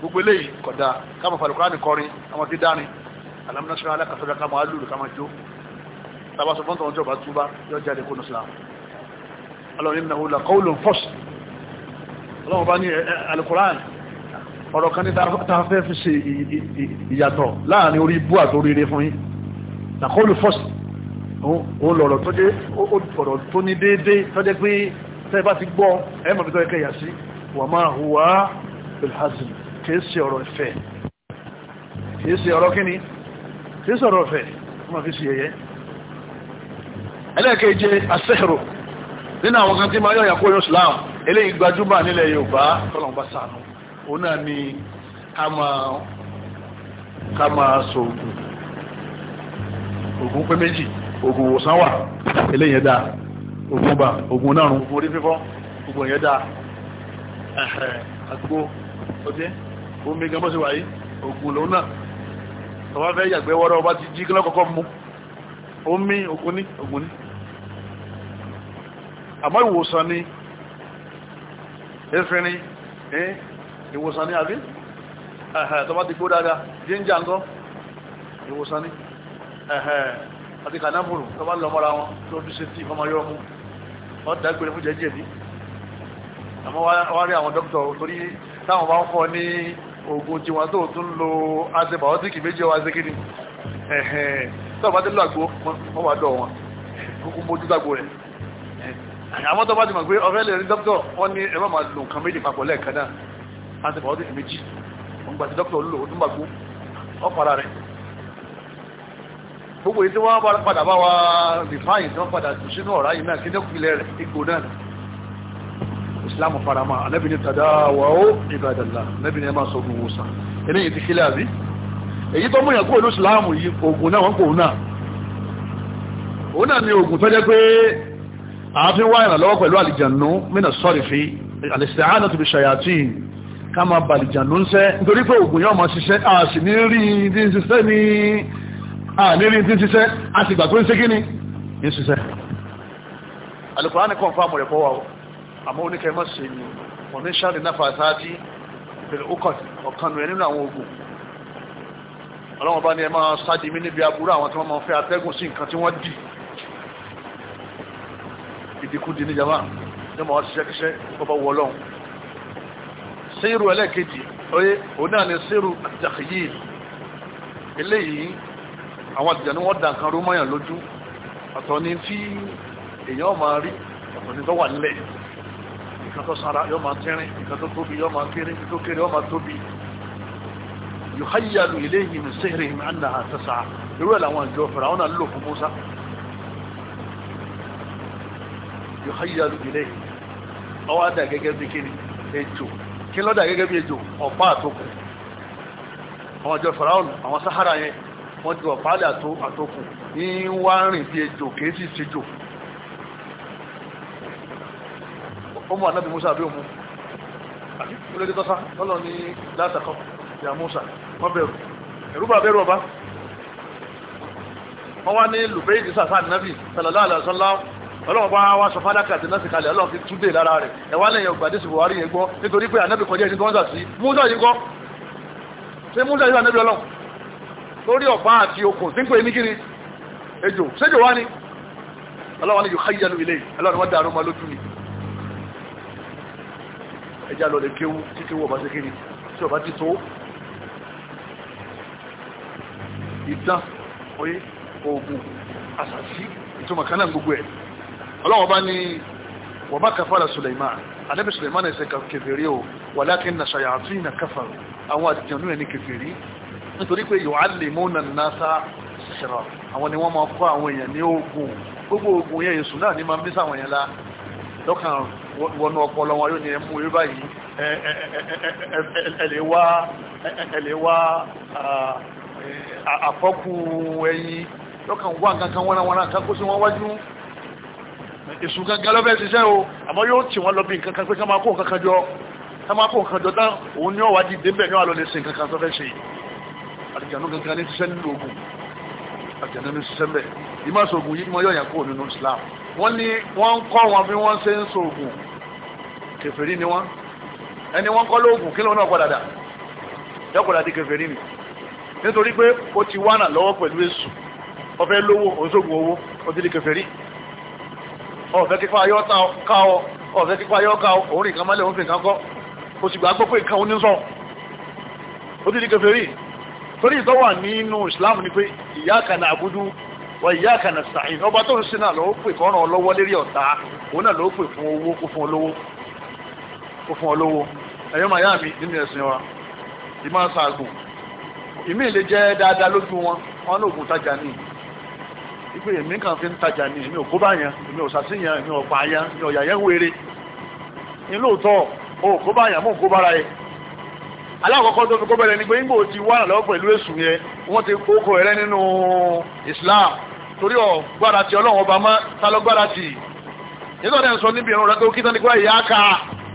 Speaker 1: gbogbo eléyìí kódà káma falùkúránì kọrin àwọn tí dání alámúnáṣọ́ alákàtọ́jà káma alúlù káma jó tàbá sọ fọ́ntàn ọjọ́ bá túbá yóò jáde kó nùsùlá ọlọ́run nínú ìlà kọ́ọ̀lù fọ́s ọlọ́run bá ní alùkúránì ọ̀rọ̀ kan ní ta fẹ́ fi ṣe ìyàtọ̀ láàrin orí ibú àti oríire fún yín na kọ́ọ̀lù fọ́s òun lọ̀rọ̀ tó jẹ́ ọ̀rọ̀ tó ní déédéé tó jẹ́ pé tẹ́ bá ti gbọ́ ẹ̀mọ̀ bí tó yẹ kẹ́yà sí wà máa hùwà bilhazim kìí ṣe ọ̀rọ̀ ìfẹ́ kìí ṣe ọ̀rọ̀ kíni kìí ṣe ọ̀rọ̀ ìfẹ́ ọmọ fi ṣe yẹyẹ ẹlẹ́ẹ̀keje asẹ́rò nínú àwọn kan tí máa yọ̀yà kó yọ Islam eléyìí gbajúmọ̀ nílẹ̀ Yorùbá tọ́lọ́mùbá sànù òun náà ni ká máa sọ ògùn ògùn pé méjì ògùn òwòsàn wà eléyìí yẹn dáa ògùn bá ògùn náà rún ògùn orí fífọ́ ògùn yẹn dáa àgbo ọdẹ omi gan bọ́sẹ̀ wáyé ògùn lòun náà tọ́wọ́ fẹ́ yàgbẹ́ wọ́rọ́ ọba ti jí kílọ́kọ̀ọ́kọ́ mú omi ògùn ní ògùn ní àmọ́ ìwòsàn ni ẹ̀fẹ́ ni ìwòsàn ni àbí tọ́wọ́ ti gbó dáadáa jíńjà ńkọ́ ìwòsàn ni àti kànáfòrò tọ́wọ́ lọ mọ́ra wọn tó fi ṣe tí ìfọmọ yọ mú wọ́n dágbére fún jẹ́jẹ́ bí àmọ́ wá rí àwọn dókítà torí táwọn bá ń fọ ní oògùn tí wọ́n tó tún lo antibiotics méjì ọwọ́ azekini ẹ̀hẹ̀n tó bá délò àgbo wọ́n wà dọ̀ wọn kúkú mójú dàgbò rẹ̀ àwọn tó bá ti mọ̀ pé ọ̀fẹ́ lè rí dókítọ̀ wọ́n ní ẹ̀rọ máa lo nǹkan méjì papọ̀ lẹ́ẹ̀kan náà antibiotics méjì wọ́n gbà tí dókítọ̀ lò ó tún gbàgbó ọ̀ para rẹ̀ gbogbo èyí tí wọ́n padà bá wa refine tí wọ́n padà tù sínú ọ̀rá yìí náà kí ní òpìlẹ̀ rẹ̀ islam farama anabi ni tadawawo ibadallah anabi ni ẹ máa sọ ogun wòsàn eléyìí ti kílẹ̀ àbí èyí tó múyàn kúrò ní islam yìí ogun náà wọ́n kò náà òun náà ni ogun tó jẹ́ pé ààfin wá ìrànlọ́wọ́ pẹ̀lú àlìjànú mínà sọ́rì fi àlìsàánà tó fi ṣàyàtì ká máa bà àlìjànú ń sẹ́ nítorí pé ogun yóò máa ṣiṣẹ́ a sì ní rí ti ń ṣiṣẹ́ a ní rí ti ń a sì gbà tó ń ṣe kí ni ń ṣiṣẹ́ alukóra ni kọ́ńfà mọ̀rẹ̀ fọ́wọ́ àmọ́ oníkẹ́ mọ́ sí ni ọ̀ní sáré náà fàtàtì ìbẹ̀rẹ̀ ókọ̀tì ọ̀kan nù ẹ̀ nínú àwọn ogun ọlọ́wọ́n bá ní ẹ máa sáàdì mí níbi aburú àwọn tí wọ́n máa fẹ́ atẹ́gùn sí nǹkan tí wọ́n dì ìdíkúdi ní jama ní ọmọ ṣiṣẹ́kíṣẹ́ ọba wọ ọlọ́run sẹ́yìrù ẹlẹ́ẹ̀kejì oyé òun náà ni sẹ́yìrù eléyìí àwọn àtìjànú wọn dà nǹkan rúmọ́yàn lójú ọ̀tọ̀ ni tí èèyàn máa rí ọ̀tọ̀ ni tó wà nílẹ̀ yìí nǹkan tó sara yóò máa tẹ́rín nǹkan tó tóbi yóò máa kéré nǹkan tó kéré yóò máa tóbi yuhayalu ilayhi min sihrihim annaha tas'a irú ẹ̀ làwọn àjọ fẹ̀rẹ̀ àwọn àlò fún Musa yuhayalu ilayhi ọwọ́ àdá gẹ́gẹ́ bí kíni ejò kí lọ́dà gẹ́gẹ́ bí ejò ọ̀pá àtòkù àwọn àjọ fẹ̀rẹ̀ àwọn àwọn sahara yẹn wọ́n ju ọ̀pá àtòkù ní wá bí ejò kìí sì ṣe ó mú anabi musa bí òmu àti olóde tọ́sá lọ́lọ́ ní látàkọ́ ìyá musa wọ́n bẹ̀rù ẹ̀rú bá bẹ̀rù ọba wọ́n wá ní lùbẹ́yì ti sàfà nàbì sàlọ́lá àlàsọ́lá ọlọ́wọ́n bá wá sọ fádà kàdé náà sì kalẹ̀ ọlọ́wọ́n fi túndé lára rẹ̀ ẹ̀wá lẹ́yìn ọgbà dé sùbọ̀ wárí yẹn gbọ́ nítorí pé ànábì kọjá ẹni tó ń sà sí musa yìí kọ́ ṣé musa yìí ànábì ọlọ́wọ́n lórí ọ̀pá àti okùn tí ń pè ní kiri ejò ṣéjò wá ní ọlọ́wọ́n ni yóò háyà lu ilé ọlọ́wọ́n wọ́n dàrú ma lójú ni ẹjá lọ lè kéwú tí kéwú ọba ṣe kéde tí ọba ti tó ìdán oyé oògùn àṣàṣì ìtumọ̀ kan náà gbogbo ẹ̀ ọlọ́wọ́ bá ní wọ́n bá kàfàrà Suleiman anábì Suleiman náà ṣe kèfèrí o walakinna shayatina kafaru àwọn àtìjànú ẹni kèfèrí nítorí pé yu'allimuna an-nasa sihra àwọn ni wọ́n máa kọ́ àwọn èèyàn ní oògùn gbogbo oògùn yẹn èsù náà ní máa ń bí sáwọn èèyàn lá lọ́kàn wọnú ọpọlọ wọn yóò ní ẹmú orí báyìí ẹ̀lẹ̀ wá àfọ́kù ẹyin lọ́kàn wá kankan wọ́n wọn kan kó sí wọn wájú èṣù gangan lọ́fẹ́ ṣiṣẹ́ o àmọ́ yóò tì wọ́n lọ bí nǹkan kan pé ká máa kó nǹkan kan jọ ká máa kó nǹkan jọ tán òun ní ọ̀wá dìde bẹ́ẹ̀ ní wà lọ́lẹ̀ sí nǹkan tó fẹ́ ṣe àdìjànú gangan ní ṣiṣẹ́ nínú ogun àdìjànú ní ṣiṣẹ́ bẹ́ẹ̀ ìmọ̀ sọ̀gùn yìí mọ́ yọ̀yàn kó nínú Islam wọ́n ní wọ́n ń kọ́ wọn bí wọ́n ṣe ń sọ̀gùn kèfèrí ni wọ́n ẹni wọ́n kọ́ lóògùn kí lóun náà padà dà yọ́kọ̀dà di kèfèrí ni nítorí pé ó ti wánà lọ́wọ́ pẹ̀lú èṣù ọfẹ́ lówó òṣògùn owó ó ti di kèfèrí ọ̀fẹ́ kíkọ́ ayọ́ ká ọ ọ̀fẹ́ kíkọ́ ayọ́ ká ọ òun nìkan mọ́lẹ̀ òun fi nǹkan kọ́ ó sì gbàgbọ́ pé nǹkan oníṣọ́ ó ti di kèfèrí torí ìtọ́ wà nínú Islam ni pé ìyá kànà àbúdú wọ ìyá kànà sàìn ọba tó ń sin náà lọ́wọ́ pè kọ́ràn ọlọ́wọ́ lérí ọ̀tá òun náà lọ́wọ́ pè fún owó kó fún olówó kó fún ọ lówó ẹ̀yọ́ màá yá mi nínú ẹ̀sìn wa ìmọ̀ ṣàgùn ìmí lè jẹ́ dáadáa lójú wọn wọn lóògùn tajà ní ìpè èmi kan fi ń tajà ní èmi ò kó báyàn èmi ò sàṣìyàn èmi ò pààyàn èmi ò yàyẹ́ wéré ní lóòótọ́ o kó báyàn mò ń kó bára yẹn alákọ̀ọ́kọ́ tó fi kó bẹ̀rẹ̀ ni pé nígbò ti wà lọ́wọ́ pẹ̀lú èṣù yẹn wọ́n ti kó rẹ nínú Islam torí ọ gbára ti Ọlọ́run ọba mọ́ ta ló gbára ti nítorí ẹ̀ sọ níbi ìrún rẹ tó kí tán ní kó ẹ̀yà ká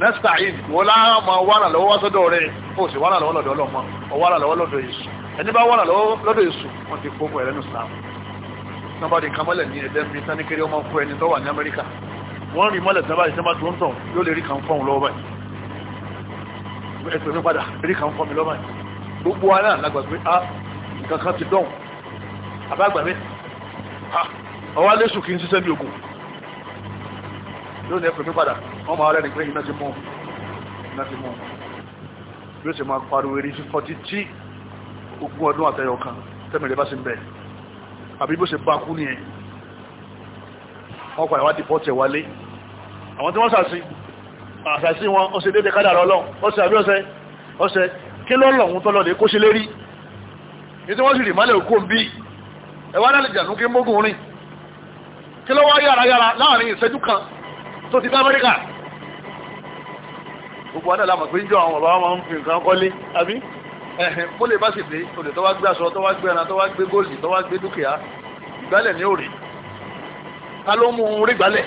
Speaker 1: nasta'in wọ́n láwọn ọmọ wàrà lọ́wọ́ sọ́dọ̀ rẹ̀ ó sì wàrà lọ́wọ́ lọ́dọ̀ ọlọ́mọ ọwàrà lọ́wọ́ lọ́dọ̀ èṣù ẹni bá wàrà lọ́dọ̀ èṣù wọ́n ti fún ẹ̀rẹ́ ní islam nọ́bàdì kan mọ́lẹ̀ ní ẹ̀dẹ́ mi sáníkiri ọmọ fún ẹni tó wà ní amẹ́ríkà wọ́n rí mọ́lẹ̀ sábà ìṣẹ́mà tó ń tàn yóò lè rí kan fọ́n lọ́wọ́ báyìí ẹ̀sùn mi padà rí kan fọ́n mi lọ́wọ́ báyìí gbogbo wa náà lágbà pé a ah, nǹkan kan ti dán àbágbà mi ah, ọwọ́ alẹ́sù kì í ṣiṣẹ́ mi ògùn yóò ní ẹ̀sùn mi padà wọ́n máa rẹ̀ ní pé iná ti mú iná ti mú bí ó sì máa pariwo eré sí fọ́tí tí ogún ọdún àtẹyọ kan tẹ́mẹ̀rẹ̀ bá sì ń bẹ̀ àbí bó ṣe bá kú nìyẹn wọ́n padà wá dìpọ́tì ẹ̀ wálé àwọn tí wọ́n sàsí àsàsí wọn ó ṣe déédéé kádàrá ọlọ́run ó ṣe àbí ọ̀sẹ̀ ọ̀sẹ̀ kí ló lọ̀hún tọ́lọ́dẹ kó ṣe lérí ní tí wọ́n sì rì mọ́lẹ̀ òkú bí ẹ̀wọ́n alálejò àdúgbò mógùn rìn kí ló wá yára yára láàrin ìṣẹ́jú kan tó ti dá amẹ́ríkà gbogbo àdá làmọ̀ pé ń jọ àwọn bàbá wọn fi nǹkan kọ́lé àbí kó lè bá sì dé olè tó wá gbé aṣọ tó wá gbé ẹran tó wá gbé góòlì tó wá gbé dúkìá ìgbálẹ̀ ní òrè ta ló mú un rí gbálẹ̀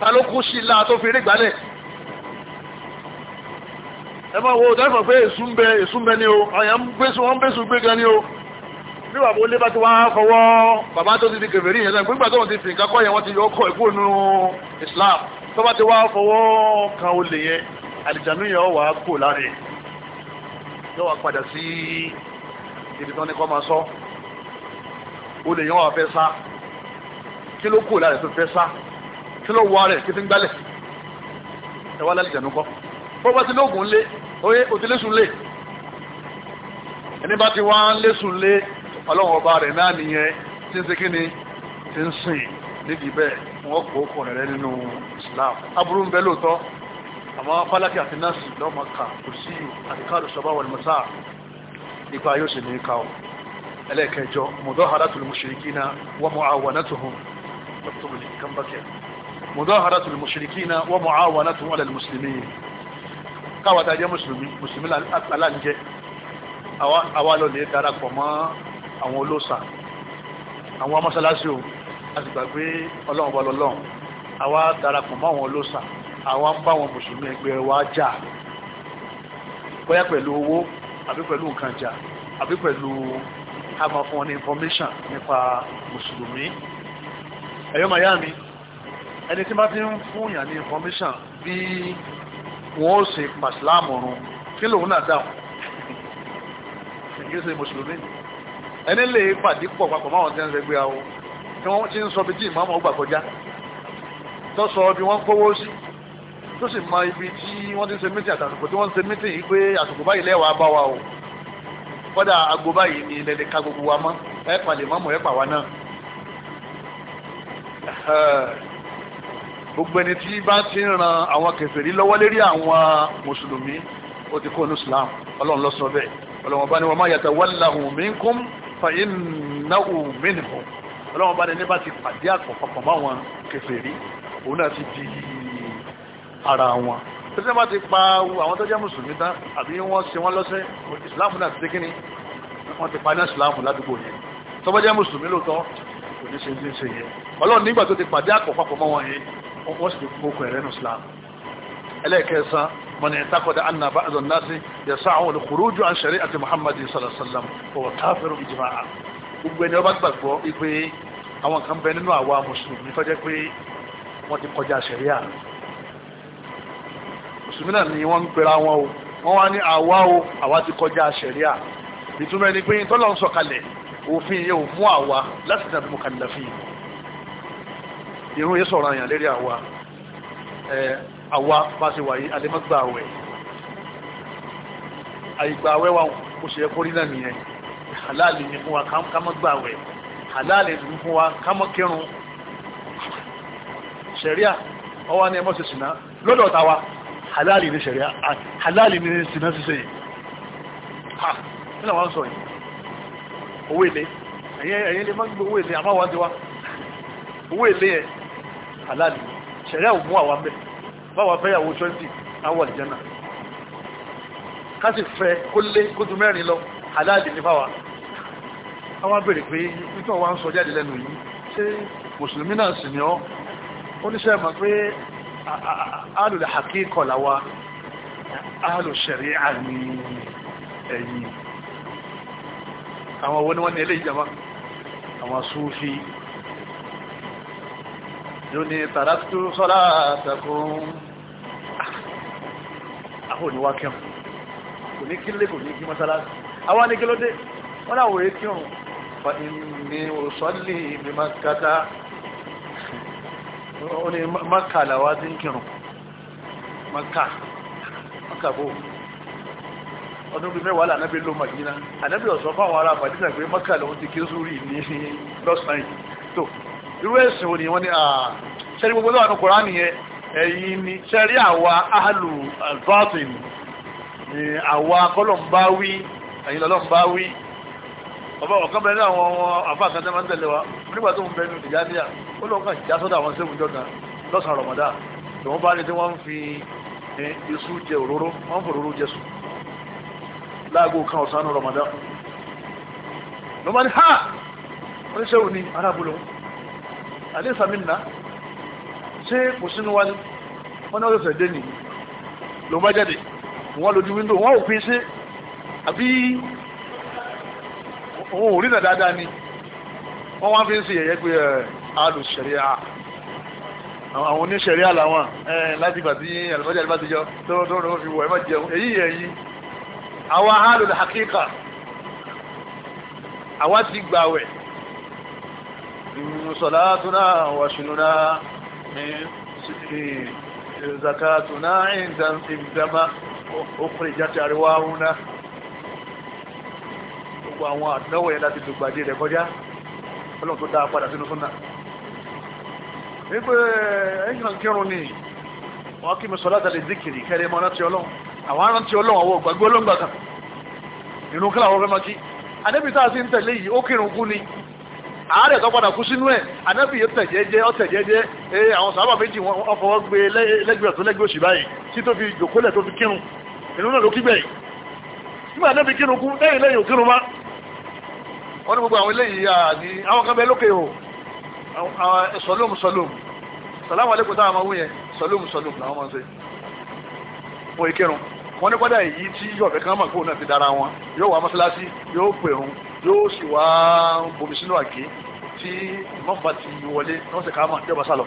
Speaker 1: ta ló kú sí ilá tó fi rí gbálẹ̀ ẹ máa wo dáìmọ̀ pé èsù ń bẹ èsù ń bẹ ní o àyà ń gbésù wọ́n ń gbésù gbé gan ní o bí bàbá olé bá ti wá fọwọ́ bàbá tó ti di kèfèrí yẹn lẹ́nu gbígbà tó wọ́n ti fi nǹkan kọ́ yẹn wọ́n ti yọ ọkọ̀ ẹ̀kọ́ nínú Islam tó bá ti wá fọwọ́ kan olè yẹn àlìjánu yẹn wà á kó lára ẹ̀ yóò wá padà sí ibi tán ní kọ́ máa sọ olè yẹn wà fẹ́ sá kí ló kó lára ẹ̀ tó fẹ́ sá kí ló wọ ara ẹ̀ kí ti ń gbálẹ̀ ẹ̀ wá lálìjánu kọ́ bọ́bá ti lóògùn lé oyé òtílẹ́sùn lé ẹni bá ti wá ń lẹ́sùn lé ọlọ́run ọba rẹ̀ náà nìyẹn tí ń ṣe kí ni tí ń sìn nídìí bẹ́ẹ̀ wọ́n kó kọ̀ọ̀rẹ́ nínú Islam aburú ń bẹ lóòótọ́ àwọn fálákì àti nọ́ọ̀sì lọ́mọ ká kò sí àdìkáàdù sọ́bà wal mọ́sá nípa yóò sì ní ká ọ ẹlẹ́ẹ̀kẹjọ mudaharatul mushrikina wa mu'awanatuhum ọ̀tọ́bìlì kan bákẹ́ mudaharatul mushrikina wa mu'awanatuhum ala al-muslimin káwà tàjẹ́ mùsùlùmí mùsùlùmí aláǹjẹ́ àwa lọ lè darapọ̀ mọ́ àwọn olóòsà àwọn amọ́sálásí o gbàgbé ọlọ́run bọ́ darapọ̀ mọ́ àwọn olóòsà àwa ń bá wọn mùsùlùmí ẹgbẹ́ wa jà bóyá pẹ̀lú owó àbí pẹ̀lú nǹkan jà àbí pẹ̀lú ká fún wọn ní information nípa mùsùlùmí ẹ̀yọ́ miami ẹni tí bá ti ń fún yàn ní information bí wọ́n ó ṣe pàṣílámù run kí lòun náà dáhùn kì í ṣe mùsùlùmí ẹni lè pàdé pọ̀ papọ̀ máwọn tẹ́ ń rẹgbẹ́ àwọn tí wọ́n ti ń sọ bí tí ìmọ̀ ọmọ ọgbà kọjá tó sọ bí wọ́n kówó sí tó sì mọ ibi tí wọ́n ti ń ṣe mítìn àtàsùkò tí wọ́n ń ṣe mítìn yìí pé àsùkò báyìí lẹ́wàá bá wa o kọ́dà aago báyìí ni ilẹ̀ lè ka gbogbo wa mọ́ ẹ palẹ̀ mọ́mọ́ ẹ pa wa náà. gbogbo ẹni tí bá ti ń ran àwọn kèfèrí lọ́wọ́ lérí àwọn mùsùlùmí ó ti kó ní islam ọlọ́run lọ sọ bẹ́ẹ̀ ọlọ́run bá ní wa ma yatawallahu minkum fa innahu minhum ọlọ́run bá ní ní bá ti pàdé àpọ̀ máwọn kèfèrí òun náà ti di ara wọn tó sẹ́ bá ti pa àwọn tó jẹ́ mùsùlùmí tán àbí wọ́n ṣe wọ́n lọ́sẹ̀ ìsìláàmù náà ti dé kíni wọ́n ti pa iná ìsìláàmù ládùúgbò yẹn tó bá jẹ́ mùsùlùmí lóòótọ́ kò ní ṣe ní ṣe yẹn ọlọ́run nígbà tó ti pàdé àkọ́pàpọ̀ mọ́ wọn yìí wọ́n sì ti kó okùn ẹ̀rẹ́ nù ìsìláàmù ẹlẹ́ẹ̀kẹsàn mọ̀nà ìtakọ̀dá anna bá àzọ̀ yẹ sallallahu ọwọ́ káfíìrù ìjìmáà gbogbo ẹni ọba gbàgbọ́ ipe àwọn kan bẹ nínú àwa mùsùlùmí tó jẹ́ pé wọ́n ti kọjá ṣẹ̀ríà mùsùlùmí náà ni wọ́n ń pera wọn o wọ́n wá ní àwa o àwa ti kọjá ṣẹ̀ríà ìtumọ̀ ẹni pé tọ́lọ̀ ń sọ̀kalẹ̀ òfin yẹn ò mú àwa láti dàbí mukallafin irun yẹn sọ̀rọ̀ àyàn lérí àwa àwa bá ṣe wà yí alẹ́mọ́gbà àwẹ̀ àyígbà àwẹ̀ wa kò ṣe kórí náà nìyẹn halali ni fún wa ká àwẹ̀ halali ni fún wa ká má kírun ṣẹ̀ríà ọwọ́ ni ẹ ṣe ṣìnà lọ́dọ̀ tàwa halali ní ṣẹ̀ríà halali ní sinà ṣíṣe yìí ha nílò wọn sọ yìí owó èlé ẹ̀yìn lè má gbé owó èlé àmáwá ti wá owó èlé ẹ̀ halali ṣẹ̀ríà ò mú àwọn bẹ́ẹ̀ báwa fẹ́ yàwó 20 àwọn àlìjẹ́nà ká sì fẹ́ kó lé kó ju mẹ́rin lọ halali ní fáwa àwọn abèrè pé nítorí wọn sọ jáde lẹ́nu yìí ṣé mùsùlùmí náà sì ni ọ́ ó ní pé alùlẹ̀ àkíkọ̀ làwa alùsẹ̀rí àmì ẹ̀yìn àwọn owó ni wọ́n ní ilé ìjọba àwọn súnfí yóò ní tàràtù sọ́lá àtàkùn àwọn òníwá kẹun kò ní kílé kò ní kí mọ́sálásí àwọn ní kílódé wọ́n láwòrán kírun fa ìmì òsọ́lì mímọ́ ó ní maka làwa ti ń kírun maka maka bò ọdún bíi mẹ́wàá lànàbí ló Madina ànàbí ọ̀sọ́ fáwọn ará Madina pé maka lòun ti kí sórí ní lọ́sàn-án yìí tó irú ẹ̀sìn wo ni wọ́n ní sẹ́rí gbogbo lọ́wọ́ Kùránì yẹn ẹ̀yìn ni sẹ́rí àwa ahàlù alfatin àwa kọlọ̀mbáwí ẹ̀yìn lọ́lọ́mbáwí ọ̀kan bẹ̀rẹ̀ àwọn àfáàkàtà máa ń tẹ̀lé wa nígbà tó ń bẹnu ìyá níyà ó lọ́ọ́ kàn já sọ́dọ̀ àwọn sẹ́wọ̀n jọ̀dá lọ́sàn-án rọ̀mọ́dá tòun bá ní tí wọ́n ń fi iṣu jẹ òróró wọ́n ń fòróró jẹ sùn láago kan ọ̀sán rọ̀mọ́dá ló máa ní ha wọ́n sẹ́wọ̀n ní arábùlọ̀ alẹ́ sàmìnà ṣé kò sínú wa ni wọ́n náà lọ́sẹ̀ dé nìyí ló bá jáde wọ́n lójú wíńdò wọ́n ò fi ṣe àbí òun ò rí nà dáadáa ni wọ́n wá fi ń sè yẹ̀yẹ́ pé alùsẹ̀ríà àwọn oníṣẹ̀ríà làwọn láti ìgbà tí àlùfáàjà àlùfáà ti yọ tó tó tó fi wọ̀ ẹ́ má jẹun èyí èyí àwa alùlẹ̀ hakíkà àwa ti gbàwẹ̀ sọ̀látúnà wàṣùnúnà zakatuna ìdàmà òkùnrin ìjà ti àríwá húnná gbogbo àwọn àdánwò yẹn láti dùgbàdì rẹ̀ kọjá ọlọ́run tó dáa padà sínú súnà wípé ẹ̀yìn náà kírun ni wọ́n kí mi sọ láti lè zikiri kẹ́rẹ́ mọ́ rántí ọlọ́run àwọn arántí ọlọ́run àwọn ògbàgbé olóńgbà kan ìrun kí làwọn fẹ́ máa kí ànábì tá a ti ń tẹ̀lé yìí ó kírun kú ni àárẹ̀ tó padà kú sínú ẹ̀ ànábì yóò tẹ̀ jẹ́jẹ́ ọ̀tẹ̀ jẹ́jẹ́ ee àwọn sábà méjì wọn fọwọ́ gbé lẹ́gbẹ̀ẹ́ wọ́n ní gbogbo àwọn eléyìí àní àwọn kan bẹ lókè o eh, sọlóòmù sọlóòmù sàlámù alẹ́kùn táwọn máa wú yẹn sọlóòmù sọlóòmù làwọn máa ń ṣe wọ́n yìí kírun wọ́n ní gbọ́dọ̀ èyí tí yọ̀bẹ̀ kan mọ̀ kóun náà fi dára wọn yóò wá mọ́ṣáláṣí yóò pèrún yóò sì wá bomi sínú àgé tí mọ́fà ti wọlé wọ́n sì ká mọ̀ yọ̀bà sálọ.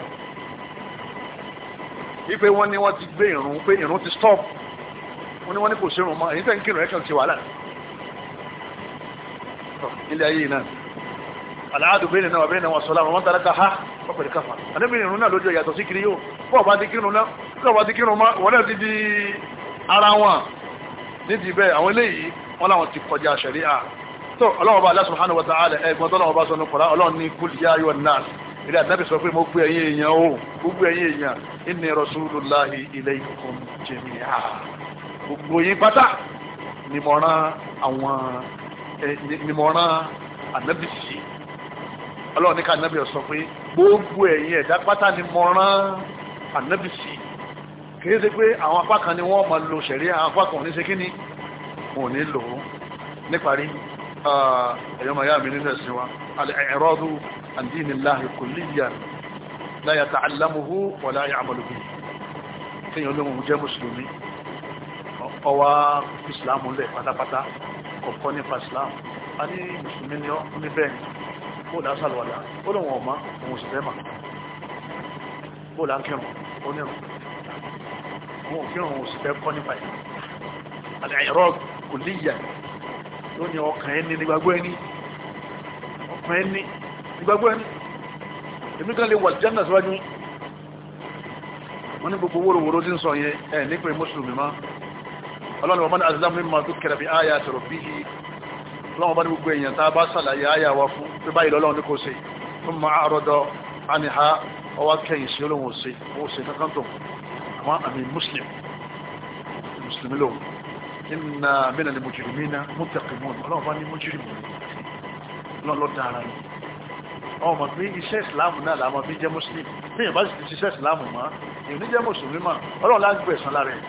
Speaker 1: ipe wọ́n ní wọ́n ti gbé ìrún pé ìrún ti stop wọ́n ní wọ́n ní kò sí ìrún mọ́ èyí tẹ̀ ń kírun ẹ̀ kàn ti wàhálà ilé ayé náà aláàdù bẹ́ẹ̀ náà bẹ́ẹ̀ náà wọ́n sọ́lá wọn tàràkà ha ọ̀pẹ̀lẹ̀ káfà anábìnrin ìrún náà lójú ìyàtọ̀ sí kiri yóò bọ́ọ̀ bá ti kírun náà bọ́ọ̀ bá ti kírun ma wọ́n náà ti di ara wọn nídìí bẹ́ẹ̀ àwọn eléyìí wọ́n láwọn ti kọjá ṣẹ̀rí à tó ọlọ́wọ́ bá Allah subhanahu wa ta'ala ẹgbọ́n tó lọ́wọ́ ni mo àwọn nímọ̀ràn ànábì sí ọlọ́run ní ká ànábì sọ pé gbogbo ẹ̀yin ẹ̀dá pátá ni mọ̀ràn ànábì sí kìí ṣe pé àwọn apá kan ni wọ́n máa lo ṣẹ̀rí àwọn apá kan ò ní ṣe kí ni wọn ò ní lò ó níparí ẹ̀yọ́ màá yá mi nínú ẹ̀sìn wa al-i'radu an dinillahi kulliyan la yata'allamuhu wa la ya'malu bihi kéèyàn lóhun jẹ́ mùsùlùmí ọwá ìsìlámù lẹ̀ pátápátá ọ̀kọ́ nípa Islam a ní mùsùlùmí ni ọ́ ní bẹ́ẹ̀ ni bóòlù asàlùwàlà ó lòun ọ̀ma òun sì bẹ́ẹ̀mà bóòlù akẹ́mù ó ní àwọn òfin òun sì bẹ́ẹ̀ kọ́ nípa ẹ̀ àlẹ́ ẹ̀rọ kò níyà ló ní ọkàn ẹni nígbàgbọ́ ẹni ọkàn ẹni nígbàgbọ́ ẹni èmi kan lè wà jẹ́nà síwájú wọn ní gbogbo wóró wóró tí ń sọ yẹn ẹ̀ nípa mùsùlùmí máa ọlọ́run ọmọdé azizam ní ma tó kẹrẹ bí àyà sọ̀rọ̀ bí i ọlọ́run ọmọdé gbogbo èèyàn tá a bá sàlàyé àyà wa fún pé báyìí lọ́lọ́run ní kò ṣe tó ma àrọ́dọ̀ àníhá ọwá kẹyìn sí olóhùn ṣe owó ṣe kankan tó àwọn àmì muslim mùsùlùmí lòun nínú mìíràn ní mùjìrìmí ná mùtàkìmọ́ ọlọ́run bá ní mùjìrìmí lọ́lọ́ dára ni ọmọ pé lágbẹ̀ẹ́sán lára ẹ̀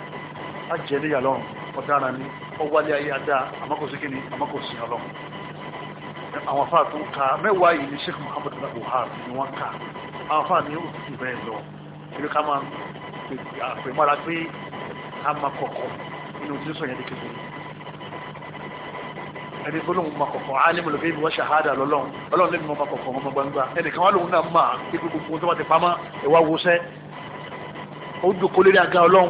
Speaker 1: á níyà lọ́rùn ọ̀daràn ni ọwálé ayé adá àmọ́kòsí kìíní àmọ́kòsí ọlọ́run àwọn afá tó ń ka mẹ́wàá yìí ní Sheikh Muhammad Buhari ni wọ́n ka àwọn afá ni ó ti bẹ́ẹ̀ lọ ìlú ká máa pè mọ́ra pé a máa kọ̀kọ̀ nínú tí ó sọ yẹn ní kékeré ẹni gbólóhùn máa kọ̀kọ̀ alimu lóbi ìwọ ṣàhádà lọ́lọ́run ọlọ́run lè mú ọmọ kọ̀kọ̀ ọmọ gbangba ẹnìkan wà lóhun náà máa kí gbogbo tó bá ti pamọ́ ẹ̀wá wọṣẹ́ ó dùn kó lórí aga ọlọ́run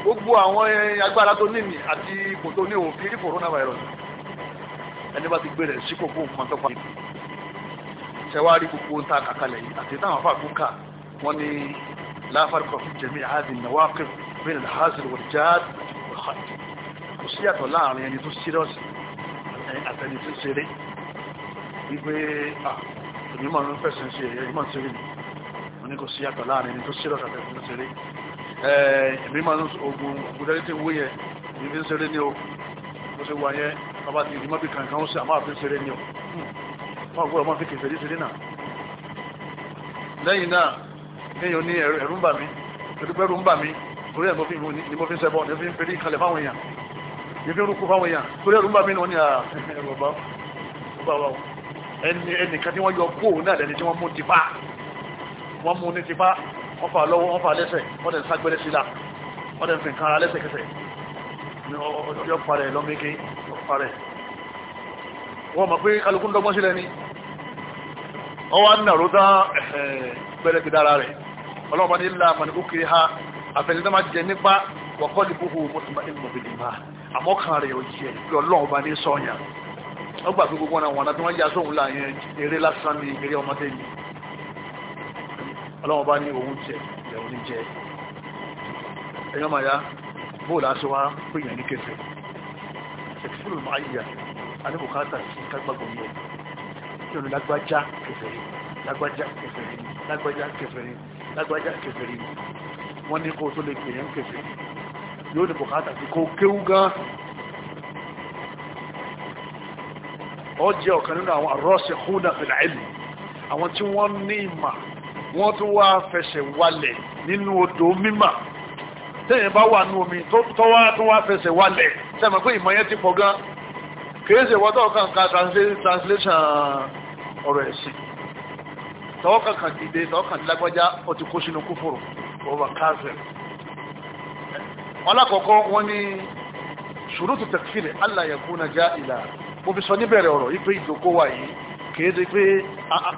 Speaker 1: gbogbo àwọn eh, agbára tó ní mi àti ipò tó ní òun fi rí coronavirus ẹni bá ti gbé rẹ̀ sí kòkó nǹkan tó pa ní. ṣẹ̀wárí gbogbo ń ta kàkálẹ̀ yìí àti táwọn afáàkú kà wọ́n ní láfàrúkọ fún jẹ̀mí àádìí nawaqif bẹ́ẹ̀ ni hasil wal jad wal khat kò sí yàtọ̀ láàrin ẹni tó serious àtẹni tó ṣeré wípé ah, èmi máa ń fẹsẹ̀ ṣe èyí máa ń ṣeré ni wọ́n ní kò sí yàtọ̀ láàrin ẹni tó serious àtẹni tó ṣeré ẹ̀mí máa ń ogun gúdẹ́rí tí wó yẹ ìfi ń ṣeré ní o ó ṣe wà yẹn bàbá ti ìdímọ́bì kankan ó ṣe àmọ́ àfi ń ní o hmm. wọ́n gbọ́dọ̀ máa fi kẹfẹ́ ní ṣeré náà lẹ́yìn náà kéèyàn ní ẹ̀rú ń bà mí ẹ̀dúgbẹ́ ẹ̀rú ń bà mí torí ẹ̀ ni mo fi ń ṣẹbọ ni fi ń ferí kalẹ̀ fáwọn èèyàn ni fi ń rúkú fáwọn èèyàn torí ẹ̀rú ń bà mí ni [LAUGHS] wọ́n ní ẹnìkan tí wọ́n yọ kóò náà wọ́n fà lọ́wọ́ wọ́n fà lẹ́sẹ̀ wọ́n tẹ̀ ń ságbẹ́rẹ́ sí la wọ́n tẹ̀ ń fi kára lẹ́sẹ̀kẹsẹ̀ yọ parẹ̀ lọ́mẹ́kẹ́ parẹ̀ wọ́n mọ̀ pé kálukú ń sílẹ̀ ni wọ́n wá ń nàró dá pẹ̀lẹ́ fi dára rẹ̀ kiri ha àfẹ́lẹ́ tó máa jẹ nípa wọ́kọ́ ní búhu mọ́tòmá ìlú mọ̀bìlì máa àmọ́ kan rẹ̀ ò jẹ pé ọlọ́ọ̀bá ní sọ́ọ̀yà wọ́n gbà pé gbogbo wọn ni eré ọmọdé ni ọlọ́wọ́ bá ní òun jẹ ìyàwó ní jẹ ẹ̀yọ́ máa yá bóòlù aṣọ pèèyàn ní kẹfẹ́ ṣèkúrò máa yà alẹ́bùkátà sí kágbàgbọ́ ní ẹ̀ lágbájá kẹfẹ́ lágbájá kẹfẹ́ lágbájá kẹfẹ́ wọ́n ní kó tó lè pèèyàn kẹfẹ́ yóò ní bùkátà sí kó kéwú àwọn tí wọ́n ní ìmà wọ́n tún wá fẹsẹ̀ walẹ̀ nínú odò mímà tẹ́yìn bá wà nú omi tó wá tún wá fẹsẹ̀ walẹ̀ sẹ́mi pé ìmọ̀ yẹn ti pọ̀ gan kìí ṣe wọ́tọ̀ kankan translation ọ̀rọ̀ ẹ̀sìn tọ́wọ́ kankan dìde tọ́wọ́ kan lágbájá ó ti kó sínú kúfòrò ọba káfẹ́ alákọ̀ọ́kọ́ wọ́n ní ṣùrùtù takfir alla já ja'ila mo fi sọ níbẹ̀rẹ̀ ọ̀rọ̀ yìí pé ìdókòwà yìí kìí ti pé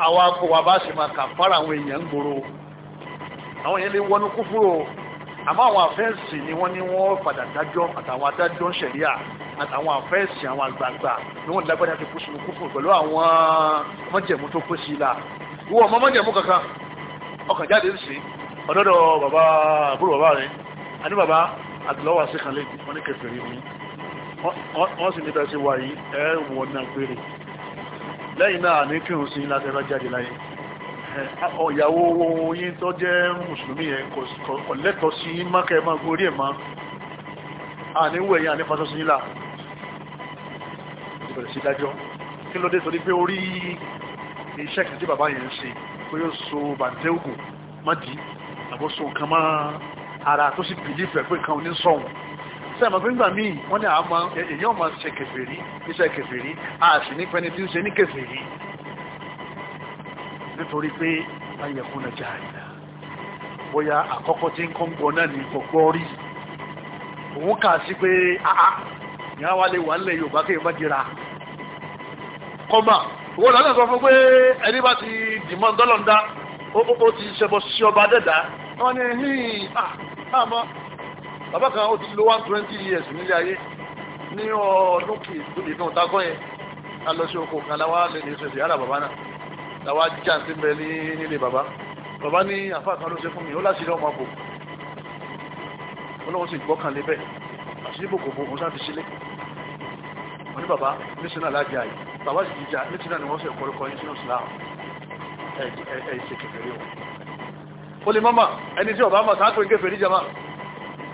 Speaker 1: àwọn akọwà bá ṣe máa kà fara àwọn èèyàn ń gbòòrò àwọn èèyàn lè wọnú kúfúrò àmọ́ àwọn àfẹ́ǹsì ni wọ́n ní wọ́n padà dájọ́ àtàwọn adájọ́ ń ṣẹ̀ríà àtàwọn àfẹ́ǹsì àwọn àgbààgbà ni wọ́n lágbádá ti kú sínú kúfúrò pẹ̀lú àwọn mọ́jẹ̀mú tó kó sí i la ìwọ ọmọ mọ́jẹ̀mú kankan ọkàn jáde ń sìn ọ̀dọ́dọ̀ bàbá àbúrò bàbá rẹ̀ àní bàbá àtìlọ́wà sí wọ́n sì ní sí wáyé ẹ̀ náà gbére lẹ́yìn náà ní kírun sí láti ẹ̀rọ jáde láyé ọ̀yàwó yín tó jẹ́ mùsùlùmí yẹn kò lẹ́tọ̀ sí mákẹ́ máa gorí ẹ̀ máa àníwò ẹ̀yìn ànífàṣọ́ sí nílà ìbẹ̀rẹ̀ sí dájọ́ kí ló dé torí pé orí iṣẹ́ kan tí bàbá yẹn ń ṣe pé ó so bàǹtẹ́ ògùn má dì àbọ̀ so nǹkan má ara tó sì bìlífẹ̀ pé nǹkan ò ní sọ̀hún sẹ́mọ̀ fún ìgbà míì wọ́n ní àmọ́ èyí ọmọ ṣe kèfèrí iṣẹ́ kèfèrí a sì ní pẹ́ni tí ó ṣe ní kèfèrí nítorí pé ayẹ̀kún náà jà àìlà bóyá àkọ́kọ́ tí ń kọ́ ń gbọ́ náà ní gbogbo rí òun kà sí pé áá ní àwa lè wà nílẹ̀ Yorùbá kéèyàn bá jìra kọ́mà owó náà sọ fún pé ẹni bá ti dìmọ̀ ń dọ́lọ́ ó ti ṣẹbọ sí ọba dẹ́dá wọ́n ní hìn àmọ́ bàbá kan ó ti lo one twenty years nílé ayé ní ọdún kì í dùn dákọ́ yẹn a lọ sí oko kan láwa lè ní sèse yàrá bàbá náà làwa jà sí bẹ ní nílé bàbá bàbá ní àfa kan ló ṣe fún mi ó láti rí ọmọ bò ọlọ́run sì gbọ́kàn lé bẹ́ẹ̀ àti bò kò bò kò sáà ti sílé wọn ní bàbá nísìnyí alájà yìí bàbá sì ti jà nísìnyí ni wọ́n sọ ìkọ́lùkọ́ yín sínú ìsìlámù ẹ̀ ẹ̀ ṣe kékeré o. ó lè mọ́mọ́ ẹni tí ọ̀bá mọ̀ sáà pé ń kéferí jẹ́ máa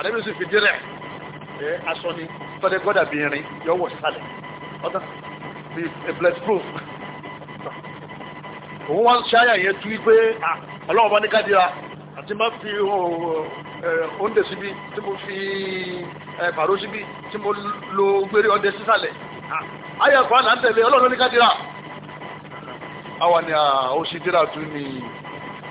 Speaker 1: àdébí sì fìdí rẹ̀ ẹ aṣọ ni tọ́lẹ̀ gbọ́dà bí irin yọ wọ̀ sálẹ̀ ọ̀tá bí blood proof òun wá ń ṣáyà yẹn tú pé ọlọ́wọ́ bá ní ká dira àti má fi oúnjẹ síbi tí mo fi pàró síbi tí mo lo gbére ọdẹ sísàlẹ̀ ayẹ̀kọ́ àná tẹ̀lé ọlọ́run ní ká ni àwọn ni àwọn òṣìdíra tún ni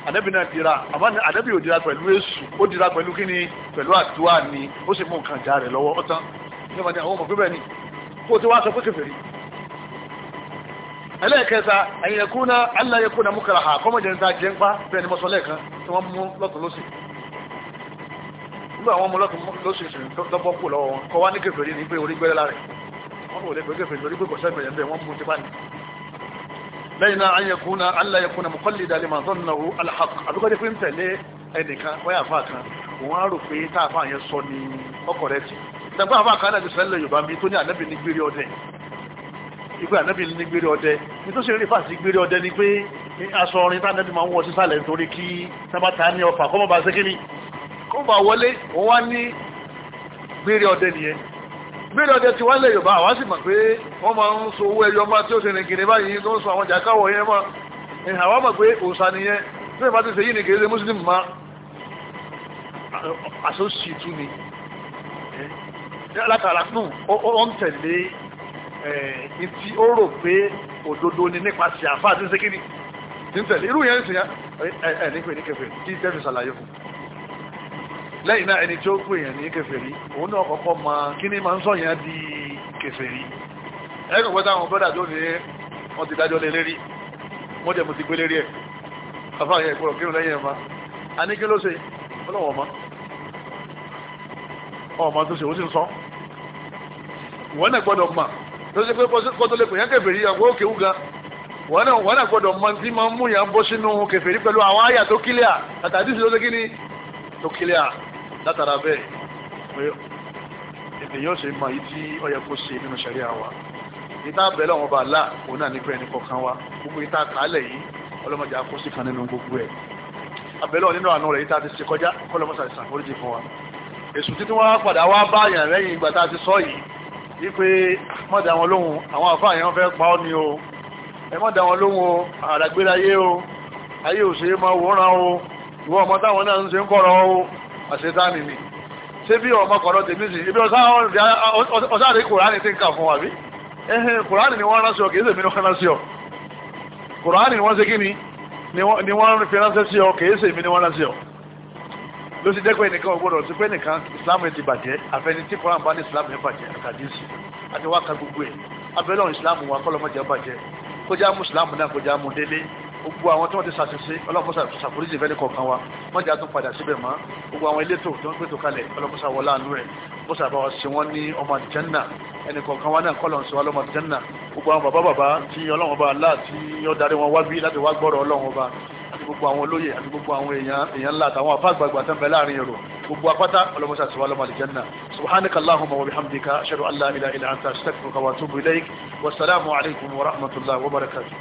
Speaker 1: ànábì náà dira àmọ́ ànábì ò dira pẹ̀lú èṣù ó dira pẹ̀lú kíni pẹ̀lú àdúrà ni ó sì mú nǹkan jà rẹ̀ lọ́wọ́ ó tán ní ọmọdé àwọn ọmọ pípẹ́ ni kó o ti wá sọ pé kèfèrí ẹlẹ́ẹ̀kẹta àyẹ̀kúnà aláyẹ̀kúnà múkàràhà kọ́mọ̀jẹ̀ntà jẹ́ńpá bẹ́ẹ̀ ni mọ́sọ lẹ́ẹ̀kan tí wọ́n mú lọ́tún lọ́sì nígbà àwọn ọmọ lọ́tún lọ́sì lọ́bọ́ kù lọ́wọ́ wọ́n mú ti bá lẹ́yìn náà an yakuna allah yakuna muqallida lima zannahu alhaq àbíkọ́ jẹ́ pé ń tẹ̀lé ẹnìkan wáyà fà kan òun á rò pé tá a fà yẹn sọ ní ọkọ̀ rẹ̀ tì dàgbà fà kan láti sẹ́lẹ̀ yorùbá mi tó ní ànábì ní gbére ọdẹ ìgbé ànábì ní gbére ọdẹ ní tó ṣe rí fàṣì gbére ọdẹ ni pé aṣọ orin tá ànábì máa ń wọ sísàlẹ̀ nítorí kí sábàtà ní ọfà bíi ọjọ́ tí wọ́n lè yorùbá àwa sì mọ̀ pé wọ́n máa ń so owó ẹyọ máa tí ó ti rìn kiri báyìí tó ń sọ àwọn jàkáwọ̀ yẹn mọ́ ìhà wa mọ̀ pé òòsà nìyẹn tí ìbá ti ṣe yìí ni kì í ṣe mùsùlùmí ma àsọsìtú ni látara nù ó ń tẹ̀lé ẹ̀ tí ó rò pé òdodo ni nípasẹ̀ àfáà tí ń ṣe kí ni tí ń tẹ̀lé irú yẹn ń sìn ẹ̀ ẹ̀ nípe ní kẹfẹ́ kí tẹ́fì ṣàlàyé fún un lẹ́yìn náà ẹni tí ó pè yẹn ní kèfèrí òun náà kọ́kọ́ mọ kí ni máa ń sọ di kèfèrí ẹ̀rọ pẹ́ta àwọn bọ́dà tó ní wọ́n ti dájọ́ lé lérí wọ́n jẹ́ mo ti gbé lérí ẹ̀ afá yẹn ìgbọ̀rọ̀ kírun lẹ́yìn ẹ̀ ma a ní kí ló ṣe ọlọ́wọ́ ọmọ ọmọ tó ṣe ó sì ń sọ wọ́n náà gbọ́dọ̀ mà tó ṣe pé kọ́tọ́ lè pè yẹn kèfèrí àwọn látara bẹ́ẹ̀ pé èdè yóò ṣe mọ èyí tí ó yẹ kó ṣe nínú ṣẹ̀ríà wa ìta bẹ̀rẹ̀ wọn bá là òun náà nípa ẹnì kọ̀ọ̀kan wa gbogbo ìta kàálẹ̀ yìí ọlọ́mọdé akóṣì kan nínú gbogbo ẹ̀ abẹ́lẹ́ nínú àánú rẹ̀ ìta ti ṣe kọjá kọ́lọ́mọṣà ìṣàforíjì fún wa èsù títí wọn padà wá bá àyàn lẹ́yìn ìgbà tá a ti sọ yìí wípé mọ̀dà wọn lóhùn àwọn àfa àyàn fẹ́ pa ọ́ ni o ẹ mọ̀dà wọn lóhùn o àràgbélayé o ayé òṣèré máa wòran o ìwọ ọmọ táwọn náà ń ṣe ń kọ̀rọ̀ o àṣetáni ni ṣé bí ọmọ kọ̀ọ̀dọ̀ tèmi sì ibi ọ̀sá àti kùránì ti ń kà fún wa bí kùránì ni wọ́n rán sí ọ kì í ṣèmi ni wọ́n rán sí ọ kùránì ni wọ́n ṣe kí ni ni wọ́n fi ránṣẹ́ sí ọ kì í ṣèmi ni wọ́n rán sí ọ ló ti jẹ́ pé nìkan ò gbọ́dọ̀ sí pé nìkan islam ti bàjẹ́ àfẹni tí kùránì bá ní islam yẹn bàjẹ́ àtàdísì àti wákà gbogbo ẹ̀ abẹ́lẹ́ islam wa kọ́lọ́mọ́jẹ́ bàjẹ́ kó já mú islam náà kó já mú délé gbogbo àwọn tí wọ́n ti ṣàṣìṣe ọlọ́mọṣà ṣàforíṣì ìfẹ́ nìkan kan wa wọ́n jẹ́ àtún padà síbẹ̀ mọ́ gbogbo àwọn elétò tó ń pètò kalẹ̀ ọlọ́mọṣà wọlé àánú rẹ̀ mọ́ṣà bá wa ṣe wọ́n ní ọmọ àdìjẹ́nà ẹnì kọ̀ọ̀kan wa náà kọ́lọ̀ ń ṣe wá lọ́mọ àdìjẹ́nà gbogbo àwọn bàbá bàbá tí ọlọ́run ọba láti ó darí wọn wá bí láti wá gbọ́rọ̀ ọlọ́run ọba àti gbogbo àwọn olóyè àti gbogbo àwọn èèyàn èèyàn ńlá àtàwọn afáàgbàgbà tó ń bẹ láàrin èrò gbogbo apáta ọlọmọṣà sí wa lọmọ àlìjẹnà subhanaka allahumma wa bihamdika ashhadu an la ilaha illa anta astaghfiruka wa atubu ilaik wasalaamu alaykum wa rahmatullahi wa barakatuh.